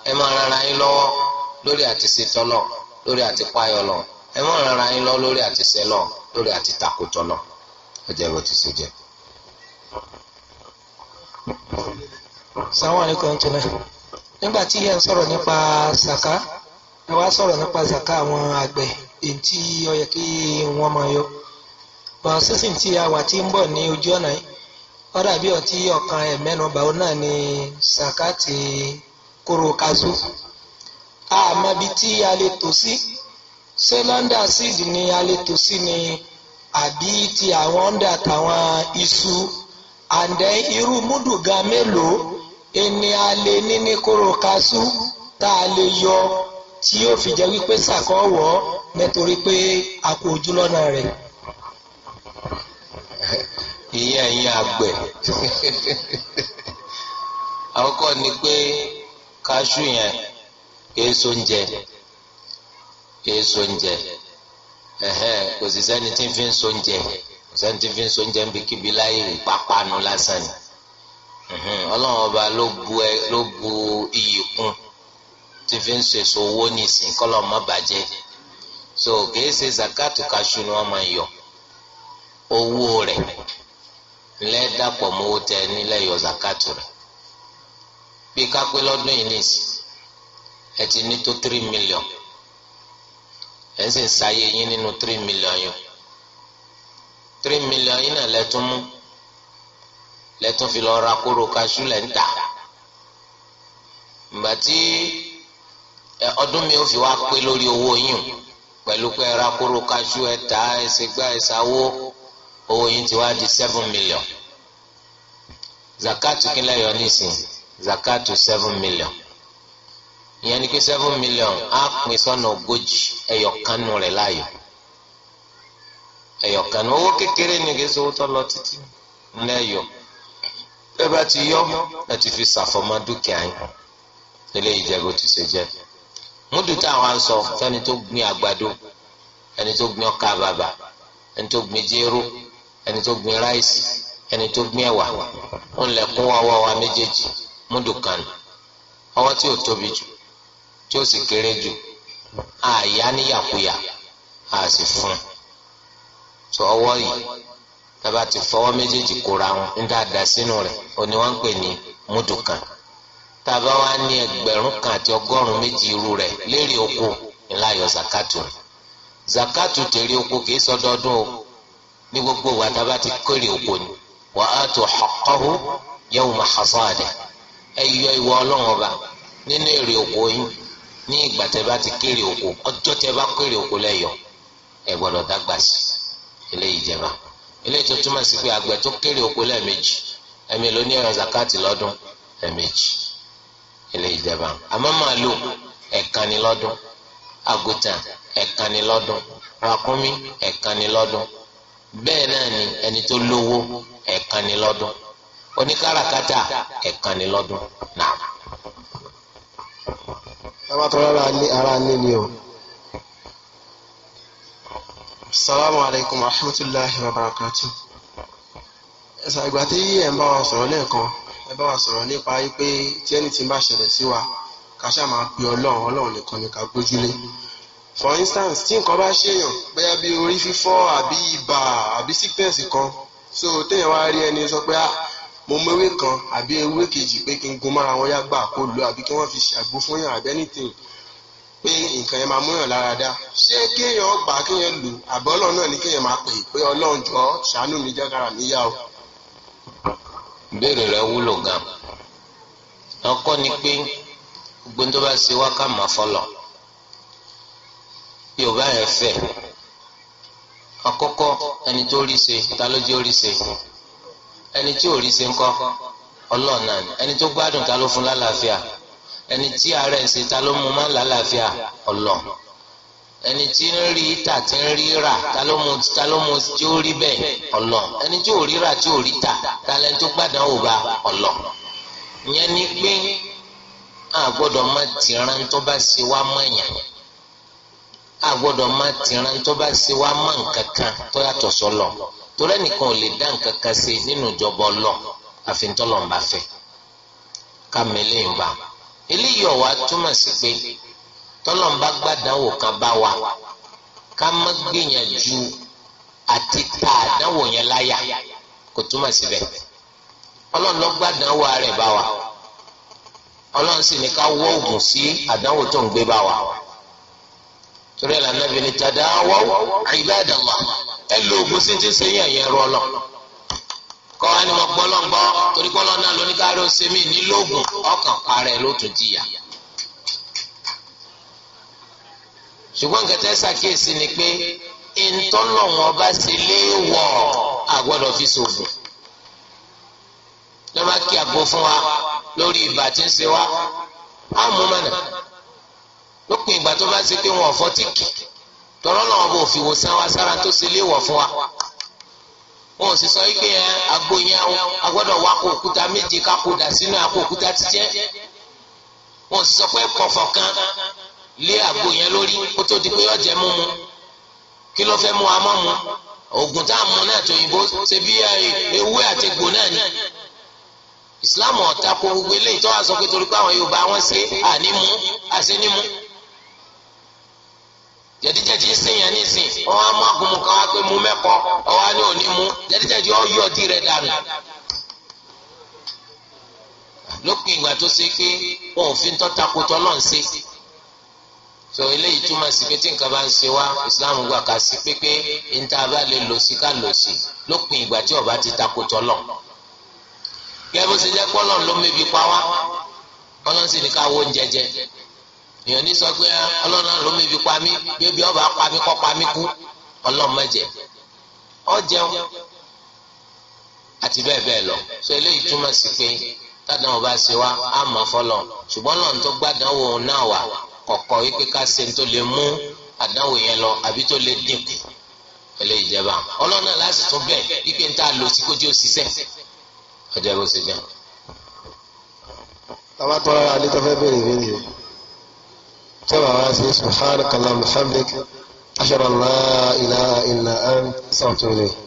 ẹ máa rara yín lọ́wọ́ lórí àti ṣe tọ́lọ̀ lórí àti páyọ̀ lọ ẹ máa rara yín lọ́wọ́ lórí àti ṣe lọ́ọ̀. lórí àti takotọ lọ ọjọ́ ìwọ ti ṣe jẹ. sàwọn àlekọ ń nígbà tí yẹn sọ̀rọ̀ nípa zaka ẹ wá sọ̀rọ̀ nípa zaka àwọn àgbẹ̀ èyí tí kí wọ́n máa yọ sísìn tí a wà tí ń ní ojú ọ̀nà yìí ó dàbí ọtí ti kóró kazu ṣé lọ́ndà ni a lè tò sí ni àbí ti àwọn ọ̀ndà tàwọn iṣu and then irú múdùgá mélòó ẹni a lè ní ní kóró kaṣú tá a lè yọ tí yóò fi jẹ́ wípé ṣàkọ́wọ́ nítorí pé a kò ojú lọ́nà rẹ̀. ìyá ẹ̀yin àgbẹ̀ àkọ́kọ́ ni pé kaṣú yẹn kì í so oúnjẹ. kìí so oúnjẹ kò sì sẹ́ni tí ń fi ń so oúnjẹ kò bu so kìí zakatu kaṣu ni ọma yọ owó rẹ lẹ́dàpọ̀ mọ́wó tẹ nílẹ̀ yọ zakatu rẹ bí kápẹ́ lọ́dún yìí nìsín ẹ ti ní tó three ẹ̀ ń sì yín nínú three million yìí three million mu náà lẹ́tún mú lẹ́tún fi lọ ra kóró kaṣú lẹ́ ń tà ìgbà tí ọdún mi ò fi wá pé lórí owó yín pẹ̀lú pé ra kóró kaṣú ẹ̀ tà ẹ̀ gbá ẹ̀ owó ti wá di seven zakatu zakatu seven ìyẹn ni pé seven million á pín sọ́nà ogójì ẹ̀yọ̀kanu rẹ̀ láàyò ẹ̀yọ̀kanu owó kékeré ni kí sowó tó lọ títí lẹ́yọ̀ bẹ́ẹ̀ bá ti yọ ẹ ti fi ṣàfọ̀mọ́ dúkìá yín eléyìí jẹ́ bó ti ṣe jẹ́ múdù táwọn ń sọ fẹ́ni tó gbin àgbàdo ẹni tó gbin ọkà bàbà ẹni tó gbin jéró ẹni tó gbin ráìsì ẹni tó gbin ẹ̀wà ń lẹ̀kún wa méjèèjì múdù kan ọwọ́ tí ò tóbi jù tí ó sì kéré jù àyà níyàkuyà a sì fún tó ọwọ́ yìí tába ti fọwọ́ méjèèjì kóra wọn ń dáadáa sínú rẹ̀ òní wọ́n ń pè ní múdùkàn tába wá ní ẹgbẹ̀rún kan àti ọgọ́rùn-ún méjì irú rẹ̀ oko zakatu zakatu tèrè oko kìí sọdọọdún o ní gbogbo wa ti kéré oko ni ẹ yọ ìwọ nínú èrè oko ní ìgbà tẹ bá ti kéré oko ọjọ́ tẹ bá kéré oko lẹ́yọ̀ ẹ gbọ́dọ̀ dágbà sí eléyìí jẹba eléyìí tó túmọ̀ sí pé àgbẹ̀ tó kéré oko lẹ́ẹ̀mejì ẹ̀mí ló ní ẹ̀rọ zakati lọ́dún ẹ̀ẹ̀mejì eléyìí jẹba àmọ́ lọ́dún àgùtàn lọ́dún ràkúnmí lọ́dún bẹ́ẹ̀ náà ni tabatọrọ ara lé alaykum wa rahmatulahi wa barakatu. ẹ̀sà ìgbà tí ẹ̀ ń bá wa sọ̀rọ̀ lẹ́ẹ̀kan ẹ bá wa sọ̀rọ̀ nípa pé tí ẹni tí ń bá ṣẹlẹ̀ sí wa ká ṣáà máa pe ọlọ́run ọlọ́run nìkan ni ká gbójúlé for instance tí nǹkan bá ṣèyàn bóyá bí orí fífọ́ àbí ibà àbí sickness kan so téèyàn wá rí ẹni sọ pé ah, mo mewé kan àbí ewé kejì pé kí n gun mára wọn yá gbà kó lò àbí kí wọ́n fi ṣàgbo fún yàn àbí anything pé nǹkan yẹn máa mú yàn lára dá ṣé kéèyàn gbà kéèyàn lò àbọ̀ ọlọ́run náà ni kéèyàn máa pè pé ọlọ́run jọ ṣàánú mi jágara mi yá o. ìbéèrè rẹ wúlò gan ọkọ ni pé gbogbo tó bá ṣe wá ká máa fọlọ yorùbá yẹn fẹ àkọ́kọ́ ẹni tó rí ṣe ta ló jẹ́ orí ṣe ẹni tí ò rí ṣe ń kọ́ ọlọ́ọ̀nà ni ẹni tó gbádùn ta ló fún lálàáfíà ẹni tí ààrẹ ń ṣe ta ló mú máa ń lálàáfíà ọlọ́ ẹni tí ń rí tà tí ń rí rà ta ló mú ta ló mú tí ó rí bẹ́ẹ̀ ọlọ́ ẹni tí ò rí rà tí ò rí tà ta lẹni tó gbádùn ò ọlọ́ ìyẹn ni pé a gbọ́dọ̀ má tìran tó bá ṣe wá mọ́ a gbọ́dọ̀ má tìran tó bá ṣe wá mọ́ nǹkan tó yàtọ̀ sọ́lọ̀ torí ẹnìkan ò lè dá nǹkan kan ṣe nínú ìjọba ọlọ àfi ntọ́lọ̀ ń bá fẹ́ ká mi eléyìí bá eléyìí ọ̀wá túmọ̀ sí pé tọ́lọ̀ ń bá gbàdánwò kan bá wa ká má gbìyànjú àti ta àdánwò yẹn láyà kò túmọ̀ síbẹ̀ ọlọ́run ló gbàdánwò rẹ̀ bá wa ọlọ́run sì ní ká wọ́ oògùn sí àdánwò tó ń gbé bá wa torí ẹ̀ lànà ìbìnrin tàdá wọ́ ibadallah ẹ lo oògùn sí ti ṣe yẹn yẹn rú ọlọ kọ́ wa ni mo gbọ́ lọ gbọ́ torí gbọ́ lọ náà lóníkàrí ó ṣe mí nílòògùn ọkàn parẹ́ ló tún jìyà. ṣùgbọ́n nǹkan ṣàkíyèsí ni pé ìtọ́lọ̀wọ́n bá ṣe léèwọ̀ àgbọ̀dọ̀ fi ṣògùn. lọ́ba kí àgbo fún wa lórí ibà tí ń ṣe wá á mú mọ̀nà lópin ìgbà tó bá ṣe pé wọn ò fọ́ tíkì tọ́lọ́ náà bò fi ìwòsàn wa sára tó ṣe léèwọ̀ fún wa wọn ò sì sọ wípé ẹ agbo yẹn a gbọ́dọ̀ wá kó òkúta méje ká kó dà sínú àpò òkúta jíjẹ wọn ò sì sọ pé kọ̀fọ̀ kan lé agbo yẹn lórí kó tó di pé ọ̀jẹ̀ mú mu kí ló fẹ́ mú wa mọ́ mu oògùn tá a mú náà tó yìnbó ṣe bí ewé àti egbò náà ni Islam ọ̀tá kó gbogbo eléyìí tó wà sọ pé torí pé àwọn Yorùbá wọn ṣe ànímú àṣenímú jẹ̀díjẹ̀dí sèyàn nísìn ọwọ́ amákùnmù kan wá pé mu mẹ́kọ ọwọ́ ni ò ní mu jẹ̀díjẹ̀dí ọyọ́ ọtí rẹ̀ dànù. lópin ìgbà tó ṣe pé wọn ò fi ń tọ́ta kó tọ́ náà ń ṣe. sọ eléyìí túmọ̀ sí pé tí nǹkan bá ń ṣe wá Islam gbà ká sí pépé níta bá lè lò sí ká lò sí lópin ìgbà tí ọba ti ta kó tọ́ lọ. gẹ́gẹ́ bó ṣe jẹ́ pọ́lọ́n ló mébi pa wá ọlọ́sìn ní ká wó oúnjẹ èèyàn ní sọ pé ọlọ́run ló mi fi bébí ọba kọ́ kú àti bẹ́ẹ̀ lọ sọ eléyìí túmọ̀ sí pé tádàn ọba ṣe wá á fọlọ́ ṣùgbọ́n lọ́n tó gbàdánwò náà wà kọ̀kọ́ ká ṣe tó lè mú àdánwò yẹn lọ àbí tó lè dínkù eléyìí jẹba ọlọ́run náà láti tún bẹ́ẹ̀ ń tà كما سبحانك اللهم وبحمدك أشهد أن لا إله إلا أنت أستغفرك